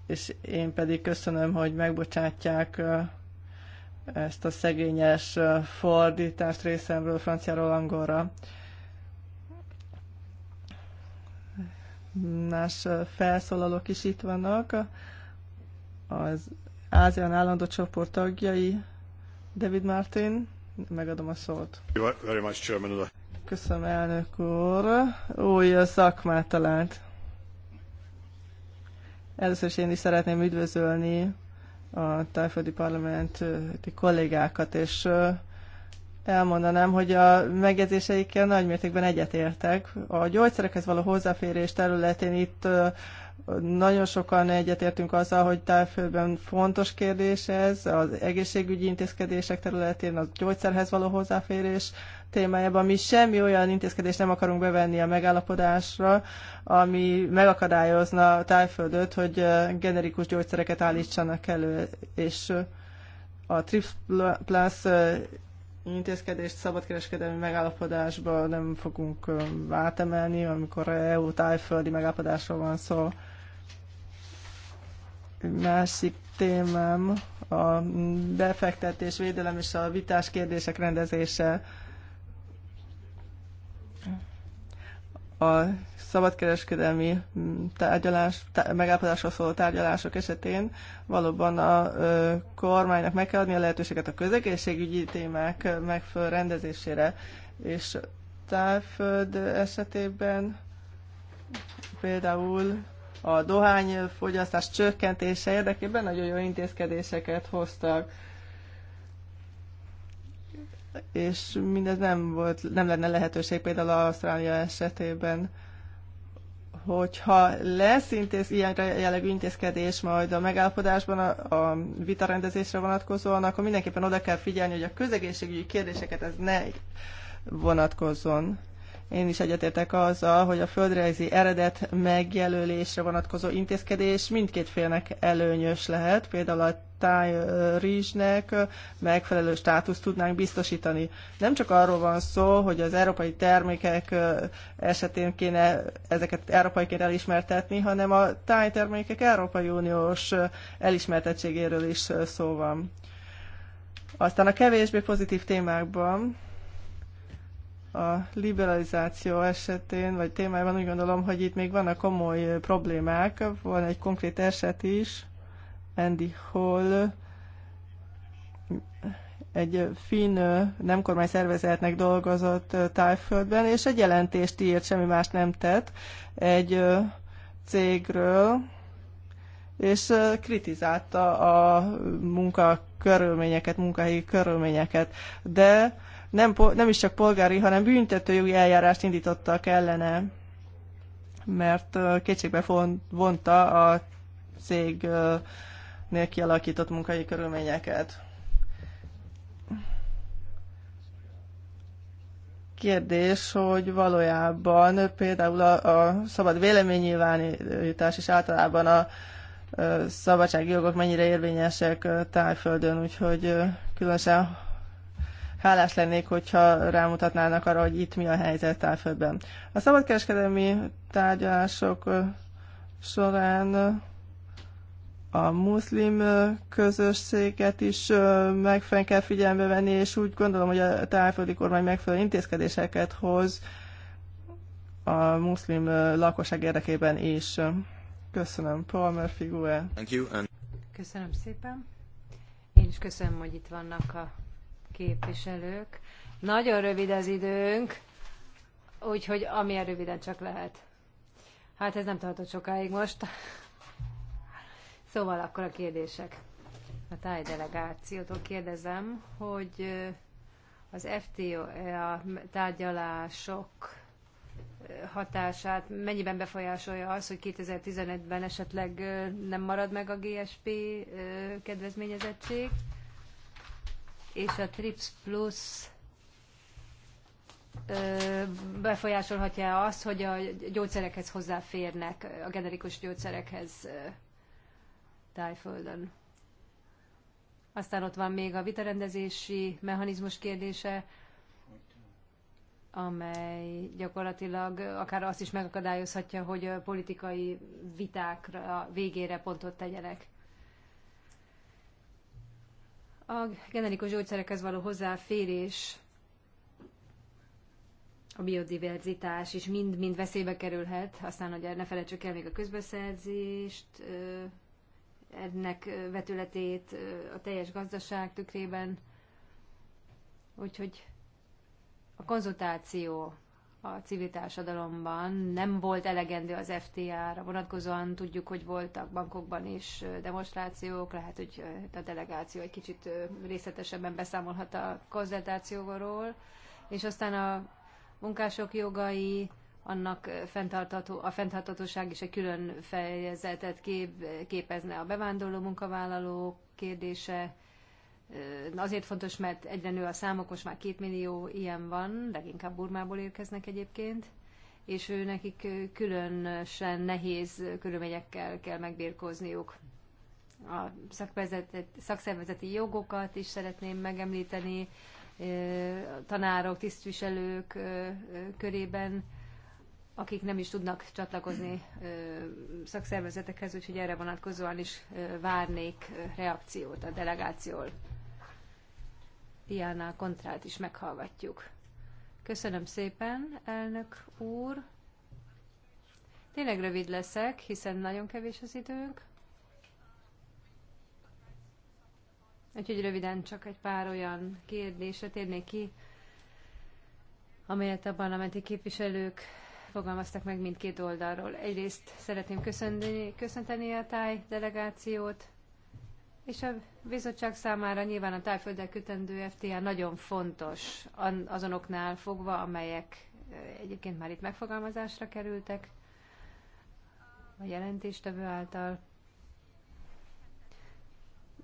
És én pedig köszönöm, hogy megbocsátják ezt a szegényes fordítást részemről franciáról angolra. Más felszólalók is itt vannak. Az Ázsian állandó csoport tagjai, David Martin, megadom a szót. Köszönöm, elnök úr. Új szakmát talált. Először is én is szeretném üdvözölni a tájföldi parlamenti kollégákat, és elmondanám, hogy a megjegyzéseikkel nagymértékben egyetértek. A gyógyszerekhez való hozzáférés területén itt nagyon sokan egyetértünk azzal, hogy tájföldben fontos kérdés ez, az egészségügyi intézkedések területén a gyógyszerhez való hozzáférés, témájában mi semmi olyan intézkedést nem akarunk bevenni a megállapodásra, ami megakadályozna a tájföldöt, hogy generikus gyógyszereket állítsanak elő, és a TRIPS intézkedést szabadkereskedelmi megállapodásba nem fogunk átemelni, amikor EU tájföldi megállapodásról van szó. Másik témám a befektetés, védelem és a vitás kérdések rendezése. a szabadkereskedelmi tárgyalás, tá, megállapodásra szóló tárgyalások esetén valóban a ö, kormánynak meg kell adni a lehetőséget a közegészségügyi témák megfelelő rendezésére, és tájföld esetében például a dohányfogyasztás csökkentése érdekében nagyon jó intézkedéseket hoztak és mindez nem, volt, nem lenne lehetőség például az Ausztrália esetében hogyha lesz intéz, ilyen jellegű intézkedés majd a megállapodásban a, a vitarendezésre vonatkozóan, akkor mindenképpen oda kell figyelni, hogy a közegészségügyi kérdéseket ez ne vonatkozzon. Én is egyetértek azzal, hogy a földrajzi eredet megjelölésre vonatkozó intézkedés mindkét félnek előnyös lehet, például a táj megfelelő státuszt tudnánk biztosítani. Nem csak arról van szó, hogy az európai termékek esetén kéne ezeket európaiként elismertetni, hanem a tájtermékek Európai Uniós elismertettségéről is szó van. Aztán a kevésbé pozitív témákban a liberalizáció esetén, vagy témában úgy gondolom, hogy itt még vannak komoly problémák. Van egy konkrét eset is, Andy Hall egy finn nem kormány szervezetnek dolgozott Tájföldben, és egy jelentést írt, semmi más nem tett, egy cégről, és kritizálta a munkakörülményeket, munkahelyi körülményeket, de nem, nem is csak polgári, hanem büntetőjogi eljárást indítottak ellene, mert kétségbe vonta a cég nél kialakított munkai körülményeket. Kérdés, hogy valójában például a, a szabad véleménynyilvánítás és általában a, szabadsági jogok mennyire érvényesek tájföldön, úgyhogy különösen hálás lennék, hogyha rámutatnának arra, hogy itt mi a helyzet tájföldben. A szabadkereskedelmi tárgyalások során a muszlim közösséget is megfelelően kell figyelembe venni, és úgy gondolom, hogy a tájföldi kormány megfelelő intézkedéseket hoz a muszlim lakosság érdekében is. Köszönöm, Thank you and... Köszönöm szépen. Én is köszönöm, hogy itt vannak a képviselők. Nagyon rövid az időnk, úgyhogy amilyen röviden csak lehet. Hát ez nem tartott sokáig most. Szóval akkor a kérdések. A táj delegációtól kérdezem, hogy az a tárgyalások hatását mennyiben befolyásolja az, hogy 2015-ben esetleg nem marad meg a GSP kedvezményezettség, és a TRIPS Plus befolyásolhatja azt, hogy a gyógyszerekhez hozzáférnek, a generikus gyógyszerekhez tájföldön. Aztán ott van még a vitarendezési mechanizmus kérdése, amely gyakorlatilag akár azt is megakadályozhatja, hogy a politikai vitákra végére pontot tegyenek. A generikus gyógyszerekhez való hozzáférés, a biodiverzitás is mind-mind veszélybe kerülhet, aztán ugye ne felejtsük el még a közbeszerzést, ennek vetületét a teljes gazdaság tükrében. Úgyhogy a konzultáció a civil társadalomban nem volt elegendő az ftr ra vonatkozóan. Tudjuk, hogy voltak bankokban is demonstrációk, lehet, hogy a delegáció egy kicsit részletesebben beszámolhat a konzultációról. És aztán a munkások jogai, annak fenntartató a fenntarthatóság is egy külön fejezetet kép, képezne a bevándorló munkavállaló kérdése. Azért fontos, mert egyre nő a számok, most már két millió ilyen van, leginkább Burmából érkeznek egyébként, és ő nekik különösen nehéz körülményekkel kell megbírkozniuk. A szakszervezeti jogokat is szeretném megemlíteni, tanárok, tisztviselők körében akik nem is tudnak csatlakozni ö, szakszervezetekhez, úgyhogy erre vonatkozóan is ö, várnék reakciót a delegációl. Diana Kontrát is meghallgatjuk. Köszönöm szépen, elnök úr. Tényleg rövid leszek, hiszen nagyon kevés az időnk. Úgyhogy röviden csak egy pár olyan kérdésre térnék ki, amelyet a parlamenti képviselők fogalmaztak meg mindkét oldalról. Egyrészt szeretném köszönteni, köszönteni a táj delegációt, és a bizottság számára nyilván a tájföldek kötendő FTA nagyon fontos azonoknál fogva, amelyek egyébként már itt megfogalmazásra kerültek a jelentéstevő által.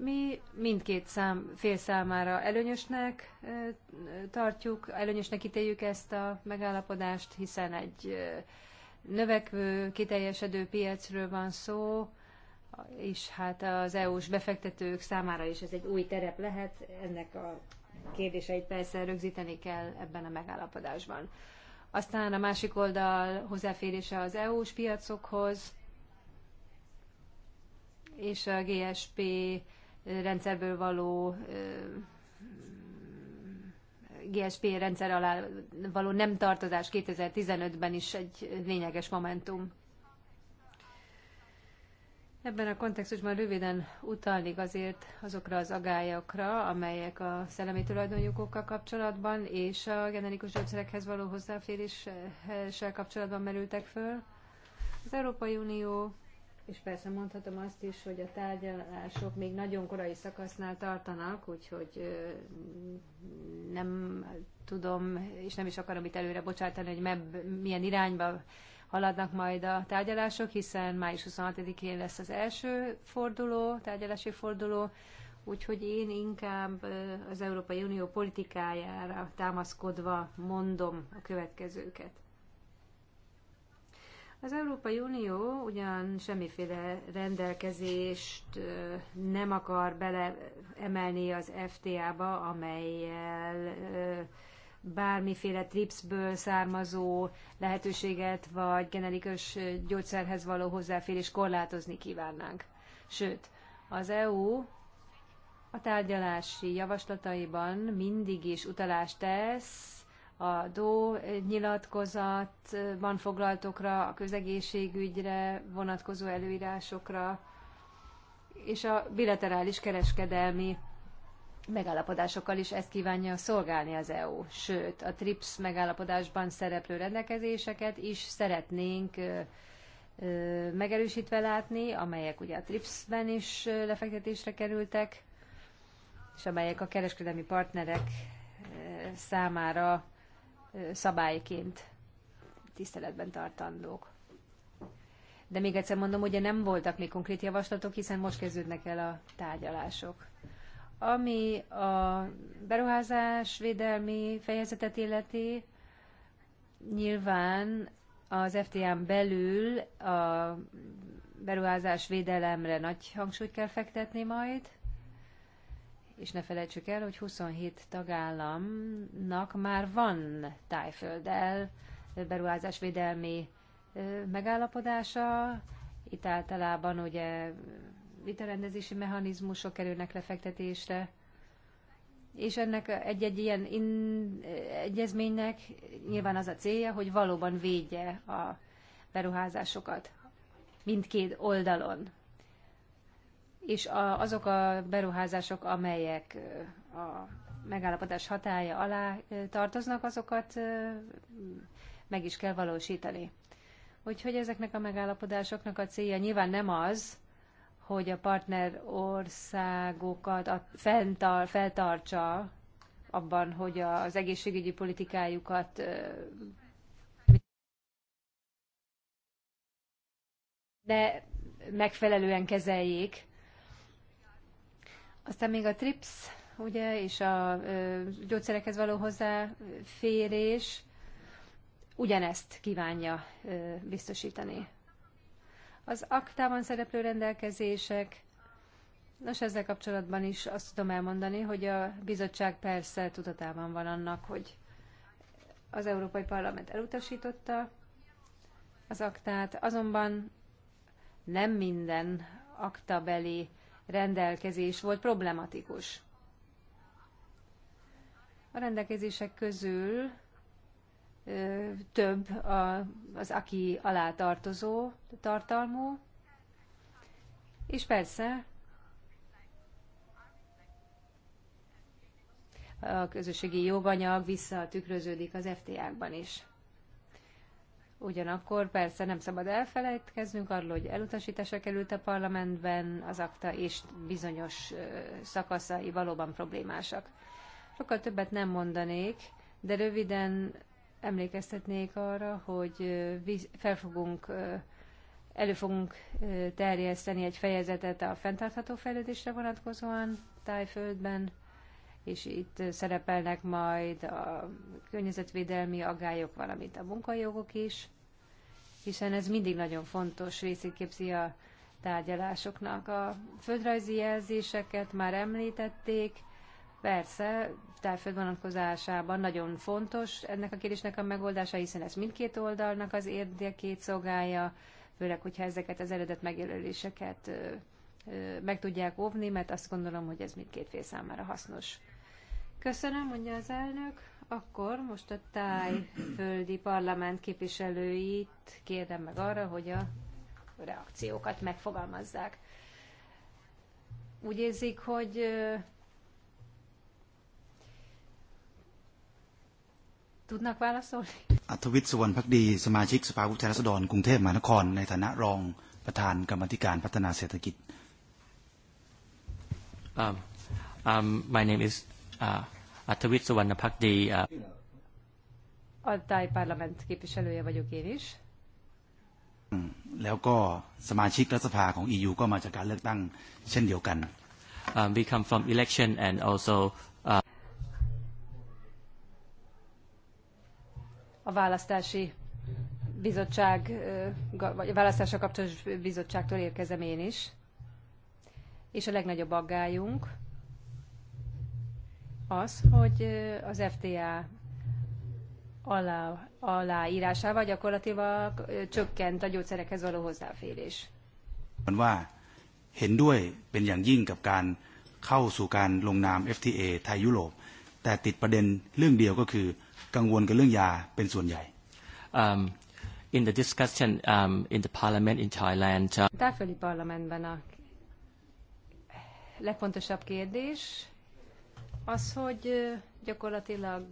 Mi mindkét szám, fél számára előnyösnek tartjuk, előnyösnek ítéljük ezt a megállapodást, hiszen egy növekvő, kiteljesedő piacről van szó, és hát az EU-s befektetők számára is ez egy új terep lehet, ennek a kérdéseit persze rögzíteni kell ebben a megállapodásban. Aztán a másik oldal hozzáférése az EU-s piacokhoz, és a GSP rendszerből való GSP rendszer alá való nem tartozás 2015-ben is egy lényeges momentum. Ebben a kontextusban röviden utalnék azért azokra az agályokra, amelyek a szellemi tulajdonjogokkal kapcsolatban és a generikus gyógyszerekhez való hozzáféréssel kapcsolatban merültek föl. Az Európai Unió és persze mondhatom azt is, hogy a tárgyalások még nagyon korai szakasznál tartanak, úgyhogy nem tudom, és nem is akarom itt előre bocsátani, hogy meb, milyen irányba haladnak majd a tárgyalások, hiszen május 26-én lesz az első forduló, tárgyalási forduló, úgyhogy én inkább az Európai Unió politikájára támaszkodva mondom a következőket. Az Európai Unió ugyan semmiféle rendelkezést nem akar beleemelni az FTA-ba, amelyel bármiféle tripsből származó lehetőséget vagy generikus gyógyszerhez való hozzáférés korlátozni kívánnánk. Sőt, az EU a tárgyalási javaslataiban mindig is utalást tesz a DO nyilatkozatban foglaltokra, a közegészségügyre vonatkozó előírásokra, és a bilaterális kereskedelmi megállapodásokkal is ezt kívánja szolgálni az EU. Sőt, a TRIPS megállapodásban szereplő rendelkezéseket is szeretnénk megerősítve látni, amelyek ugye a TRIPS-ben is lefektetésre kerültek, és amelyek a kereskedelmi partnerek számára szabályként tiszteletben tartandók. De még egyszer mondom, ugye nem voltak még konkrét javaslatok, hiszen most kezdődnek el a tárgyalások. Ami a beruházás védelmi fejezetet illeti, nyilván az FTA-n belül a beruházás védelemre nagy hangsúlyt kell fektetni majd, és ne felejtsük el, hogy 27 tagállamnak már van tájfölddel beruházásvédelmi megállapodása. Itt általában ugye vitarendezési mechanizmusok kerülnek lefektetésre, és ennek egy-egy ilyen in, egyezménynek nyilván az a célja, hogy valóban védje a beruházásokat mindkét oldalon és a, azok a beruházások, amelyek a megállapodás hatája alá tartoznak, azokat meg is kell valósítani. Úgyhogy ezeknek a megállapodásoknak a célja nyilván nem az, hogy a partner országokat a fentar, feltartsa abban, hogy az egészségügyi politikájukat ne megfelelően kezeljék, aztán még a TRIPS, ugye, és a gyógyszerekhez való hozzáférés ugyanezt kívánja biztosítani. Az aktában szereplő rendelkezések, nos ezzel kapcsolatban is azt tudom elmondani, hogy a bizottság persze tudatában van annak, hogy az Európai Parlament elutasította az aktát, azonban nem minden aktabeli rendelkezés volt problematikus. A rendelkezések közül ö, több a, az aki alá tartozó tartalmú, és persze a közösségi joganyag visszatükröződik az FTA-kban is. Ugyanakkor persze nem szabad elfelejtkeznünk arról, hogy elutasításra került a parlamentben az akta, és bizonyos szakaszai valóban problémásak. Sokkal többet nem mondanék, de röviden emlékeztetnék arra, hogy fel fogunk, elő fogunk terjeszteni egy fejezetet a fenntartható fejlődésre vonatkozóan Tájföldben, és itt szerepelnek majd a környezetvédelmi agályok, valamint a munkajogok is hiszen ez mindig nagyon fontos részét képzi a tárgyalásoknak. A földrajzi jelzéseket már említették, persze, tájföld vonatkozásában nagyon fontos ennek a kérdésnek a megoldása, hiszen ez mindkét oldalnak az érdekét szolgálja, főleg, hogyha ezeket az eredet megjelöléseket meg tudják óvni, mert azt gondolom, hogy ez mindkét fél számára hasznos. Köszönöm, mondja az elnök. Akkor most a tájföldi parlament képviselőit kérdem meg arra, hogy a reakciókat megfogalmazzák. Úgy érzik, hogy tudnak válaszolni? อัธวิทย์สุวรรณพักดีสมาชิกสภาผู้แทนราษฎรกรุงเทพมหานครในฐานะรองประธานกรรมธิการพัฒนาเศรษฐกิจ um, um, My name is uh, อัธวิทย์สุวรรณพักดีอัลไตพาร์ลเมนต์กิพิชลุยวัยุกินิชแล้วก็สมาชิกรัฐสภาของ uh, hmm. EU ก็มาจากการเลือกตั้งเช่นเดียวกัน um, we come from election and also uh, a választási bizottság, uh, vagy a választással kapcsolatos bizottságtól érkezem én is. És a legnagyobb aggályunk az, hogy az FTA alá, aláírásával gyakorlatilag csökkent a gyógyszerekhez való hozzáférés. ว่าเห็นด้วยเป็นอย่างยิ่งกับการเข้าสู่การลงนาม FTA ไทยยุโรปแต่ติดประเด็นเรื่องเดียวก็คือกังวลกับเรื่องยาเป็นส่วนใหญ่ um, in the discussion um, in the parliament in Thailand uh az, hogy gyakorlatilag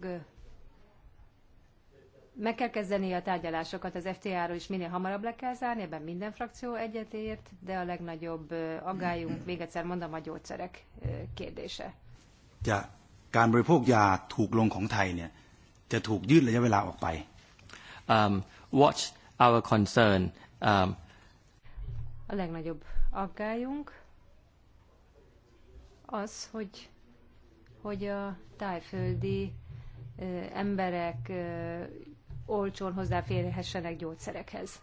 meg kell kezdeni a tárgyalásokat az FTA-ról is minél hamarabb le kell zárni, ebben minden frakció egyetért, de a legnagyobb aggályunk, még egyszer mondom, a gyógyszerek kérdése. Ja, um, Watch our concern um, A legnagyobb aggályunk az, hogy hogy a tájföldi emberek olcsón hozzáférhessenek gyógyszerekhez.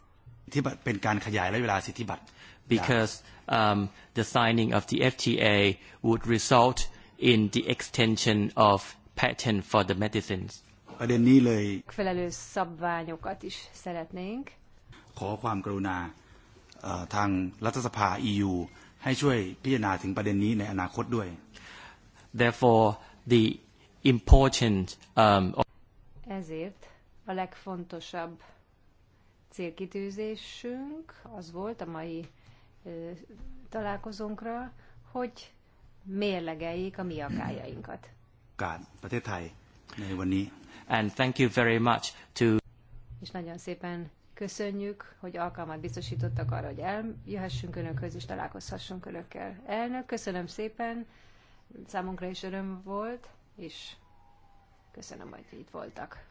Because um, the signing of the FTA would result in the extension of patent for the medicines. ประเด็นนี้เลย Megfelelő szabványokat is szeretnénk. ขอความกรุณาทางรัฐสภา EU ให้ช่วยพิจารณาถึงประเด็นนี้ในอนาคตด้วย Therefore, the important, um, Ezért a legfontosabb célkitűzésünk az volt a mai ö, találkozónkra, hogy mérlegeljék a mi akájainkat. God, ประเทศไทยในวันนี้ And thank you very much to És nagyon szépen köszönjük, hogy alkalmat biztosítottak arra, hogy eljöhessünk önökhöz és találkozhassunk önökkel. Elnök, köszönöm szépen számunkra is öröm volt, és köszönöm, hogy itt voltak.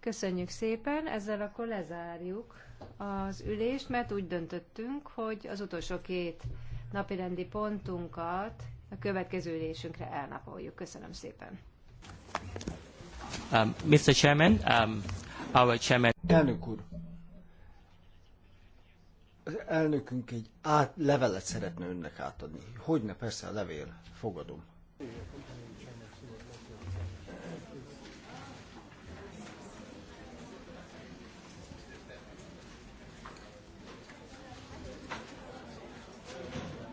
Köszönjük szépen, ezzel akkor lezárjuk az ülést, mert úgy döntöttünk, hogy az utolsó két napirendi pontunkat a következő ülésünkre elnapoljuk. Köszönöm szépen. Um, Mr. Chairman, um, our chairman... Elnök úr, az elnökünk egy át, levelet szeretne önnek átadni. Hogyne, persze a levél, fogadom.